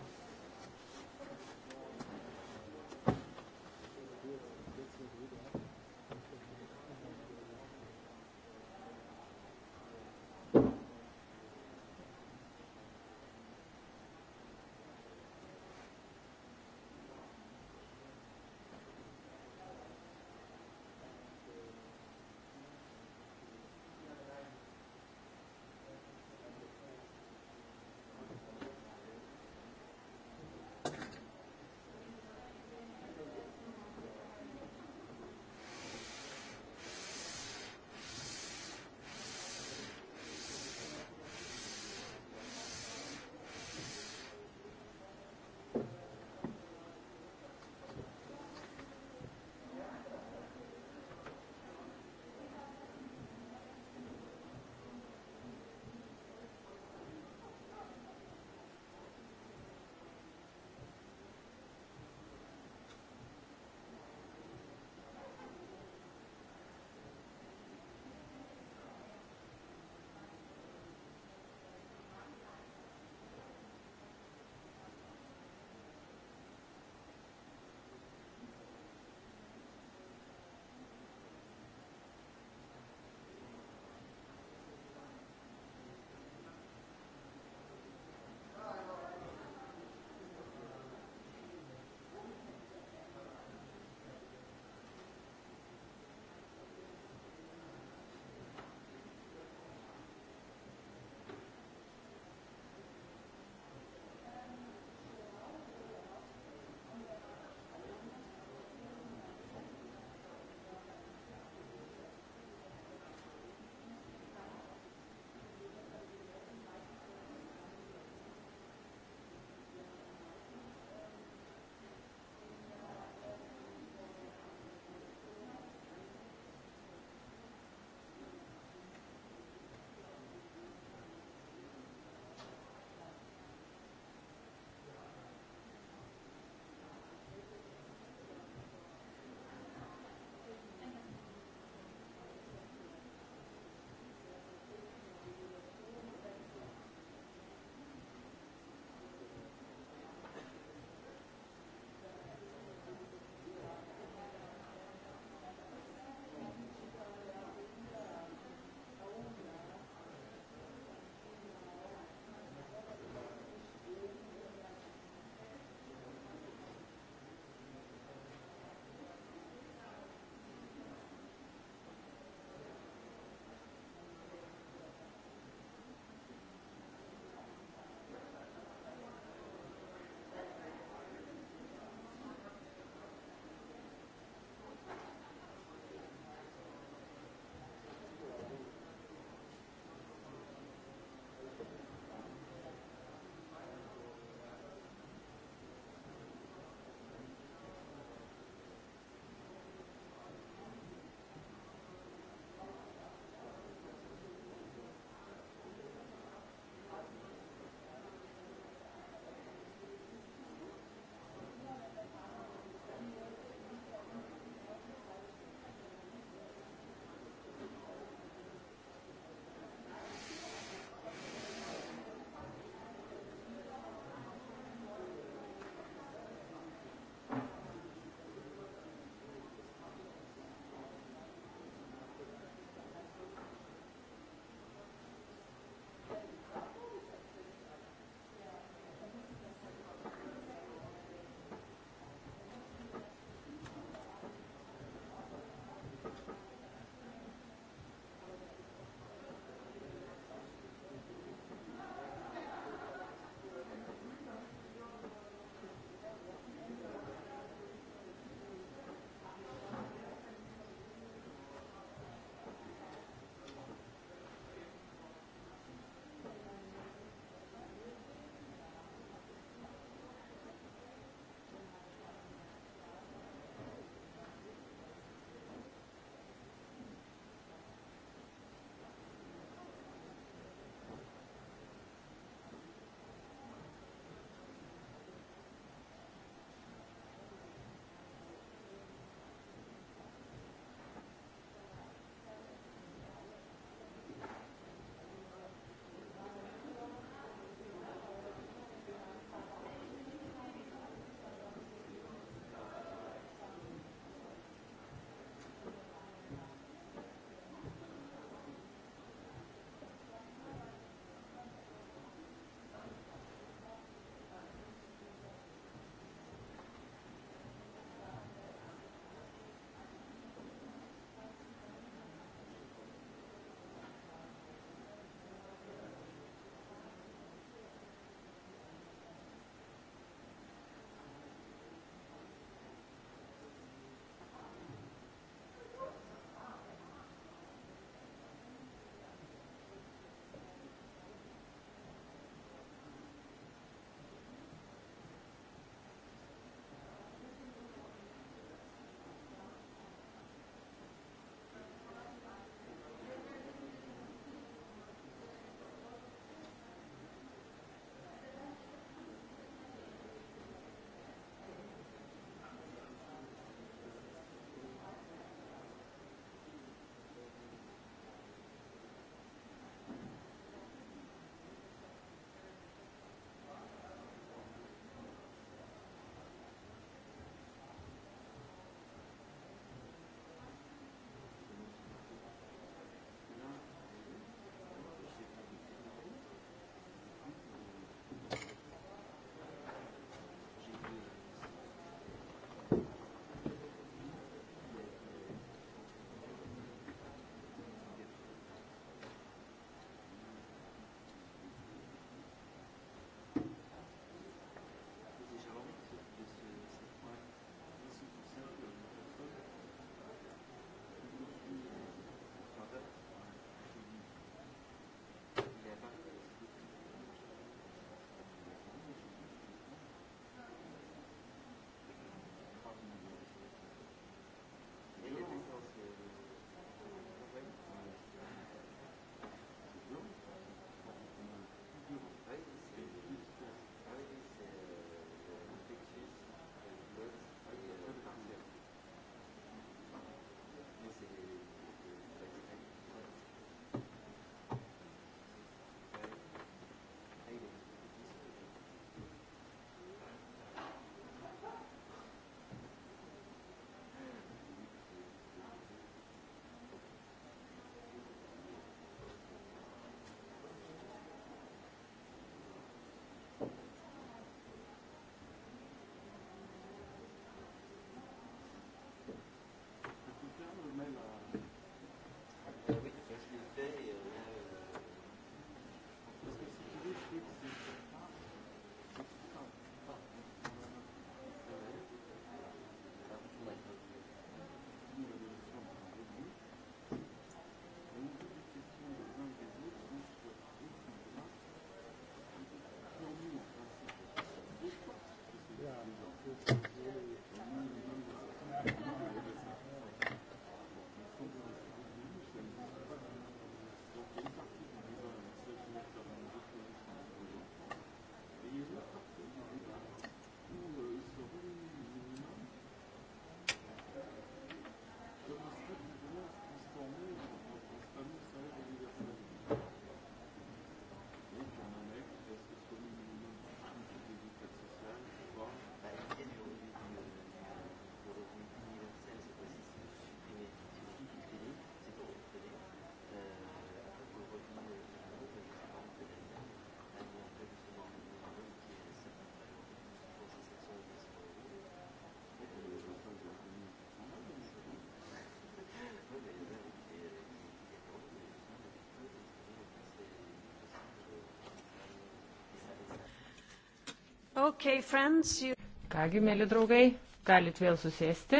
Okay, friends, you... Kągi, mėly draugai, galit vėl susėsti.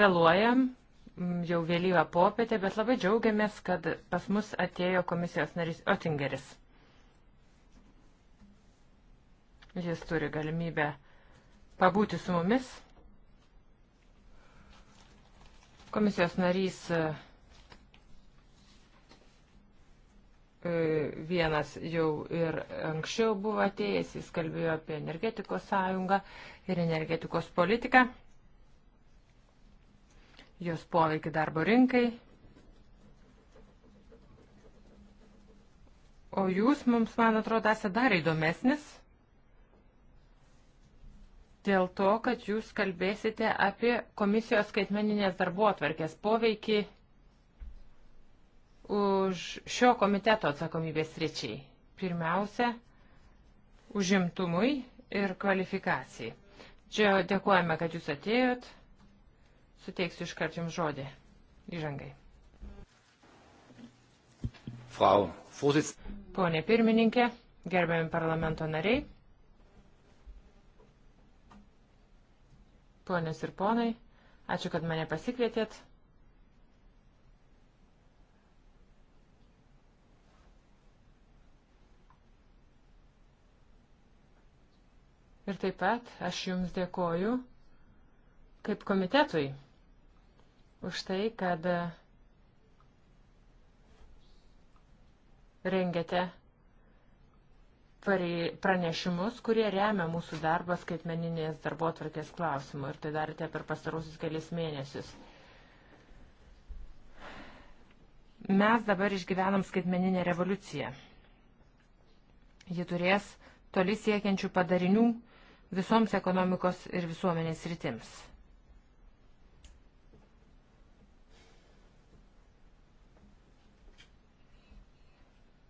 Vėluojam, jau vėlyvą popietę, bet labai džiaugiamės, kad pas mus atėjo komisijos narys Otingeris. Jis turi galimybę pabūti su mumis. Komisijos narys uh, vienas jau ir anksčiau buvo atėjęs, jis kalbėjo apie energetikos sąjungą ir energetikos politiką, jos poveikį darbo rinkai. O jūs mums, man atrodo, esate dar įdomesnis dėl to, kad jūs kalbėsite apie komisijos skaitmeninės darbo atvarkės poveikį už šio komiteto atsakomybės ryčiai. Pirmiausia, užimtumui ir kvalifikacijai. Čia dėkojame, kad jūs atėjot. Suteiksiu iškart jums žodį. Įžangai. Frau Vorsitz. Pone pirmininkė, gerbiami parlamento nariai. Ponios ir ponai, ačiū, kad mane pasikvietėt. Ir taip pat aš Jums dėkoju kaip komitetui už tai, kad e, rengiate pranešimus, kurie remia mūsų darbą skaitmeninės darbo atvarkės klausimų ir tai darėte per pastarusius kelias mėnesius. Mes dabar išgyvenam skaitmeninę revoliuciją. Ji turės toli siekiančių padarinių visoms ekonomikos ir visuomenės rytims.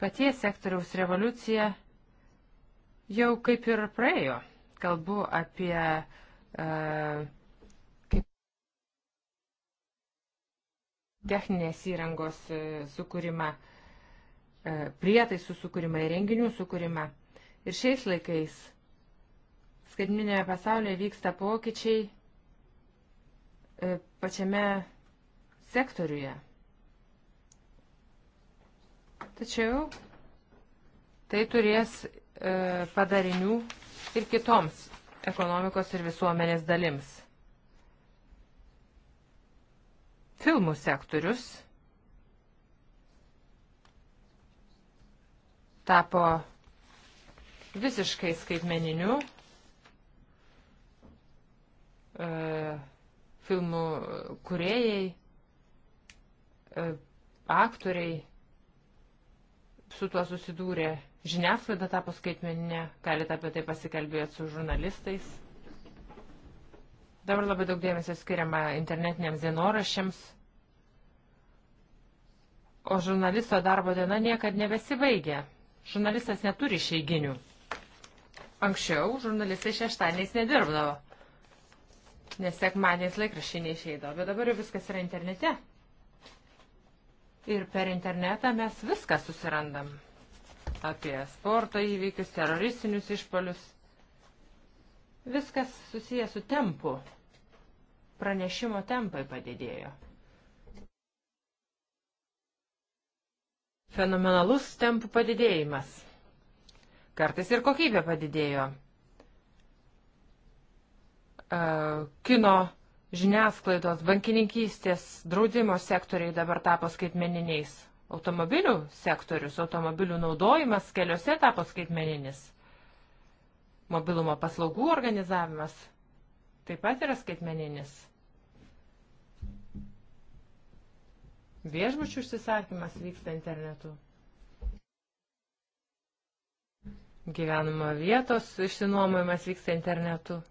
Paties sektoriaus revoliucija jau kaip ir praėjo. Kalbu apie uh, techninės įrangos e, sukūrimą, e, prietaisų sukūrimą, įrenginių sukūrimą. Ir šiais laikais skaitminėje pasaulyje vyksta pokyčiai e, pačiame sektoriuje. Tačiau tai turės e, padarinių ir kitoms ekonomikos ir visuomenės dalims. Filmų sektorius tapo visiškai skaitmeniniu E, filmų kuriejai, e, aktoriai su tuo susidūrė. Žiniasklaida tapo skaitmeninė, galite apie tai pasikalbėti su žurnalistais. Dabar labai daug dėmesio skiriama internetiniams dienoraščiams, o žurnalisto darbo diena niekad nebesibaigia. Žurnalistas neturi išeiginių. Anksčiau žurnalistai šeštadieniais nedirbdavo nes sekmadieniais laikraščiai neišeidavo, bet dabar jau viskas yra internete. Ir per internetą mes viską susirandam. Apie sporto įvykius, teroristinius išpolius. Viskas susijęs su tempu. Pranešimo tempai padidėjo. Fenomenalus tempų padidėjimas. Kartais ir kokybė padidėjo. E, kino žiniasklaidos, bankininkystės, draudimo sektoriai dabar tapo skaitmeniniais. Automobilių sektorius, automobilių naudojimas keliuose tapo skaitmeninis. Mobilumo paslaugų organizavimas taip pat yra skaitmeninis. Viešbučių užsisakymas vyksta internetu. Gyvenimo vietos išsinuomojimas vyksta internetu.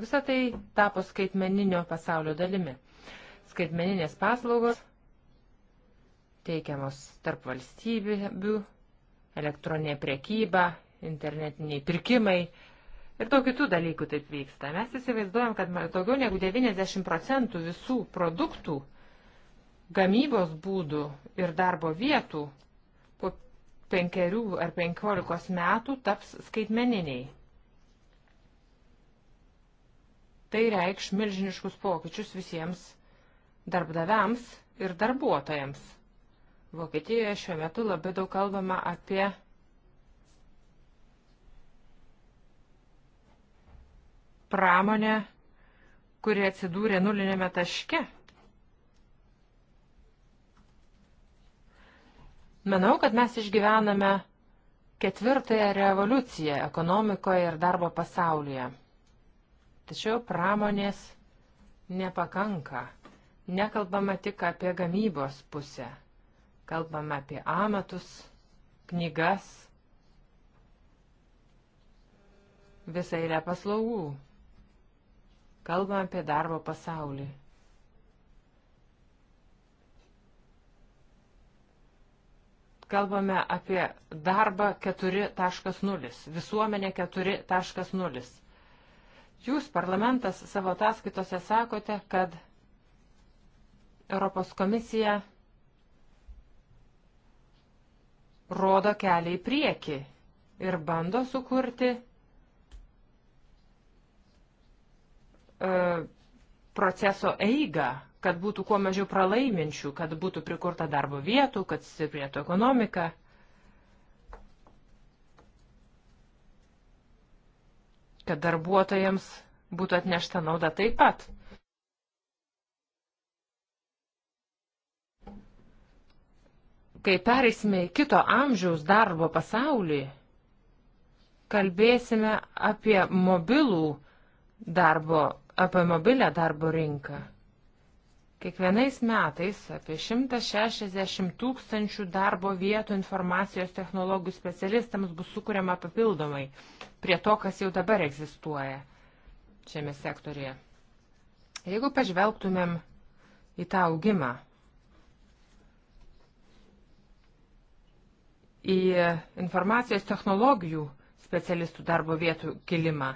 Visą tai tapo skaitmeninio pasaulio dalimi. Skaitmeninės paslaugos teikiamos tarp valstybių, elektroninė priekyba, internetiniai pirkimai ir daug kitų dalykų taip vyksta. Mes įsivaizduojam, kad daugiau negu 90 procentų visų produktų, gamybos būdų ir darbo vietų po penkerių ar penkiolikos metų taps skaitmeniniai. Tai reikš milžiniškus pokyčius visiems darbdaviams ir darbuotojams. Vokietijoje šiuo metu labai daug kalbama apie pramonę, kuri atsidūrė nulinėme taške. Manau, kad mes išgyvename ketvirtąją revoliuciją ekonomikoje ir darbo pasaulyje. Tačiau pramonės nepakanka. Nekalbama tik apie gamybos pusę. Kalbama apie amatus, knygas, visą eilę paslaugų. Kalbam apie darbo pasaulį. Kalbame apie darbą 4.0, visuomenę 4.0. Jūs, parlamentas, savo ataskaitose sakote, kad Europos komisija rodo kelią į priekį ir bando sukurti e, proceso eigą, kad būtų kuo mažiau pralaiminčių, kad būtų prikurta darbo vietų, kad stiprėtų ekonomika. kad darbuotojams būtų atnešta nauda taip pat. Kai pereisime į kito amžiaus darbo pasaulį, kalbėsime apie mobilų darbo, apie mobilę darbo rinką. Kiekvienais metais apie 160 tūkstančių darbo vietų informacijos technologijų specialistams bus sukūriama papildomai prie to, kas jau dabar egzistuoja šiame sektorėje. Jeigu pažvelgtumėm į tą augimą, į informacijos technologijų specialistų darbo vietų kilimą,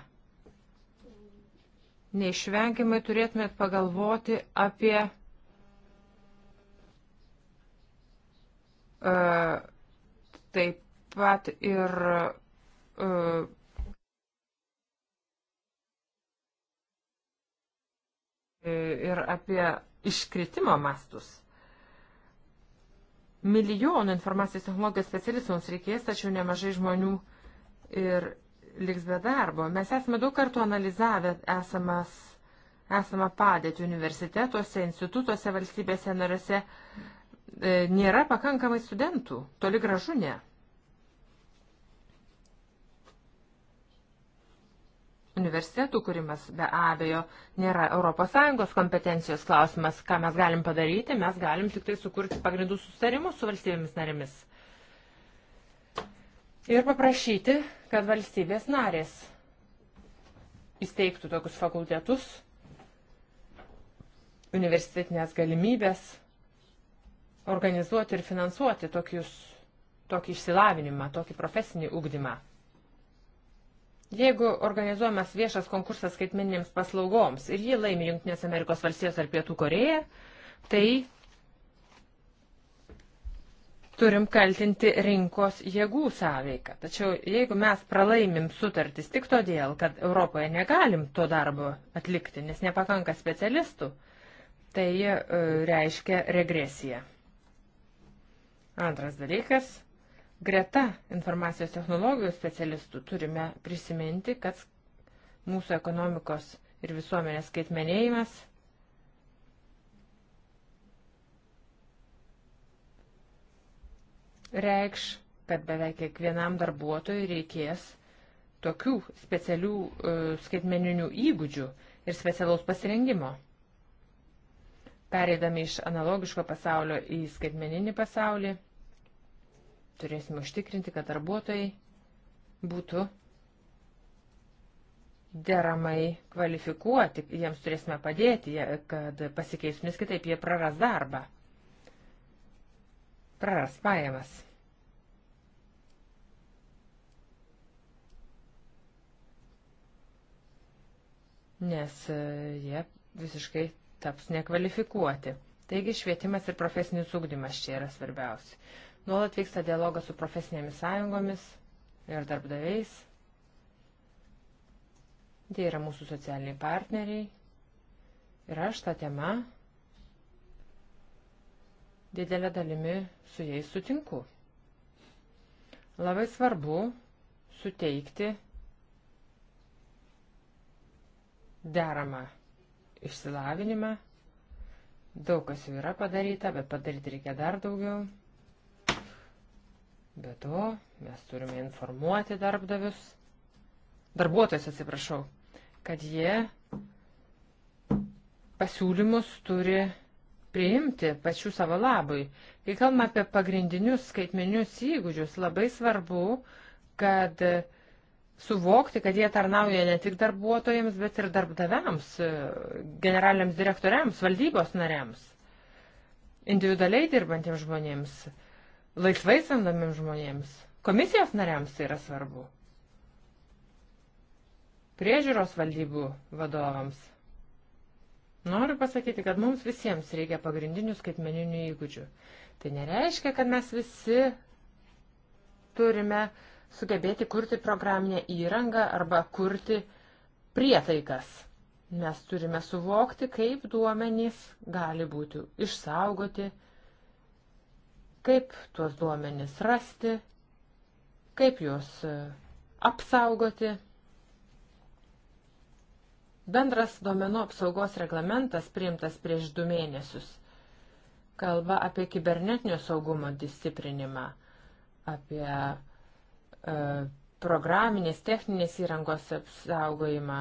neišvengiamai turėtumėt pagalvoti apie uh, taip pat ir uh, ir apie iškritimo mastus. Milijonų informacijos technologijos specialistams reikės, tačiau nemažai žmonių ir liks be darbo. Mes esame daug kartų analizavę esamas, esamą padėtį universitetuose, institutuose, valstybėse narėse. E, nėra pakankamai studentų, toli gražu ne. Universitetų kūrimas be abejo nėra ES kompetencijos klausimas. Ką mes galim padaryti? Mes galim tik tai sukurti pagrindų sustarimus su valstybėmis narėmis ir paprašyti, kad valstybės narės įsteigtų tokius fakultetus, universitetinės galimybės organizuoti ir finansuoti tokius, tokį išsilavinimą, tokį profesinį ūkdymą. Jeigu organizuojamas viešas konkursas skaitmeninėms paslaugoms ir jį laimi Junktinės Amerikos valstijos ar Pietų Koreja, tai turim kaltinti rinkos jėgų sąveiką. Tačiau jeigu mes pralaimim sutartis tik todėl, kad Europoje negalim to darbo atlikti, nes nepakanka specialistų, tai e, reiškia regresiją. Antras dalykas. Greta informacijos technologijų specialistų turime prisiminti, kad mūsų ekonomikos ir visuomenės skaitmenėjimas reikš, kad beveik kiekvienam darbuotojui reikės tokių specialių e, skaitmeninių įgūdžių ir specialaus pasirengimo. Pereidami iš analogiško pasaulio į skaitmeninį pasaulį, turėsime užtikrinti, kad darbuotojai būtų deramai kvalifikuoti, jiems turėsime padėti, kad pasikeisumės kitaip jie praras darbą, praras pajamas. nes e, jie visiškai taps nekvalifikuoti. Taigi švietimas ir profesinis ūkdymas čia yra svarbiausi. Nuolat vyksta dialogas su profesinėmis sąjungomis ir darbdaviais. Jie yra mūsų socialiniai partneriai. Ir aš tą temą didelę dalimi su jais sutinku. Labai svarbu suteikti deramą išsilavinimą. Daug kas jau yra padaryta, bet padaryti reikia dar daugiau. Be to, mes turime informuoti darbdavius, darbuotojus atsiprašau, kad jie pasiūlymus turi priimti pačių savo labui. Kai kalbame apie pagrindinius skaitmenius įgūdžius, labai svarbu, kad uh, suvokti, kad jie tarnauja ne tik darbuotojams, bet ir darbdaviams, e, generaliniams direktoriams, valdybos nariams, individualiai dirbantiems žmonėms, laisvai samdomiems žmonėms, komisijos nariams tai yra svarbu, priežiūros valdybų vadovams. Noriu pasakyti, kad mums visiems reikia pagrindinių skaitmeninių įgūdžių. Tai nereiškia, kad mes visi turime uh, sugebėti kurti programinę įrangą arba kurti prietaikas. Mes turime suvokti, kaip duomenys gali būti išsaugoti, kaip tuos duomenys rasti, kaip juos e, apsaugoti. Bendras duomenų apsaugos reglamentas priimtas prieš du mėnesius kalba apie kibernetinio saugumo disciplinimą, apie E, programinės techninės įrangos apsaugojimą,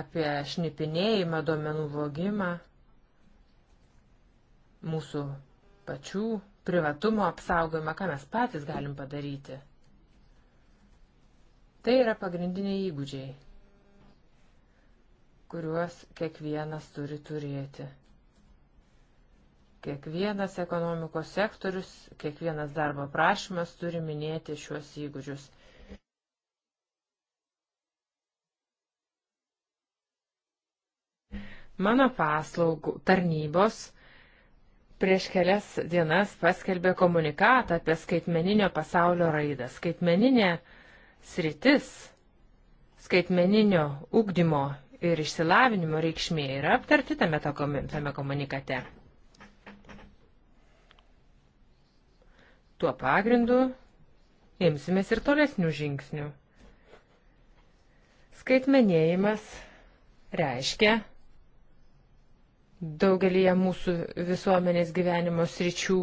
apie šnipinėjimą, duomenų vogimą, mūsų pačių privatumo apsaugojimą, ką mes patys galim padaryti. Tai yra pagrindiniai įgūdžiai, kuriuos kiekvienas turi turėti. Kiekvienas ekonomikos sektorius, kiekvienas darbo prašymas turi minėti šiuos įgūdžius. Mano paslaugų tarnybos prieš kelias dienas paskelbė komunikatą apie skaitmeninio pasaulio raidą. Skaitmeninė sritis, skaitmeninio ugdymo ir išsilavinimo reikšmė yra aptarti tame, tome komunikate. Tuo pagrindu imsimės ir tolesnių žingsnių. Skaitmenėjimas reiškia daugelį mūsų visuomenės gyvenimo sričių,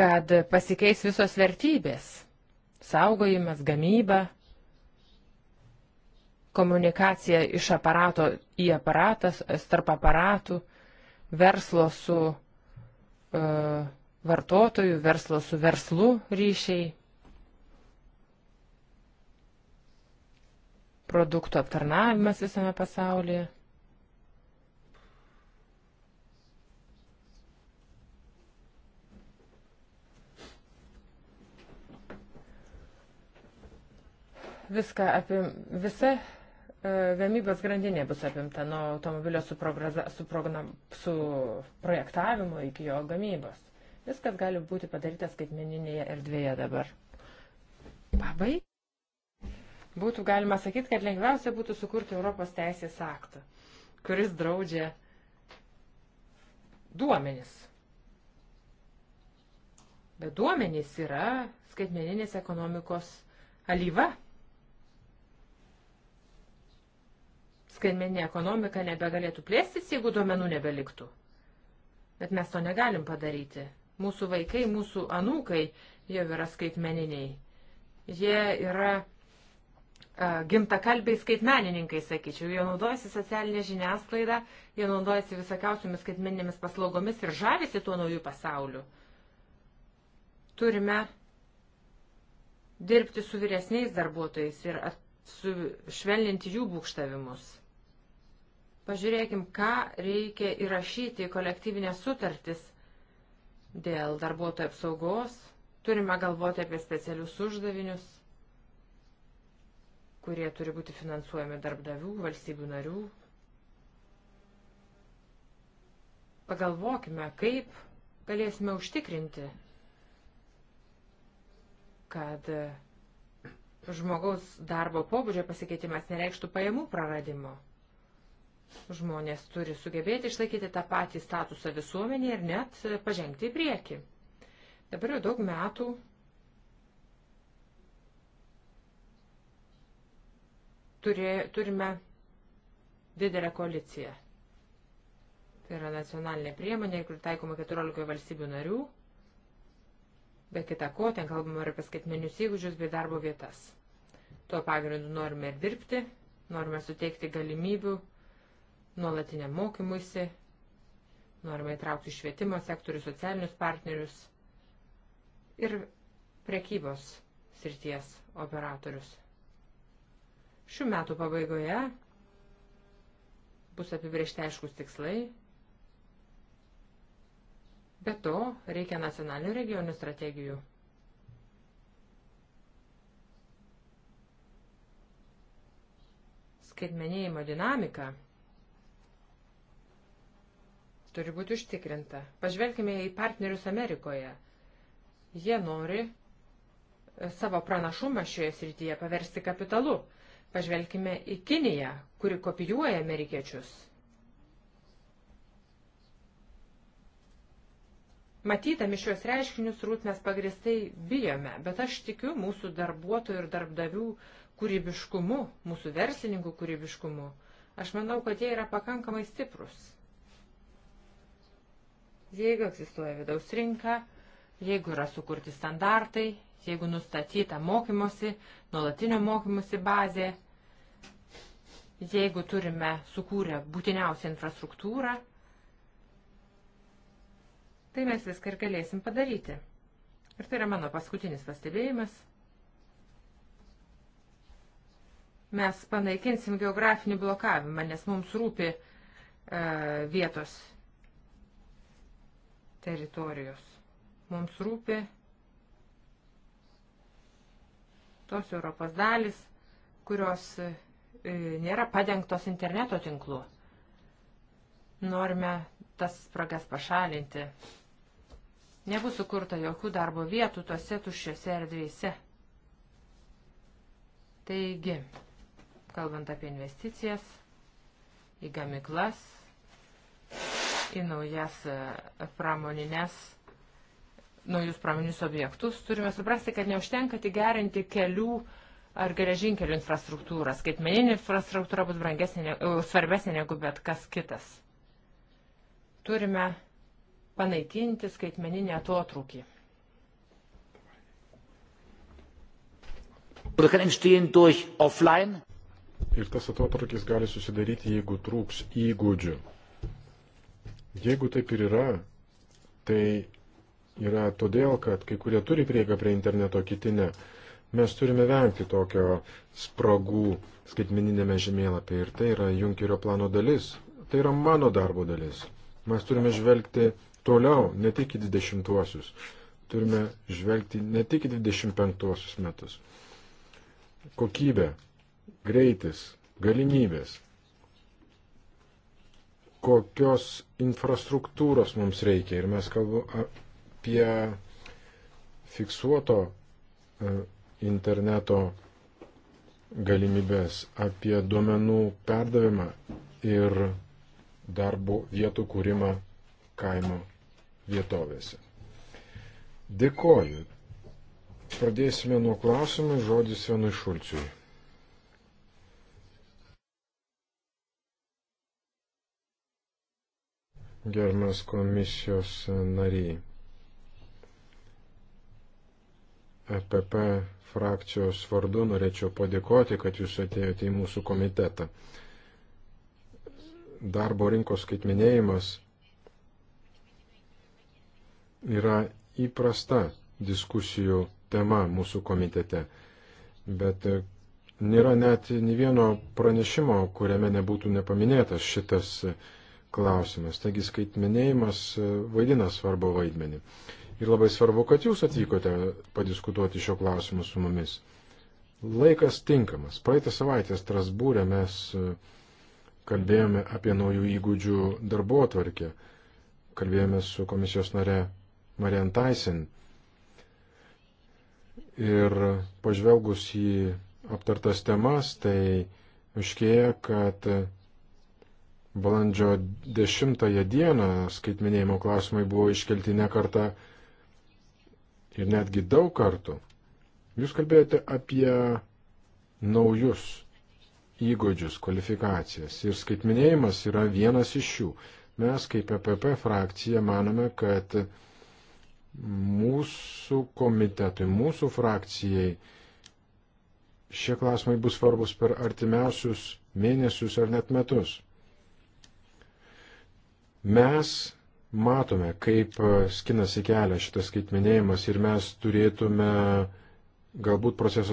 kad pasikeis visos vertybės - saugojimas, gamyba, komunikacija iš aparato į aparatas, tarp aparatų, verslo su uh, vartotojų, verslo su verslu ryšiai, produktų aptarnavimas visame pasaulyje. Viską apie visą e, gamybos grandinė bus apimta nuo automobilio su, su, su projektavimo iki jo gamybos. Viskas gali būti padaryta skaitmeninėje erdvėje dabar. Pabai. Būtų galima sakyti, kad lengviausia būtų sukurti Europos teisės aktą, kuris draudžia duomenis. Bet duomenys yra skaitmeninės ekonomikos alyva. skaitmeninė ekonomika nebegalėtų plėstis, jeigu duomenų nebeliktų. Bet mes to negalim padaryti. Mūsų vaikai, mūsų anūkai jau yra skaitmeniniai. Jie yra gimtakalbiai skaitmenininkai, sakyčiau. Jie naudojasi socialinę žiniasklaidą, jie naudojasi visokiausiamis skaitmeninėmis paslaugomis ir žavisi tuo naujų pasauliu. Turime dirbti su vyresniais darbuotojais ir švelninti jų būkštavimus. Pažiūrėkim, ką reikia įrašyti į kolektyvinės sutartis – dėl darbuotojų apsaugos, turime galvoti apie specialius uždavinius, kurie turi būti finansuojami darbdavių, valstybių narių. Pagalvokime, kaip galėsime užtikrinti, kad žmogaus darbo pobūdžio pasikeitimas nereikštų pajamų praradimo. Žmonės turi sugebėti išlaikyti tą patį statusą visuomenėje ir net pažengti į priekį. Dabar jau daug metų turė, turime didelę koaliciją. Tai yra nacionalinė priemonė, kur taikoma 14 valstybių narių. Be kita ko, ten kalbama ir apie skaitmenius įgūdžius bei darbo vietas. Tuo pagrindu norime ir dirbti, norime suteikti galimybių nuolatiniam mokymuisi, norime įtraukti švietimo sektorių, socialinius partnerius ir prekybos srities operatorius. Šių metų pabaigoje bus apibriežti aiškus tikslai. Be to, reikia nacionalinių regionių strategijų. Skaitmenėjimo dinamika – turi būti užtikrinta. Pažvelkime į partnerius Amerikoje. Jie nori e, savo pranašumą šioje srityje paversti kapitalu. Pažvelkime į Kiniją, kuri kopijuoja amerikiečius. Matydami šios reiškinius rūt mes pagristai bijome, bet aš tikiu mūsų darbuotojų ir darbdavių kūrybiškumu, mūsų verslininkų kūrybiškumu. Aš manau, kad jie yra pakankamai stiprus. Jeigu egzistuoja vidaus rinka, jeigu yra sukurti standartai, jeigu nustatyta mokymosi, nuolatinio mokymosi bazė, jeigu turime sukūrę būtiniausią infrastruktūrą, tai mes viską ir galėsim padaryti. Ir tai yra mano paskutinis pastebėjimas. Mes panaikinsim geografinį blokavimą, nes mums rūpi e, vietos teritorijos. Mums rūpi tos Europos dalis, kurios e, nėra padengtos interneto tinklu. Norime tas spragas pašalinti. Nebus sukurta jokių darbo vietų tuose tuščiose erdvėse. Taigi, kalbant apie investicijas į gamiklas, į naujas e, pramoninės, naujus pramoninius objektus, turime suprasti, kad neužtenka tik gerinti kelių ar geležinkelių infrastruktūrą. Skaitmeninė infrastruktūra bus brangesnė, e, svarbesnė negu bet kas kitas. Turime panaikinti skaitmeninį atotrūkį. Ir tas atotrukis gali susidaryti, jeigu trūks įgūdžių. Jeigu taip ir yra, tai yra todėl, kad kai kurie turi prieigą prie interneto, kiti ne. Mes turime vengti tokio spragų skaitmeninėme žemėlapyje ir tai yra Junkerio plano dalis. Tai yra mano darbo dalis. Mes turime žvelgti toliau, ne tik į 20-uosius. Turime žvelgti ne tik į 25-uosius metus. Kokybė, greitis, galimybės kokios infrastruktūros mums reikia. Ir mes kalbame apie fiksuoto e, interneto galimybės, apie duomenų perdavimą ir darbo vietų kūrimą kaimo vietovėse. Dėkoju. Pradėsime nuo klausimų. Žodis Venui Šulcijui. gerbiamas komisijos nariai. EPP frakcijos vardu norėčiau padėkoti, kad jūs atėjote į mūsų komitetą. Darbo rinkos skaitminėjimas yra įprasta diskusijų tema mūsų komitete, bet nėra net nei vieno pranešimo, kuriame nebūtų nepaminėtas šitas uh, klausimas. Taigi skaitmenėjimas e, vaidina svarbu vaidmenį. Ir labai svarbu, kad jūs atvykote padiskutuoti šio klausimu su mumis. Laikas tinkamas. Praeitą savaitę Strasbūrė mes e, kalbėjome apie naujų įgūdžių darbo atvarkę. Kalbėjome su komisijos nare Marian Tyson. Ir pažvelgus į aptartas temas, tai aiškėja, kad balandžio 10 dieną skaitminėjimo klausimai buvo iškelti ne kartą ir netgi daug kartų. Jūs kalbėjote apie naujus įgūdžius, kvalifikacijas ir skaitminėjimas yra vienas iš jų. Mes kaip EPP frakcija manome, kad mūsų komitetui, mūsų frakcijai šie klausimai bus svarbus per artimiausius mėnesius ar net metus. Mes matome, kaip skinasi kelią šitas skaitmenėjimas ir mes turėtume galbūt procesą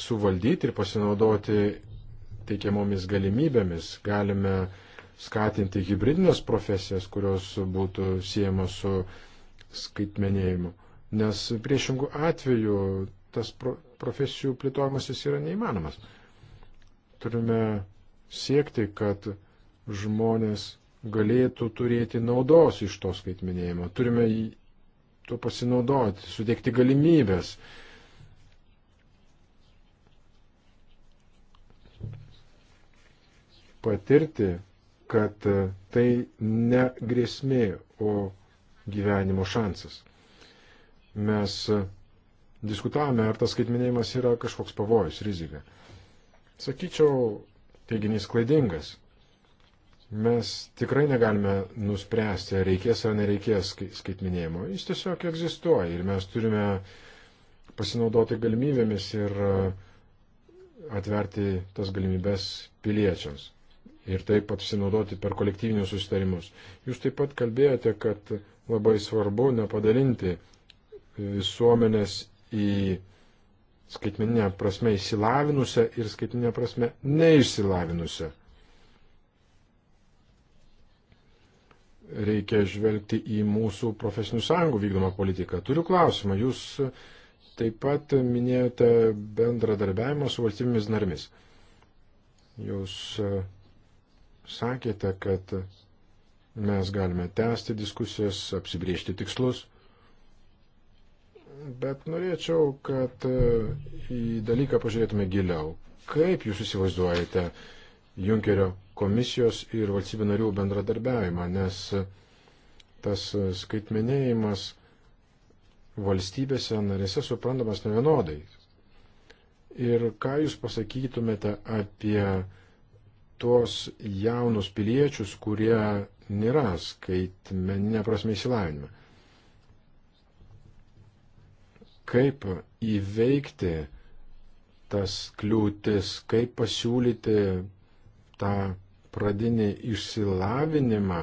suvaldyti ir pasinaudoti teikiamomis galimybėmis. Galime skatinti hybridinės profesijas, kurios būtų siejamos su skaitmenėjimu. Nes priešingų atveju tas pro profesijų plėtojimas jis yra neįmanomas. Turime siekti, kad žmonės galėtų turėti naudos iš to skaitmenėjimo. Turime tuo pasinaudoti, sudėkti galimybės. Patirti, kad e, tai ne grėsmė, o gyvenimo šansas. Mes e, diskutavome, ar tas skaitminėjimas yra kažkoks pavojus, rizika. Sakyčiau, teiginys klaidingas. Mes tikrai negalime nuspręsti, ar reikės ar nereikės skaitminėjimo. Jis tiesiog egzistuoja ir mes turime pasinaudoti galimybėmis ir e, atverti tas galimybės piliečiams. Ir taip pat pasinaudoti per kolektyvinius susitarimus. Jūs taip pat kalbėjote, kad labai svarbu nepadalinti visuomenės į skaitmeninę prasme įsilavinusią ir skaitmeninę prasme neišsilavinusią. reikia žvelgti į mūsų profesinių sąjungų vykdomą politiką. Turiu klausimą. Jūs taip pat minėjote bendradarbiavimą su valstybėmis narmis. Jūs e, sakėte, kad mes galime tęsti diskusijas, apsibriežti tikslus, bet norėčiau, kad e, į dalyką pažiūrėtume giliau. Kaip jūs įsivaizduojate Junkerio komisijos ir valstybių narių bendradarbiavimą, nes tas skaitmenėjimas valstybėse narėse suprantamas nevienodai. Ir ką Jūs pasakytumėte apie tuos jaunus piliečius, kurie nėra skaitmeninė prasme įsilavinime? Kaip įveikti tas kliūtis, kaip pasiūlyti tą pradinį išsilavinimą,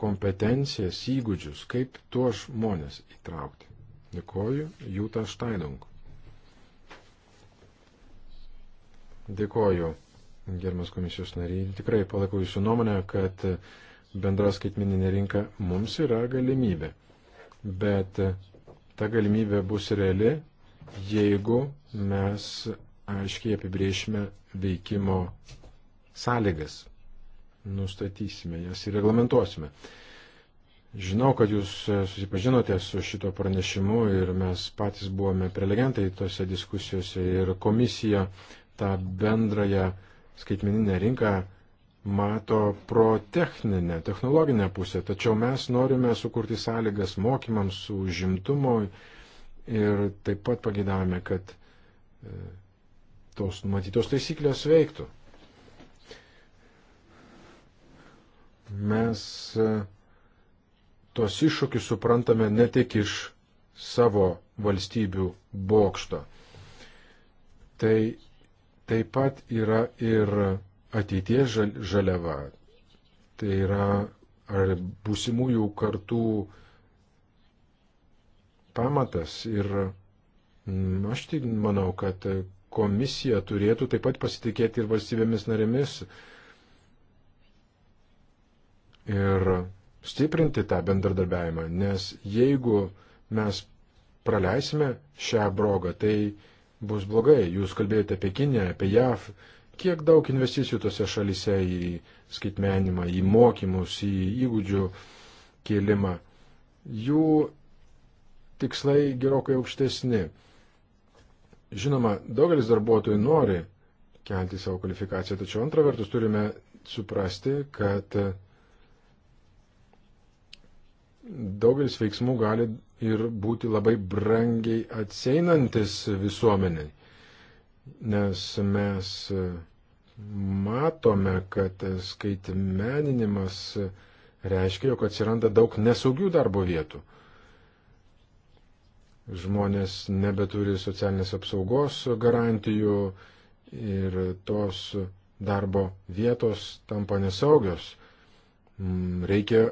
kompetencijas, įgūdžius, kaip tuos žmonės įtraukti. Dėkoju, Jūta Štaidung. Dėkoju, gerbiamas komisijos nariai. Tikrai palaikau jūsų nuomonę, kad bendra skaitmininė rinka mums yra galimybė. Bet ta galimybė bus reali, jeigu mes aiškiai apibriešime veikimo sąlygas, nustatysime, jas ir reglamentuosime. Žinau, kad jūs susipažinote su šito pranešimu ir mes patys buvome prelegentai tose diskusijose ir komisija tą bendrąją skaitmeninę rinką mato pro techninę, technologinę pusę, tačiau mes norime sukurti sąlygas mokymams, užimtumui ir taip pat pagėdavome, kad e, tos matytos taisyklės veiktų. Mes e, tos iššūkius suprantame ne tik iš savo valstybių bokšto. Tai taip pat yra ir ateities žaliava. Tai yra ar būsimųjų kartų pamatas. Ir mm, aš tik manau, kad komisija turėtų taip pat pasitikėti ir valstybėmis narėmis, ir stiprinti tą bendradarbiavimą, nes jeigu mes praleisime šią brogą, tai bus blogai. Jūs kalbėjote apie Kiniją, apie JAV, kiek daug investicijų tose šalise į skaitmenimą, į mokymus, į įgūdžių kėlimą. Jų tikslai gerokai aukštesni. Žinoma, daugelis darbuotojų nori kelti savo kvalifikaciją, tačiau antra vertus turime suprasti, kad daugelis veiksmų gali ir būti labai brangiai atseinantis visuomeniai, nes mes e, matome, kad skaitmeninimas e, reiškia, jog atsiranda daug nesaugių darbo vietų. Žmonės nebeturi socialinės apsaugos garantijų ir tos darbo vietos tampa nesaugios. Mm, reikia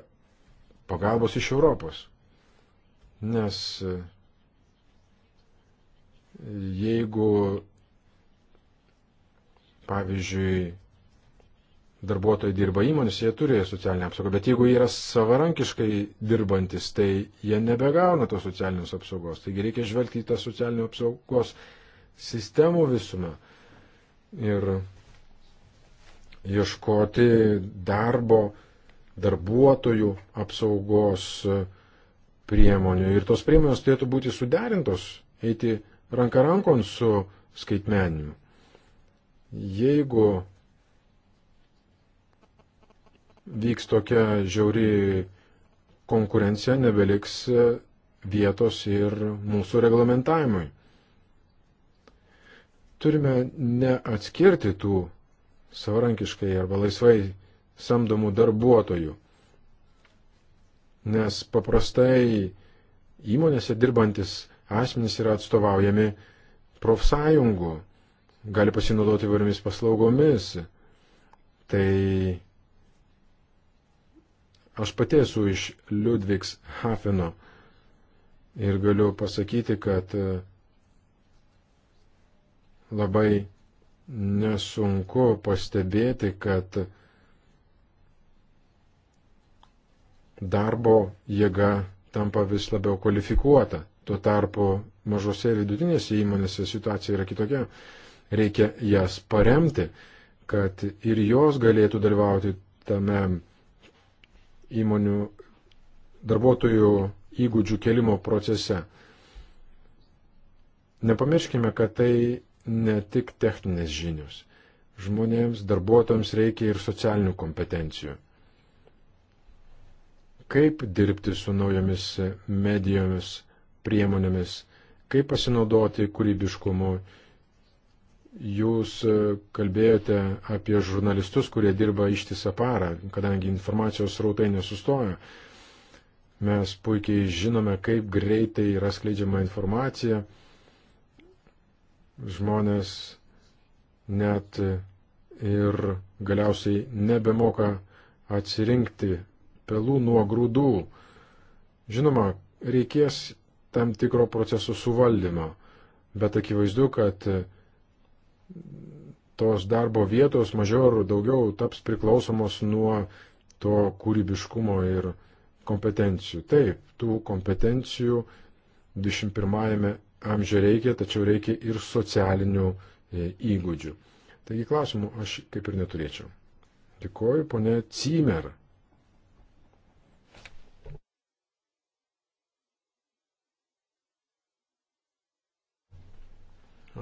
pagalbos iš Europos. Nes e, jeigu, pavyzdžiui, darbuotojai dirba įmonės, jie turi socialinę apsaugą, bet jeigu jie yra savarankiškai dirbantis, tai jie nebegauna tos socialinės apsaugos. Taigi reikia žvelgti į tą socialinio apsaugos sistemų visumą ir ieškoti darbo darbuotojų apsaugos priemonių. Ir tos priemonės turėtų būti suderintos, eiti ranka rankon su skaitmeninimu. Jeigu vyks tokia žiauri konkurencija, nebeliks vietos ir mūsų reglamentavimui. Turime neatskirti tų savarankiškai arba laisvai samdomų darbuotojų. Nes paprastai įmonėse dirbantis asmenys yra atstovaujami profsąjungų, gali pasinaudoti įvairiomis paslaugomis. Tai aš pati esu iš Ludvigs Hafeno ir galiu pasakyti, kad e, labai nesunku pastebėti, kad darbo jėga tampa vis labiau kvalifikuota. Tuo tarpu mažose ir vidutinėse įmonėse situacija yra kitokia. Reikia jas paremti, kad ir jos galėtų dalyvauti tame įmonių darbuotojų įgūdžių kelimo procese. Nepamirškime, kad tai ne tik techninės žinios. Žmonėms, darbuotojams reikia ir socialinių kompetencijų kaip dirbti su naujomis medijomis, priemonėmis, kaip pasinaudoti kūrybiškumu. Jūs e, kalbėjote apie žurnalistus, kurie dirba ištisą parą, kadangi informacijos rautai nesustoja. Mes puikiai žinome, kaip greitai yra skleidžiama informacija. Žmonės net ir galiausiai nebemoka atsirinkti pelų nuo grūdų. Žinoma, reikės tam tikro procesų suvaldymo, bet akivaizdu, kad tos darbo vietos mažiau ar daugiau taps priklausomos nuo to kūrybiškumo ir kompetencijų. Taip, tų kompetencijų 21-ame amžiuje reikia, tačiau reikia ir socialinių e, įgūdžių. Taigi klausimų aš kaip ir neturėčiau. Dėkuoju, ponė Cimer.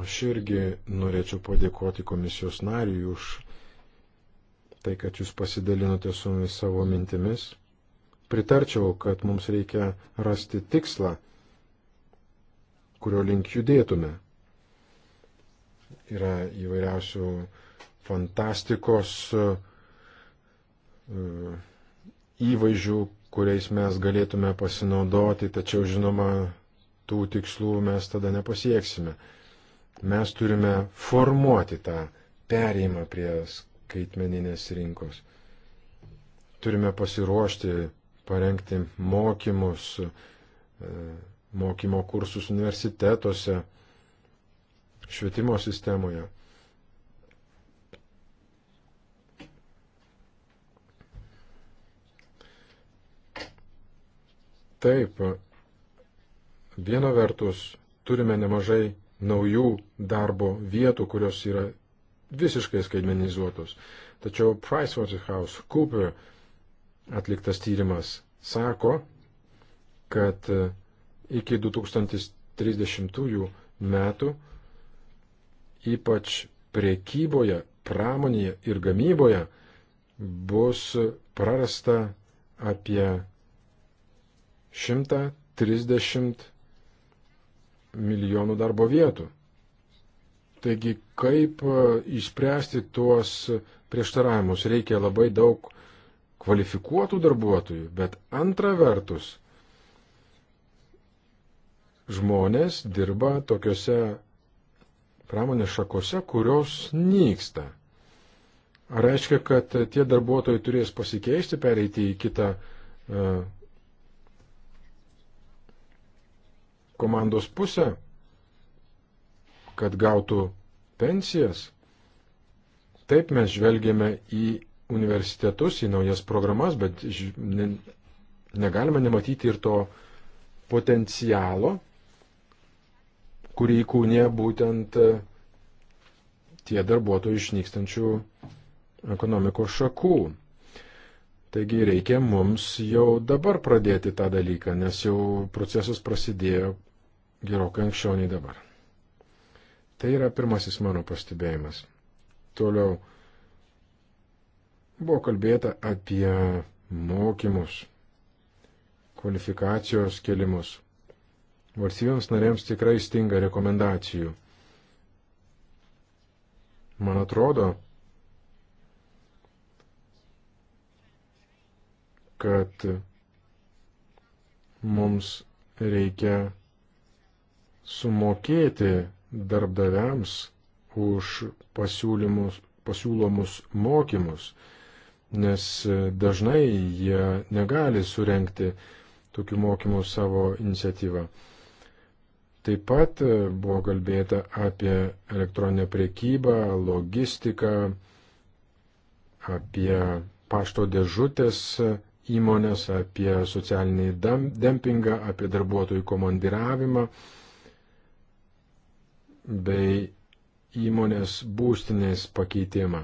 Aš irgi norėčiau padėkoti komisijos nariui už tai, kad jūs pasidalinote su mumis savo mintimis. Pritarčiau, kad mums reikia rasti tikslą, kurio link judėtume. Yra įvairiausių fantastikos e, įvaizdžių, kuriais mes galėtume pasinaudoti, tačiau žinoma, tų tikslų mes tada nepasieksime. Mes turime formuoti tą perėjimą prie skaitmeninės rinkos. Turime pasiruošti, parengti mokymus, e, mokymo kursus universitetuose, švietimo sistemoje. Taip, viena vertus turime nemažai naujų darbo vietų, kurios yra visiškai skaitmenizuotos. Tačiau PricewaterhouseCooper atliktas tyrimas sako, kad e, iki 2030 metų ypač priekyboje, pramonėje ir gamyboje bus prarasta apie 130 milijonų darbo vietų. Taigi, kaip e, išspręsti tuos prieštaravimus? Reikia labai daug kvalifikuotų darbuotojų, bet antra vertus, žmonės dirba tokiuose pramonės šakose, kurios nyksta. Ar reiškia, kad tie darbuotojai turės pasikeisti, pereiti į kitą e, komandos pusę, kad gautų pensijas. Taip mes žvelgiame į universitetus, į naujas programas, bet ne, negalime nematyti ir to potencialo, kurį įkūnė būtent e, tie darbuotojų išnykstančių ekonomikos šakų. Taigi reikia mums jau dabar pradėti tą dalyką, nes jau procesas prasidėjo gerokai anksčiau nei dabar. Tai yra pirmasis mano pastebėjimas. Toliau buvo kalbėta apie mokymus, kvalifikacijos kelimus. Valstybėms narėms tikrai stinga rekomendacijų. Man atrodo, kad mums reikia sumokėti darbdaviams už pasiūlymus, pasiūlomus mokymus, nes dažnai jie negali surenkti tokių mokymų savo iniciatyvą. Taip pat e, buvo kalbėta apie elektroninę priekybą, logistiką, apie pašto dėžutės įmonės, apie socialinį dempingą, apie darbuotojų komandiravimą bei įmonės būstinės pakeitimą.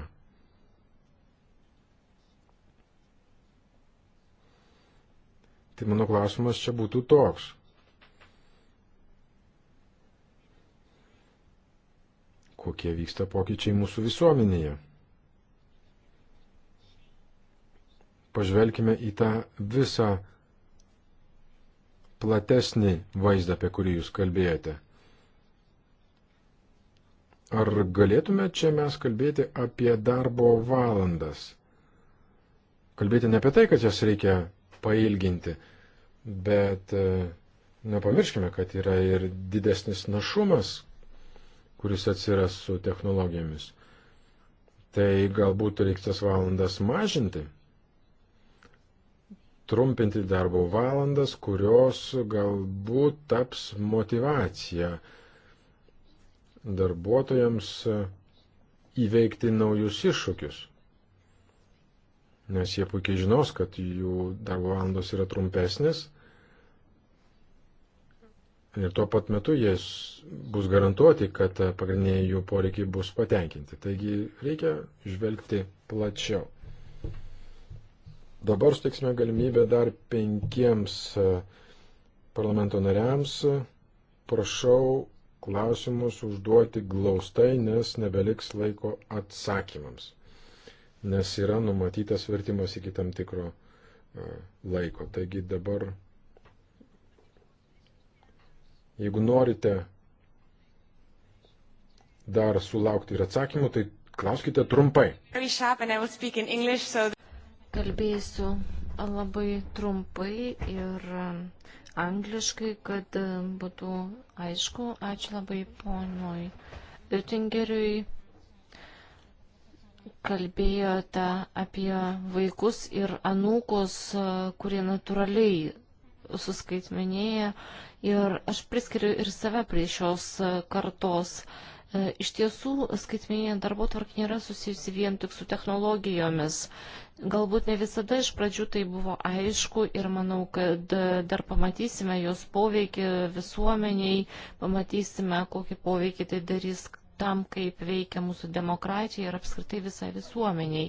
Tai mano klausimas čia būtų toks. Kokie vyksta pokyčiai mūsų visuomenėje? Pažvelkime į tą visą platesnį vaizdą, apie kurį jūs kalbėjote. Ar galėtume čia mes kalbėti apie darbo valandas? Kalbėti ne apie tai, kad jas reikia pailginti, bet e, nepamirškime, kad yra ir didesnis našumas, kuris atsiras su technologijomis. Tai galbūt reiks tas valandas mažinti, trumpinti darbo valandas, kurios galbūt taps motivacija darbuotojams e, įveikti naujus iššūkius. Nes jie puikiai žinos, kad jų darbo valandos yra trumpesnės ir tuo pat metu jie bus garantuoti, kad e, pagrindiniai jų poreikiai bus patenkinti. Taigi reikia žvelgti plačiau. Dabar sutiksime galimybę dar penkiems e, parlamento nariams. Prašau klausimus užduoti glaustai, nes nebeliks laiko atsakymams, nes yra numatytas vertimas iki tam tikro e, laiko. Taigi dabar, jeigu norite dar sulaukti ir atsakymų, tai klauskite trumpai. Kalbėsiu labai trumpai ir angliškai, kad e, būtų aišku. Ačiū labai ponui Oettingeriui. Kalbėjote apie vaikus ir anūkus, e, kurie natūraliai suskaitmenėja ir aš priskiriu ir save prie šios e, kartos. E, iš tiesų, skaitmeninė darbo tvarkė nėra susijusi vien tik su technologijomis. Galbūt ne visada iš pradžių tai buvo aišku ir manau, kad e, dar pamatysime jos poveikį visuomeniai, pamatysime, kokį poveikį tai darys tam, kaip veikia mūsų demokratija ir apskritai visai visuomeniai.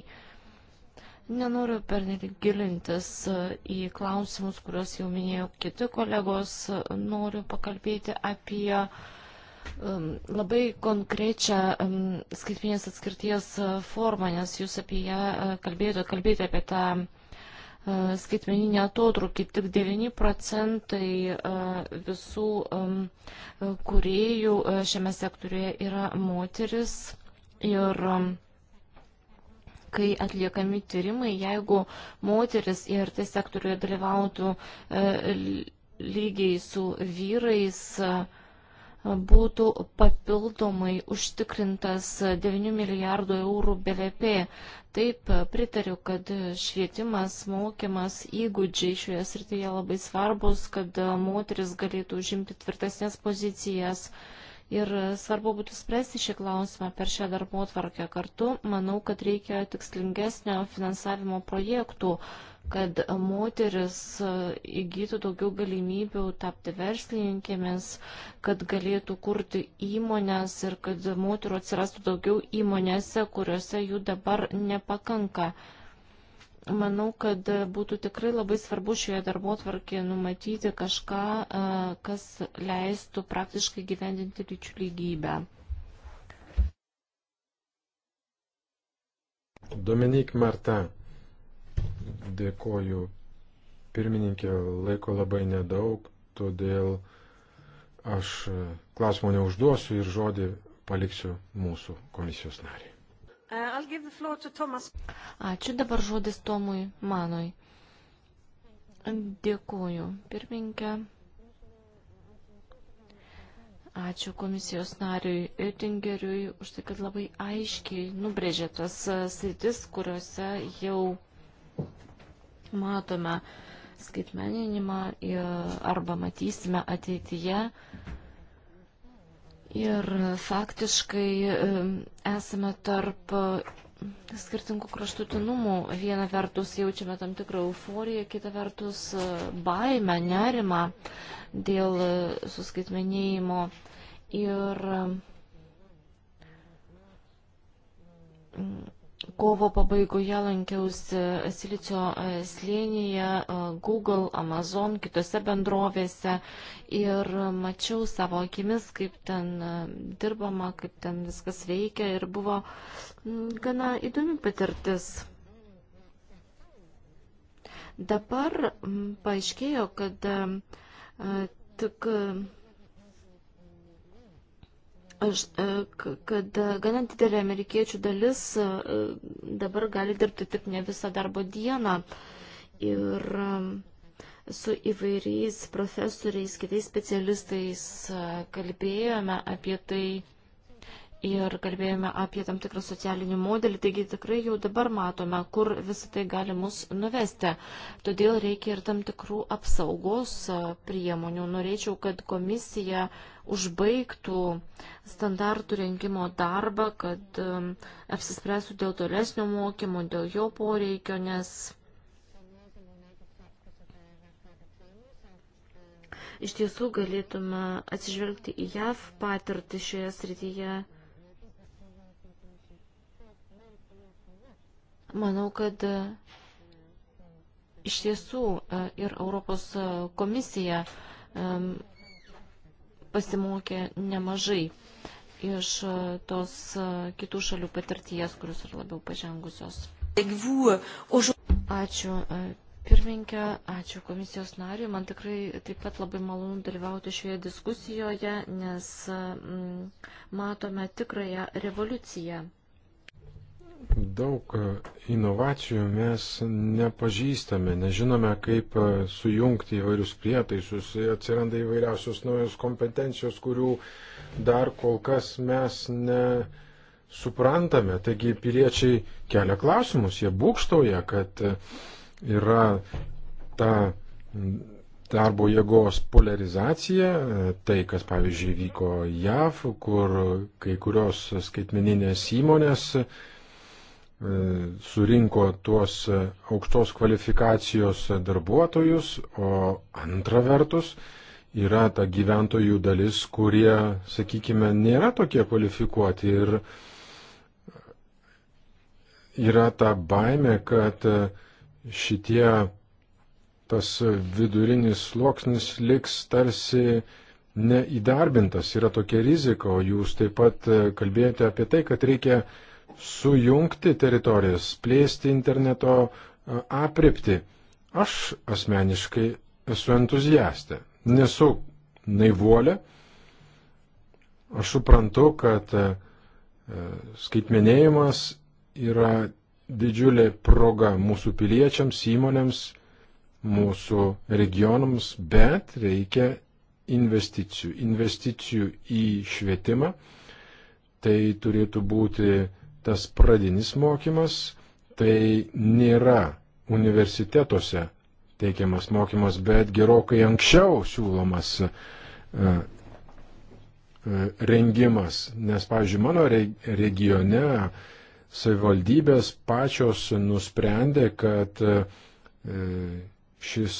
Nenoriu pernelyg gilintis e, į klausimus, kuriuos jau minėjo kiti kolegos. Noriu pakalbėti apie uh, Um, labai konkrečią um, skaitminės atskirties uh, formą, nes jūs apie ją uh, kalbėjote, kalbėjote apie tą uh, skaitmeninį atotrukį. Tik 9 procentai visų um, kuriejų šiame sektoriuje yra moteris ir kai atliekami tyrimai, jeigu moteris ir tai sektoriuje dalyvautų lygiai su vyrais, būtų papildomai užtikrintas 9 milijardų eurų BVP. Taip, pritariu, kad švietimas, mokymas, įgūdžiai šioje srityje labai svarbus, kad moteris galėtų užimti tvirtesnės pozicijas. Ir svarbu būtų spręsti šį klausimą per šią darbo tvarkę. Kartu manau, kad reikia tikslingesnio finansavimo projektų, kad moteris e, įgytų daugiau galimybių tapti verslininkėmis, kad galėtų kurti įmonės ir kad moterų atsirastų daugiau įmonėse, kuriuose jų dabar nepakanka. Manau, kad būtų tikrai labai svarbu šioje darbo tvarkėje numatyti kažką, e, kas leistų praktiškai gyvendinti lyčių lygybę. Dominik Martin. Dėkoju. Pirmininkė, laiko labai nedaug, todėl aš klausimų neužduosiu ir žodį paliksiu mūsų komisijos nariai. Uh, Ačiū dabar žodis Tomui Manui. Dėkuoju, pirmininkė. Ačiū komisijos nariui Oettingeriui už tai, kad labai aiškiai nubrėžė tas uh, sritis, kuriuose jau matome skaitmeninimą arba matysime ateityje. Ir faktiškai esame tarp skirtingų kraštutinumų. Viena vertus jaučiame tam tikrą euforiją, kita vertus e, baimę, nerimą dėl e, suskaitmenėjimo. Ir Kovo pabaigoje lankiausi Silicio e, slėnyje, e, Google, Amazon, kitose bendrovėse ir mačiau savo akimis, kaip ten e, dirbama, kaip ten viskas veikia ir buvo gana įdomi patirtis. Dabar paaiškėjo, kad tik Aš, e, kad e, gana didelė amerikiečių dalis e, dabar gali dirbti tik ne visą darbo dieną. Ir su įvairiais profesoriais, kitais specialistais kalbėjome apie tai, ir kalbėjome apie tam tikrą socialinį modelį, taigi tikrai jau dabar matome, kur visą tai gali mus nuvesti. Todėl reikia ir tam tikrų apsaugos priemonių. Norėčiau, kad komisija užbaigtų standartų rengimo darbą, kad um, apsispręstų dėl tolesnio mokymo, dėl jo poreikio, nes. Iš tiesų galėtume atsižvelgti į JAV patirtį šioje srityje. Manau, kad e, iš tiesų e, ir Europos e, komisija pasimokė nemažai iš tos kitų šalių patirties, kurios yra labiau pažengusios. Euh, ačiū pirmininkė, ačiū komisijos nariui. Man tikrai taip pat labai malonu dalyvauti šioje diskusijoje, nes matome tikrąją revoliuciją daug e, inovacijų mes nepažįstame, nežinome, kaip e, sujungti įvairius prietaisus, atsiranda įvairiausios naujos kompetencijos, kurių dar kol kas mes nesuprantame. Taigi piliečiai kelia klausimus, jie būkštauja, kad e, yra ta darbo jėgos polarizacija, tai kas pavyzdžiui vyko JAV, kur kai kurios skaitmeninės įmonės E, surinko tuos aukštos kvalifikacijos darbuotojus, o antra vertus yra ta gyventojų dalis, kurie, sakykime, nėra tokie kvalifikuoti ir yra ta baime, kad šitie tas vidurinis sluoksnis liks tarsi neįdarbintas, yra tokia rizika, o jūs taip pat kalbėjote apie tai, kad reikia sujungti teritorijas, plėsti interneto e, apripti. Aš asmeniškai esu entuziastė, nesu naivuolė. Aš suprantu, kad e, skaitmenėjimas yra didžiulė proga mūsų piliečiams, įmonėms, mūsų regionams, bet reikia investicijų. Investicijų į švietimą. Tai turėtų būti tas pradinis mokymas, tai nėra universitetuose teikiamas mokymas, bet gerokai anksčiau siūlomas e, e, rengimas. Nes, pavyzdžiui, mano regione savivaldybės pačios nusprendė, kad e, šis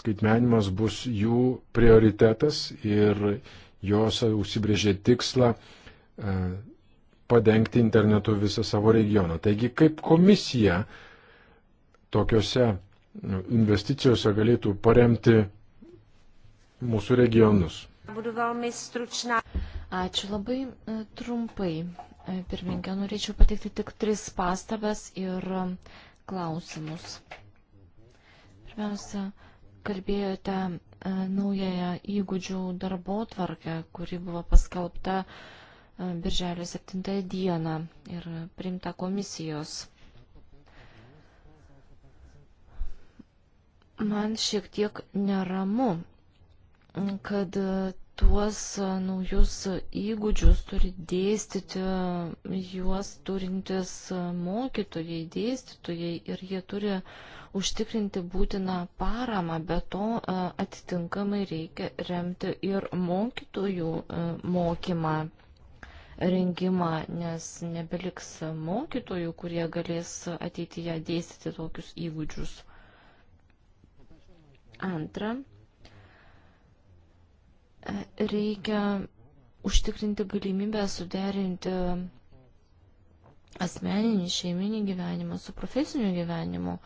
skaitmenimas bus jų prioritetas ir jos užsibrėžė tikslą padengti internetu visą savo regioną. Taigi, kaip komisija tokiuose investicijose galėtų paremti mūsų regionus? Ačiū labai e, trumpai. E, pirmininkė, norėčiau pateikti tik tris pastabas ir e, klausimus. Pirmiausia, kalbėjote naująją įgūdžių darbo tvarkę, kuri buvo paskelbta uh, birželio 7 dieną ir priimta komisijos. Man šiek tiek neramu, kad tuos naujus įgūdžius turi dėstyti juos turintis mokytojai, dėstytojai ir jie turi užtikrinti būtiną paramą, bet to atitinkamai reikia remti ir mokytojų mokymą rengimą, nes nebeliks mokytojų, kurie galės ateityje dėstyti tokius įgūdžius. Antra, reikia užtikrinti galimybę suderinti asmeninį šeiminį gyvenimą su profesiniu gyvenimu.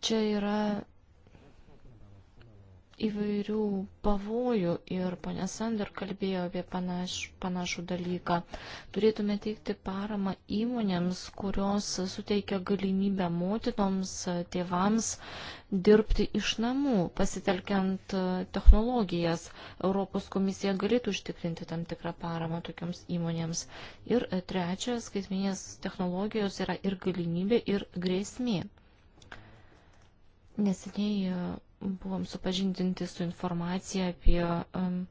Čia yra įvairių pavojų ir ponė Sander kalbėjo apie panaš, panašų dalyką. Turėtume teikti paramą įmonėms, kurios suteikia galimybę motinoms, tėvams dirbti iš namų, pasitelkiant technologijas. Europos komisija galėtų užtikrinti tam tikrą paramą tokiams įmonėms. Ir trečia, skaitminės technologijos yra ir galimybė, ir grėsmė. Neseniai buvom supažindinti su informacija apie um,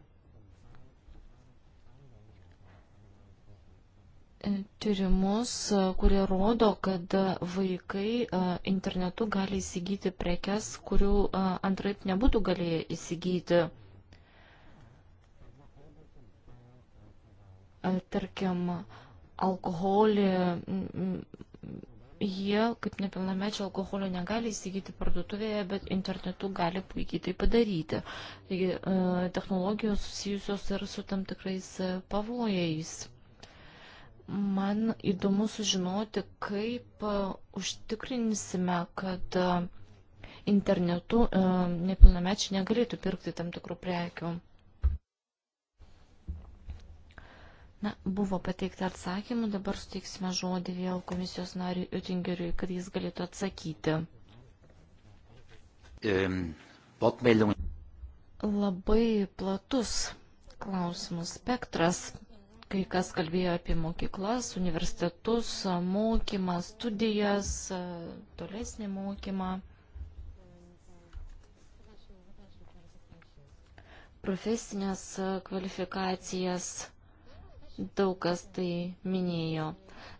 tyrimus, e, kurie rodo, kad e, vaikai internetu gali įsigyti prekes, kurių antraip nebūtų galėję įsigyti. Tarkim, alkoholį, jie, kaip nepilnamečio, alkoholio negali įsigyti parduotuvėje, bet internetu gali puikiai tai padaryti. Taigi, e, technologijos susijusios ir su tam tikrais e, pavojais. Man įdomu sužinoti, kaip e, užtikrinsime, kad internetu nepilnamečiai negalėtų pirkti tam tikrų prekių. Na, buvo pateikta atsakymų, dabar suteiksime žodį vėl komisijos nariui Utingeriui, kad jis galėtų atsakyti. Um, Labai platus klausimų spektras. Kai kas kalbėjo apie mokyklas, universitetus, mokymą, studijas, tolesnį mokymą. Profesinės kvalifikacijas daug kas tai minėjo.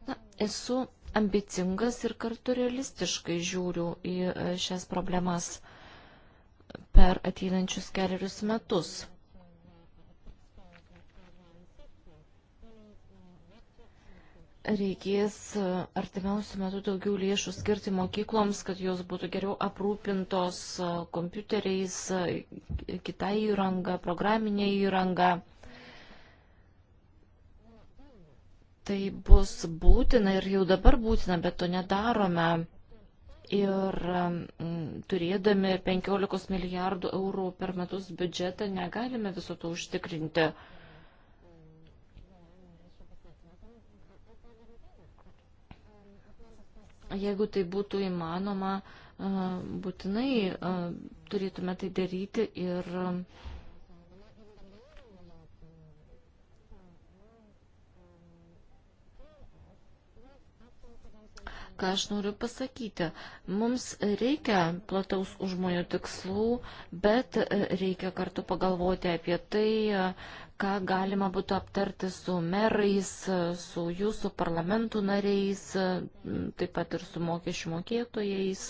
Na, esu ambicingas ir kartu realistiškai žiūriu į e, šias problemas per ateinančius keliarius metus. Reikės e, artimiausių metų daugiau lėšų skirti mokykloms, kad jos būtų geriau aprūpintos e, kompiuteriais, kitą įrangą, programinę įrangą. Tai bus būtina ir jau dabar būtina, bet to nedarome. Ir mm, turėdami 15 milijardų eurų per metus biudžetą negalime viso to užtikrinti. Jeigu tai būtų įmanoma, būtinai turėtume tai daryti ir ką aš noriu pasakyti. Mums reikia plataus užmojo tikslų, bet reikia kartu pagalvoti apie tai, ką galima būtų aptarti su merais, su jūsų parlamentų nariais, taip pat ir su mokesčių mokėtojais.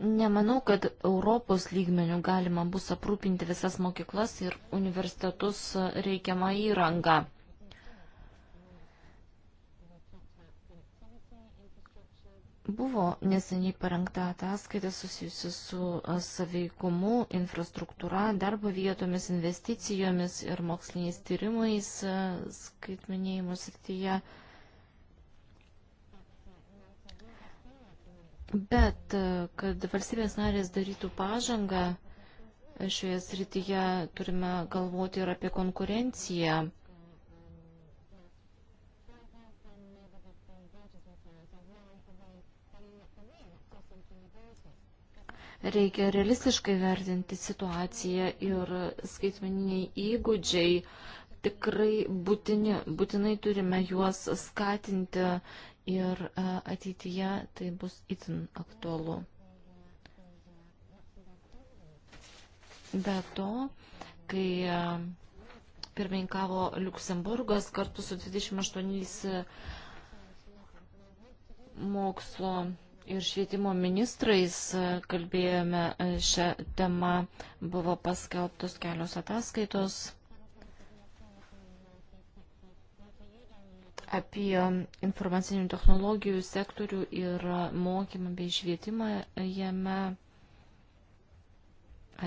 Nemanau, kad Europos lygmenių galima bus aprūpinti visas mokyklas ir universitetus reikiamą įrangą. Buvo neseniai parengta ataskaita susijusi su saveikumu, infrastruktūra, darbo vietomis, investicijomis ir moksliniais tyrimais skaitmenėjimo srityje. Tai Bet e, kad valstybės narės darytų pažangą, e, šioje srityje turime galvoti ir apie konkurenciją. Reikia realistiškai vertinti situaciją ir skaitmeniniai įgūdžiai tikrai būtini, būtinai turime juos skatinti ir e, ateityje tai bus itin aktualu. Be to, kai e, pirmininkavo Luksemburgas kartu su 28 e, mokslo ir švietimo ministrais kalbėjome šią temą, buvo paskelbtos kelios ataskaitos apie informacinių technologijų sektorių ir mokymą bei švietimą jame,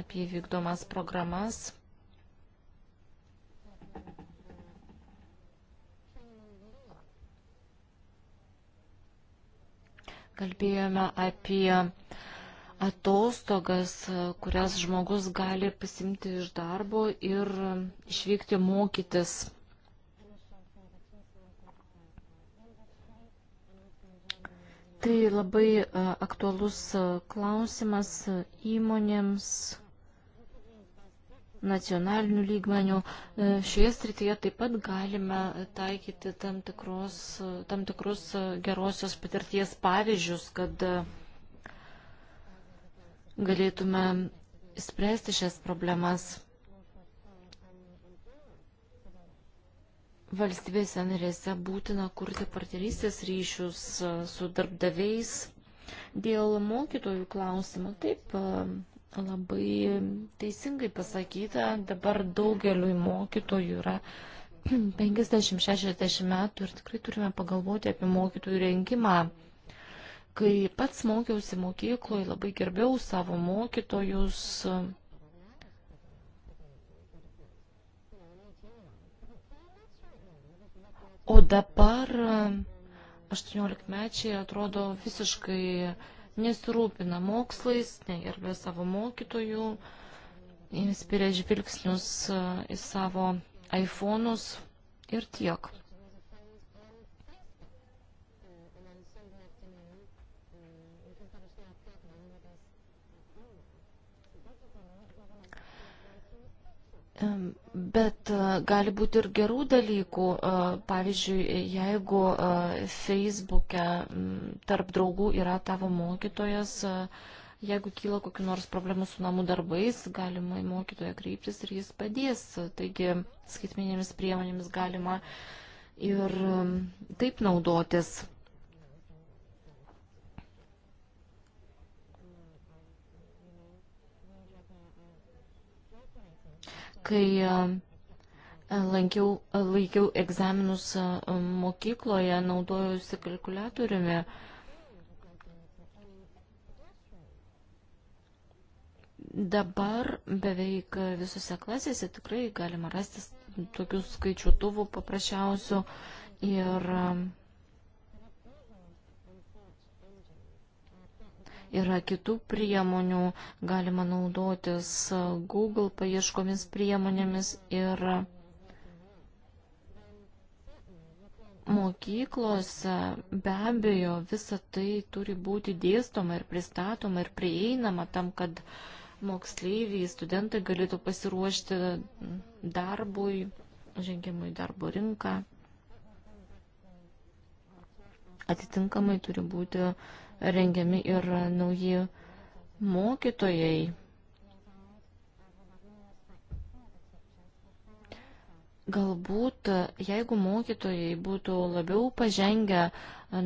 apie vykdomas programas. Kalbėjome apie atostogas, kurias žmogus gali pasimti iš darbo ir išvykti mokytis Tai labai aktualus klausimas įmonėms nacionalinių lygmenių. E, šioje srityje taip pat galime taikyti tam, tikros, tam tikrus gerosios patirties pavyzdžius, kad galėtume spręsti šias problemas. valstybėse narėse būtina kurti partnerystės ryšius e, su darbdaviais. Dėl mokytojų klausimų, taip, e, labai teisingai pasakyta, dabar daugeliui mokytojų yra 50-60 metų ir tikrai turime pagalvoti apie mokytojų rengimą. Kai pats mokiausi mokykloje, labai gerbiau savo mokytojus, O dabar 18-mečiai atrodo visiškai nesirūpina mokslais, negerbė savo mokytojų, inspiria žvilgsnius į savo iPhone'us ir tiek. Bet e, gali būti ir gerų dalykų. E, pavyzdžiui, jeigu e, Facebook'e tarp draugų yra tavo mokytojas, jeigu kyla kokiu nors problemu su namų darbais, galima į mokytoją kreiptis ir jis padės. Taigi, skaitminėmis priemonėmis galima ir taip naudotis. Kai e, lankiau, e, laikiau egzaminus e, mokykloje, naudojusi kalkulatoriumi. Dabar beveik visose klasėse tikrai galima rasti tokių skaičiuotuvų paprasčiausių ir yra kitų priemonių, galima naudotis Google paieškomis priemonėmis ir mokyklose be abejo visa tai turi būti dėstoma ir pristatoma ir prieinama tam, kad moksleiviai, studentai galėtų pasiruošti darbui, žengimui darbo rinką atitinkamai turi būti rengiami ir nauji mokytojai. Galbūt, jeigu mokytojai būtų labiau pažengę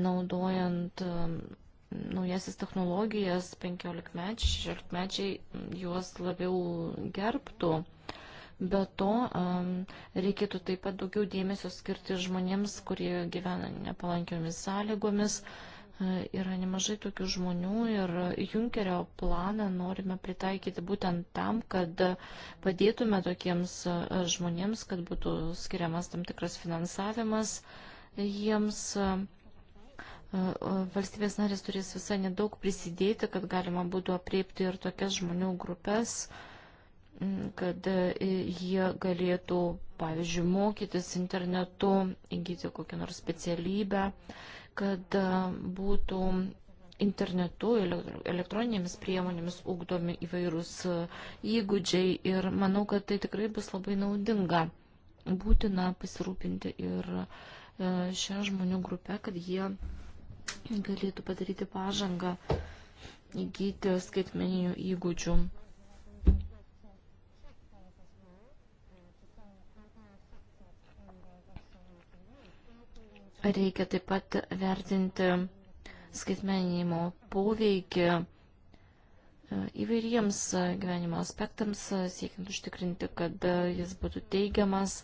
naudojant um, naujasis technologijas, 15-mečiai, 16-mečiai juos labiau gerbtų. Be to, um, reikėtų taip pat daugiau dėmesio skirti žmonėms, kurie gyvena nepalankiomis sąlygomis, E, yra nemažai tokių žmonių ir Junkerio planą norime pritaikyti būtent tam, kad padėtume tokiems e, žmonėms, kad būtų skiriamas tam tikras finansavimas jiems. E, valstybės narės turės visai nedaug prisidėti, kad galima būtų apriepti ir tokias žmonių grupės, kad jie galėtų, pavyzdžiui, mokytis internetu, įgyti kokią nors specialybę kad e, būtų internetu, elektroninėmis priemonėmis ugdomi įvairūs e, įgūdžiai ir manau, kad tai tikrai bus labai naudinga. Būtina pasirūpinti ir e, šią žmonių grupę, kad jie galėtų padaryti pažangą įgyti skaitmeninių įgūdžių. Reikia taip pat vertinti skaitmeninimo poveikį e, įvairiems gyvenimo aspektams, e, siekiant užtikrinti, kad e, jis būtų teigiamas,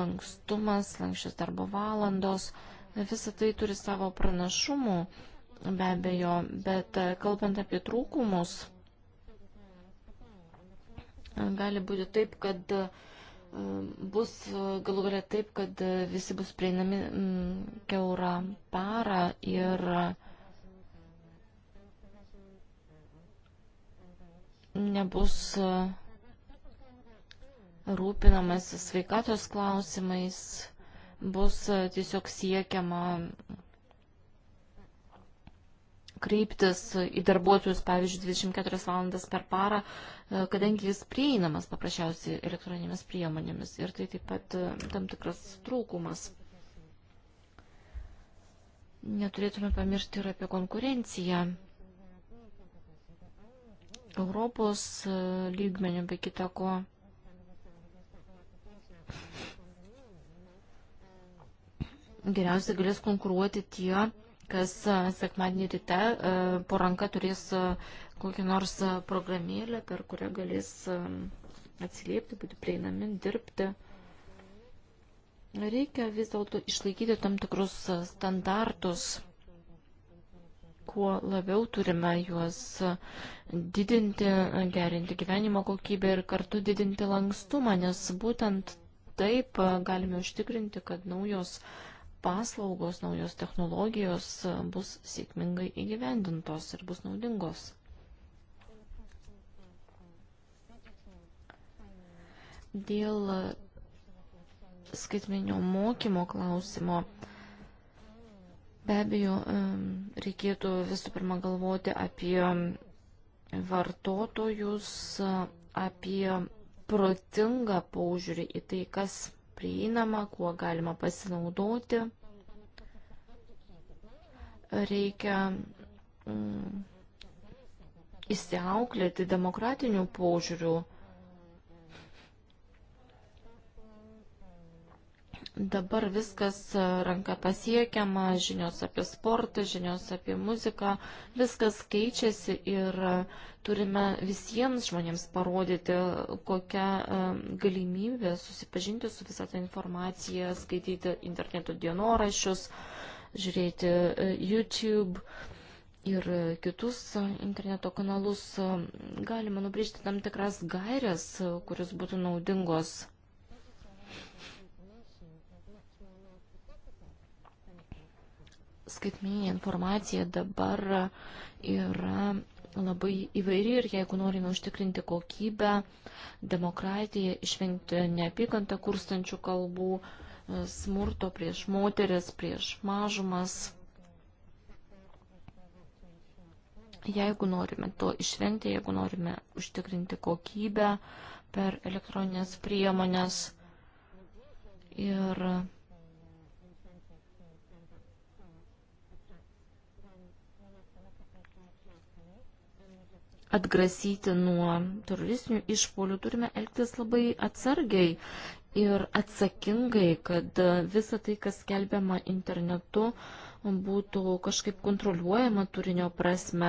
lankstumas, lankščios darbo valandos. Visą tai turi savo pranašumų, be abejo, bet kalbant apie trūkumus, gali būti taip, kad bus e, galų galia taip, kad e, visi bus prieinami keurą parą ir nebus e, rūpinamas sveikatos klausimais, bus tiesiog siekiama kreiptis į darbuotojus, pavyzdžiui, 24 valandas per parą, e, kadangi jis prieinamas paprasčiausiai elektroninėmis priemonėmis. Ir tai taip pat e, tam tikras trūkumas. Neturėtume pamiršti ir apie konkurenciją. Europos e, lygmenių be kitako. Geriausiai galės konkuruoti tie, kas sekmadienį ryte po ranka turės kokią nors programėlę, per kurią galės atsiliepti, būti prieinami, dirbti. Reikia vis dėlto išlaikyti tam tikrus standartus. Kuo labiau turime juos didinti, gerinti gyvenimo kokybę ir kartu didinti lankstumą, nes būtent taip galime užtikrinti, kad naujos uh, paslaugos, naujos technologijos bus sėkmingai įgyvendintos ir bus naudingos. Dėl skaitmenio mokymo klausimo be abejo reikėtų visų pirma galvoti apie vartotojus, apie protingą paužiūrį į tai, kas prieinama, kuo galima pasinaudoti reikia mm, įsiauklėti demokratinių požiūrių. Dabar viskas e, ranka pasiekiama, žinios apie sportą, žinios apie muziką, viskas keičiasi ir e, turime visiems žmonėms parodyti, kokią e, galimybę susipažinti su visą tą informaciją, skaityti interneto dienoraščius, uh, žiūrėti e, YouTube ir e, kitus e, interneto kanalus. Galima nubrėžti tam tikras gairias, kuris būtų naudingos. Skaitmeninė informacija dabar yra labai įvairi ir jeigu norime užtikrinti kokybę, demokratiją, išvengti neapykantą kurstančių kalbų, uh, smurto prieš moteris, prieš mažumas. Jeigu norime to išvengti, jeigu norime užtikrinti kokybę per elektroninės priemonės ir atgrasyti nuo teroristinių išpolių, turime elgtis labai atsargiai ir atsakingai, kad visa tai, kas skelbiama internetu, būtų kažkaip kontroliuojama turinio prasme.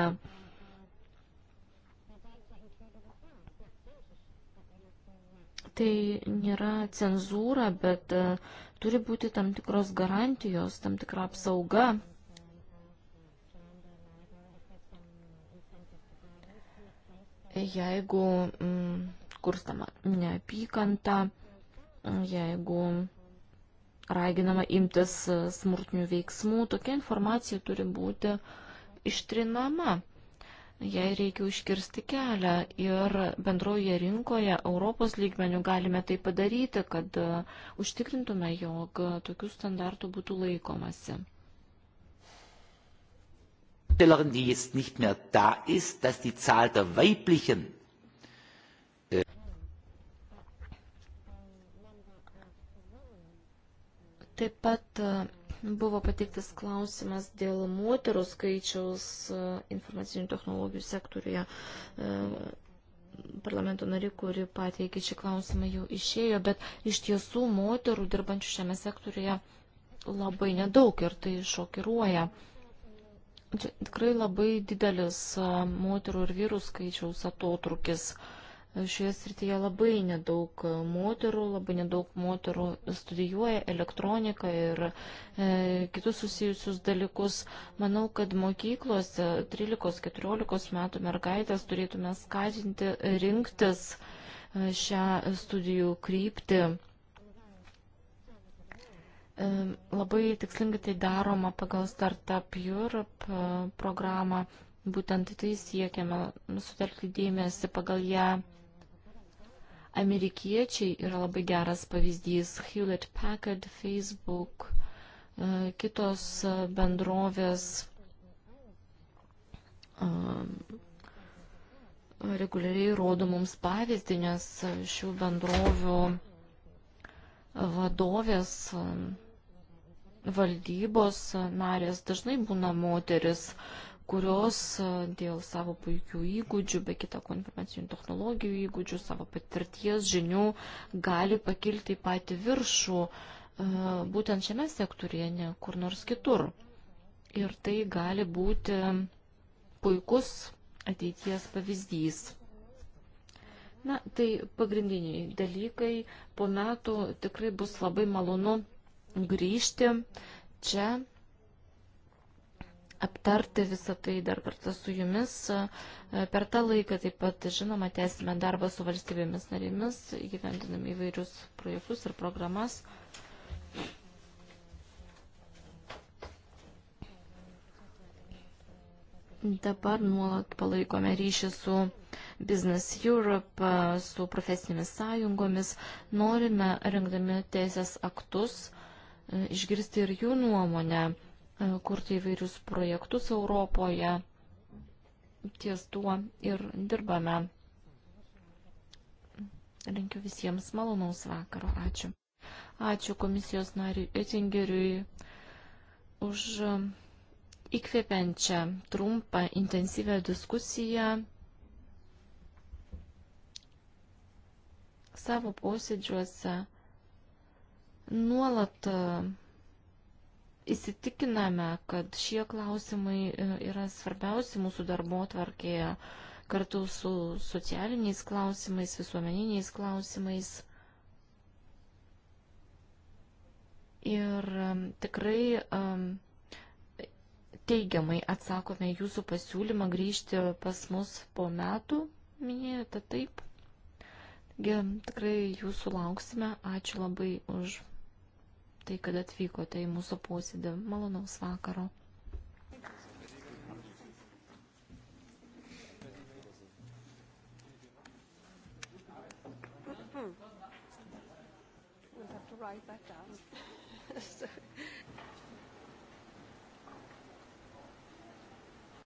Tai nėra cenzūra, bet e, turi būti tam tikros garantijos, tam tikra apsauga. Jeigu mm, kurstama neapykanta, jeigu raginama imtis e, smurtinių veiksmų, tokia informacija turi būti ištrinama. Jei reikia užkirsti kelią ir bendroje rinkoje Europos lygmenių galime tai padaryti, kad e, užtikrintume, jog tokių standartų būtų laikomasi. Darstellerin, die jetzt nicht mehr da ist, dass die Zahl der weiblichen Taip pat e, buvo pateiktas klausimas dėl moterų skaičiaus e, informacinių technologijų sektoriuje. E, parlamento nari, kuri pateikė šį klausimą, jau išėjo, bet iš tiesų moterų dirbančių šiame sektoriuje labai nedaug ir tai šokiruoja. Čia tikrai labai didelis moterų ir vyrų skaičiaus atotrukis. Uh, Šioje srityje labai nedaug moterų, labai nedaug moterų studijuoja elektroniką ir e, kitus susijusius dalykus. Manau, kad mokyklose 13-14 metų mergaitės turėtume skatinti rinktis e, šią studijų kryptį. E, labai tikslingai tai daroma pagal Startup Europe e, programą. Būtent tai siekiame sutelkti dėmesį pagal ją amerikiečiai yra labai geras pavyzdys. Hewlett Packard, Facebook, e, kitos e, bendrovės e, reguliariai rodo mums pavyzdį, nes šių bendrovių vadovės valdybos narės dažnai būna moteris kurios e, dėl savo puikių įgūdžių, be kita ko informacinių technologijų įgūdžių, savo patirties žinių gali pakilti į patį viršų e, būtent šiame sektorėje, ne kur nors kitur. Ir tai gali būti puikus ateities pavyzdys. Na, tai pagrindiniai dalykai. Po metų tikrai bus labai malonu grįžti čia aptarti visą tai dar kartą su jumis. Per tą laiką taip pat, žinoma, tęsime darbą su valstybėmis narėmis, įgyvendiname įvairius projektus ir programas. Dabar nuolat palaikome ryšį su Business Europe, su profesinėmis sąjungomis. Norime, rengdami teisės aktus, išgirsti ir jų nuomonę E, kurti įvairius projektus Europoje. Ties tuo ir dirbame. Linkiu visiems malonaus vakaro. Ačiū. Ačiū komisijos nariui Etingeriui už įkvepiančią, trumpą, intensyvę diskusiją. Savo posėdžiuose nuolat įsitikiname, kad šie klausimai e, yra svarbiausi mūsų darbo tvarkėje kartu su socialiniais klausimais, visuomeniniais klausimais. Ir e, tikrai um, teigiamai atsakome jūsų pasiūlymą grįžti pas mus po metų, minėjote taip. Taigi tikrai jūsų lauksime. Ačiū labai už tai, kad atvykote į mūsų posėdį. Malonaus vakaro. Mm -hmm. We'll have to write that down.